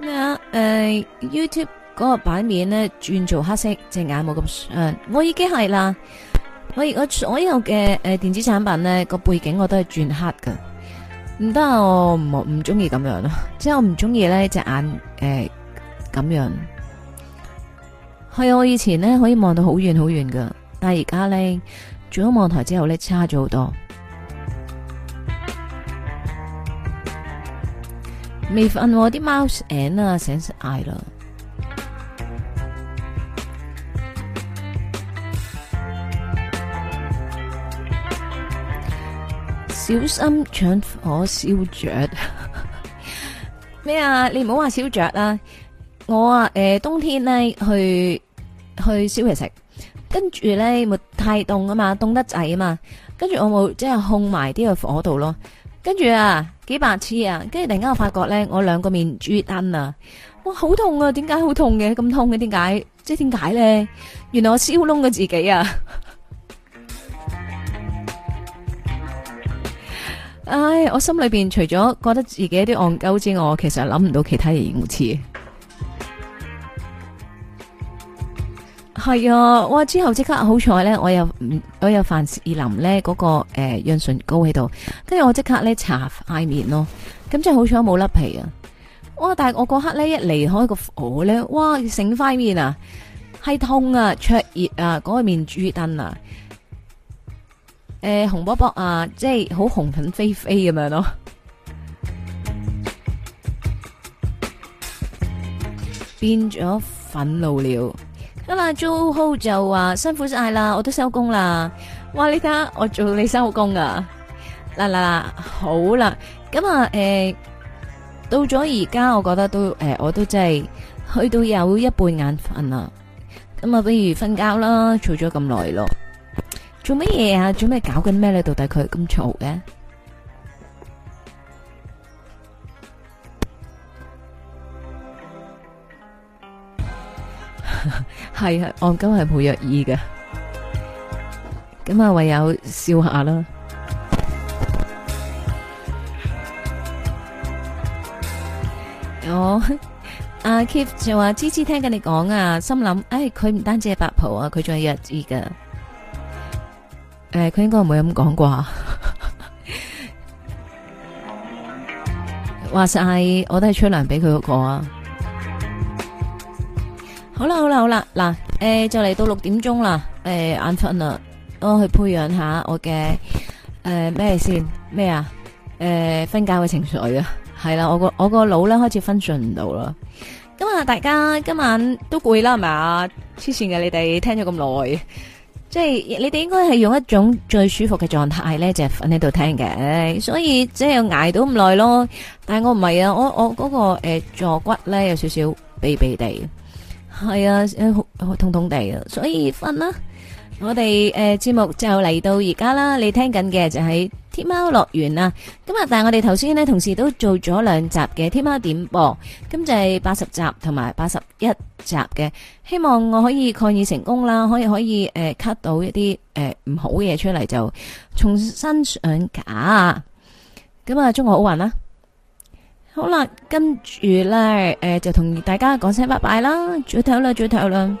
Speaker 1: 咩啊？誒，YouTube 嗰個版面咧轉做黑色，隻眼冇咁誒，uh, 我已經係啦。我我所有嘅誒電子產品咧個背景我都係轉黑噶，唔得，我唔唔中意咁樣咯。即係我唔中意咧隻眼誒咁樣。係 我，呃、我以前咧可以望到好遠好遠噶，但係而家咧。做咗網台之後咧，差咗好多。未瞓、啊，啲貓醒啊，醒嗌啦。小心搶火燒着！咩 啊？你唔好話燒着啊！我啊，誒、呃，冬天咧去去燒嘢食。跟住呢，冇太凍啊嘛，凍得滯啊嘛。跟住我冇即係控埋啲個火度咯。跟住啊，幾百次啊，跟住突然間我發覺呢，我兩個面絕恩啊！哇，好痛啊！點解好痛嘅？咁痛嘅點解？即係點解呢？原來我燒燶咗自己啊！唉，我心裏邊除咗覺得自己有啲戇鳩之外，其實諗唔到其他嘢嘅形容詞。係啊，哇！之後即刻好彩咧，我有我有凡士林咧嗰個誒潤、欸、唇膏喺度，跟住我即刻咧搽塊面咯。咁即係好彩冇甩皮啊！哇！但係我嗰刻咧一離開個火咧，哇！醒塊面啊，係痛啊，灼熱啊，嗰、那個面珠墩啊，誒、欸、紅卜卜啊，即係好紅粉飛飛咁樣咯、啊，變咗憤怒了。Jojo 就話辛苦晒啦，我都收工啦。哇，你睇下，我做你收工啊！嗱嗱嗱，好啦，咁啊，誒，到咗而家，我覺得都誒、嗯，我都真係去到有一半眼瞓啦。咁、嗯、啊，不如瞓覺啦，嘈咗咁耐咯，做乜嘢啊？做咩搞緊咩咧？到底佢咁嘈嘅？ 係啊，按金係冇藥醫嘅，咁啊，唯有笑下啦。哦，阿 Kip 就話芝芝聽緊你講啊，心諗，哎，佢唔單止係八婆啊，佢仲係若意噶。誒，佢應該唔會咁講啩？話晒，我都係吹涼俾佢嗰個啊。好，好，好啦，好啦，好啦嗱，誒，就嚟到六點鐘啦，誒、欸，眼瞓啦，我去培養下我嘅誒咩先咩啊？誒，瞓、呃、覺嘅情緒啊，係啦，我個我個腦咧開始分順唔到啦。咁啊，大家今晚都攰啦，係咪啊？黐線嘅，你哋聽咗咁耐，即係你哋應該係用一種最舒服嘅狀態咧，就瞓喺度聽嘅。所以即係挨到咁耐咯，但係我唔係啊，我我嗰、那個誒坐、欸、骨咧有少少痹痹地。係啊，痛痛哋啊，所以瞓啦。我哋誒節目就嚟到而家啦，你聽緊嘅就係天喵樂園啦。咁啊，但係我哋頭先呢，同時都做咗兩集嘅天喵點播，咁就係八十集同埋八十一集嘅。希望我可以抗議成功啦，可以可以誒 cut、呃、到一啲誒唔好嘅嘢出嚟，就重新上架。咁啊，祝我好運啦！好啦，跟住咧，誒，就同大家講聲拜拜啦，早唞啦，早唞啦。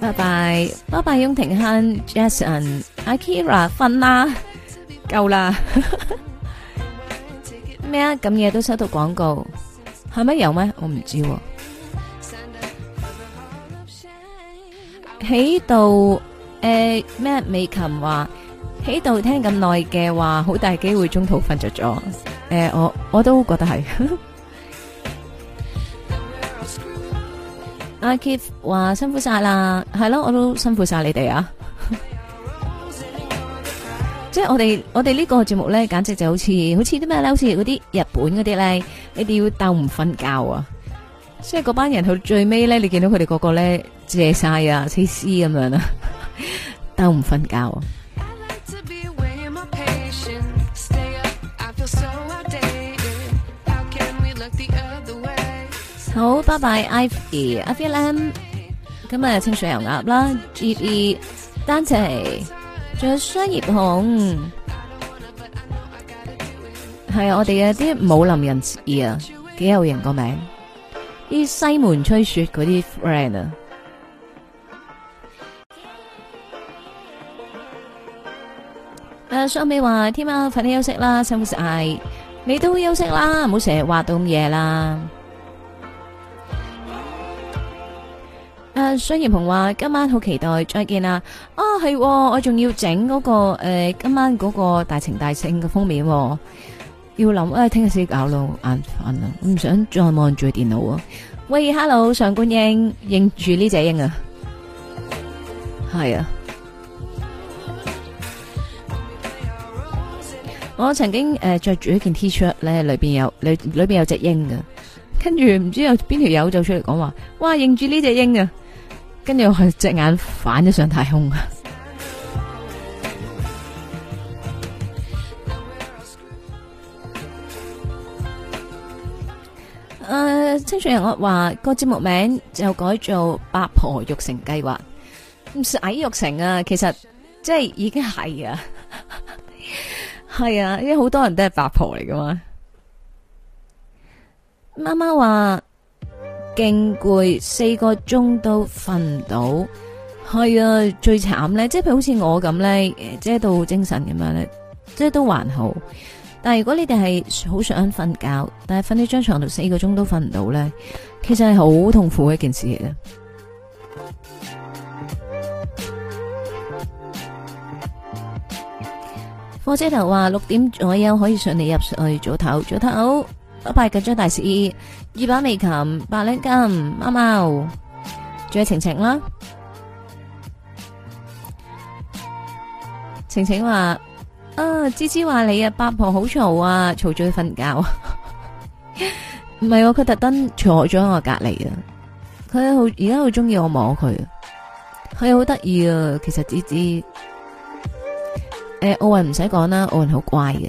Speaker 1: 拜拜，拜拜，翁庭香，Jason，阿 Kira，瞓啦，夠啦。咩啊？咁夜都收到廣告，係咪有咩？我唔知
Speaker 2: 喎、啊。
Speaker 1: 喺度誒咩？美琴話喺度聽咁耐嘅話，好大機會中途瞓着咗。誒、呃，我我都覺得係。阿 Kif 話辛苦晒啦，係咯，我都辛苦晒你哋啊。即係我哋我哋呢個節目咧，簡直就好似好似啲咩咧，好似嗰啲日本嗰啲咧，你哋要鬥唔瞓覺啊！即係嗰班人去最尾咧，你見到佢哋個個咧謝晒啊，黐絲咁樣啦，鬥唔瞓
Speaker 2: 覺
Speaker 1: 啊！好拜拜，E F M，今日清水油鴨啦，G E 單車。仲有商業行，係我哋有啲武林人士啊，幾有型個名，啲西門吹雪嗰啲 friend 啊。誒，雙美話添啊，快啲休息啦，辛苦曬，你都休息啦，唔好成日話到咁夜啦。誒、呃，孫艷紅話今晚好期待再見啦。啊、哦，係、哦，我仲要整嗰、那個誒、呃、今晚嗰個大情大聖嘅封面、哦，要諗啊，聽日先搞咯，眼瞓啦，我唔想再望住電腦啊。喂，Hello，上官英，認住呢隻鷹啊，係啊。我曾經誒着住一件 T 恤咧，裏邊有裏裏邊有隻鷹嘅，跟住唔知有邊條友走出嚟講話，哇，認住呢隻鷹啊！跟住我隻眼反咗上太空啊！誒， 青少年我話、那個節目名就改做八婆育成計劃，唔係矮育成啊！其實即係已經係啊，係 啊，因為好多人都係八婆嚟噶嘛。媽媽話。勁攰，四個鐘都瞓唔到，係啊，最慘咧，即係譬如好似我咁咧，遮到精神咁樣咧，即係都還好。但係如果你哋係好想瞓覺，但係瞓喺張床度四個鐘都瞓唔到咧，其實係好痛苦嘅一件事嚟嘅。火 車頭話六點左右可以上嚟入去早唞，早唞。我拜拜！緊張大師二把眉琴，八兩金貓貓，仲有晴晴啦。晴晴話：啊，芝芝話你啊，八婆好嘈啊，嘈咗佢瞓覺。唔係，佢特登坐咗喺我隔籬啊。佢好而家好中意我，我摸佢，佢好得意啊。其實芝芝，誒、呃，奧運唔使講啦，奧運好乖嘅。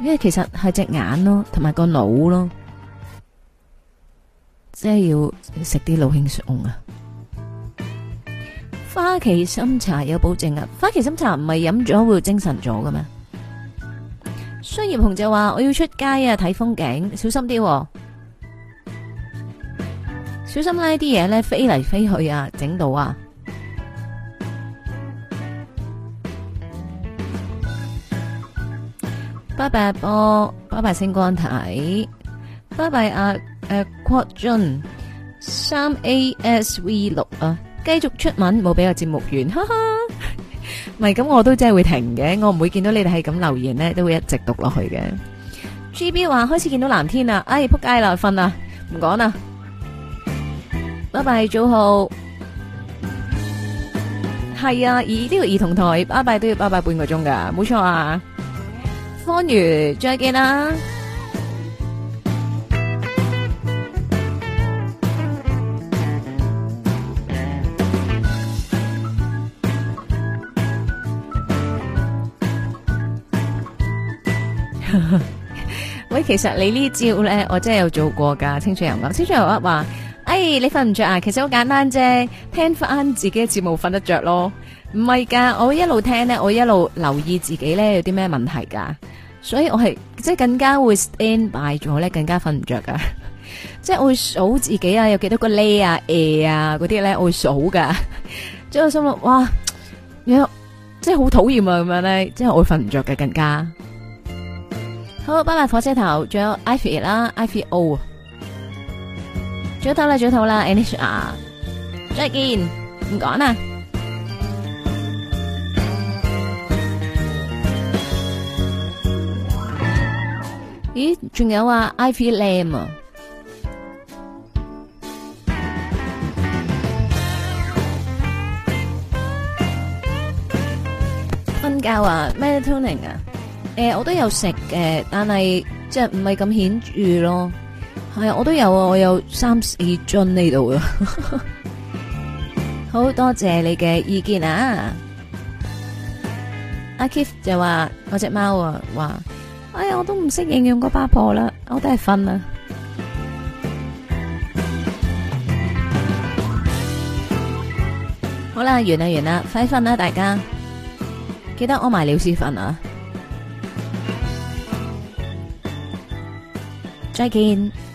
Speaker 1: 因為其實係隻眼咯，同埋個腦咯，即係要食啲腦輕鬆啊！花旗參茶有保證啊！花旗參茶唔係飲咗會精神咗嘅咩？商業紅就話我要出街啊，睇風景，小心啲啊，小心，呢啲嘢咧飛嚟飛去啊，整到啊！拜拜波，拜拜星光睇，拜拜阿誒、啊呃、郭俊三 A S V 六啊，繼續出文冇俾個節目完，哈哈，唔係咁我都真係會停嘅，我唔會見到你哋係咁留言咧，都會一直讀落去嘅。G B 話開始見到藍天啦，哎撲街啦，瞓啦，唔講啦。拜拜早好係啊，而呢個兒童台拜拜都要拜拜半個鐘噶，冇錯啊。歡迎再見啦 喂，其實你呢招咧，我真係有做過㗎，清楚游泳清楚游泳話，哎，你瞓唔着啊，其實好簡單啫，聽返自己嘅節目，瞓得着咯。唔係噶，我一路聽咧，我一路留意自己咧有啲咩問題噶，所以我係即係更加會 stand by 咗咧，更加瞓唔着噶，即係會數自己啊，有幾多個咧啊、誒啊嗰啲咧，我會數噶，即係我心諗哇，後即係好討厭啊咁樣咧，即係、啊、我瞓唔着嘅更加的。好，拜拜火車頭，仲有 IFO 啦 i h o 早唞啦，早唞啦，Anish 啊，NHR, 再見，唔講啦。咦，仲有啊，艾比列姆。瞓覺啊，melatonin 啊，誒、呃、我都有食嘅，但係即係唔係咁顯著咯。係，我都有啊，我有三四樽呢度啊。 好多謝你嘅意見啊，阿 K 就話我隻貓啊話。哎呀，我都唔識應用個八婆啦，我都係瞓啦。好啦，完啦完啦，快瞓啦，大家記得屙埋尿先瞓啊！再見。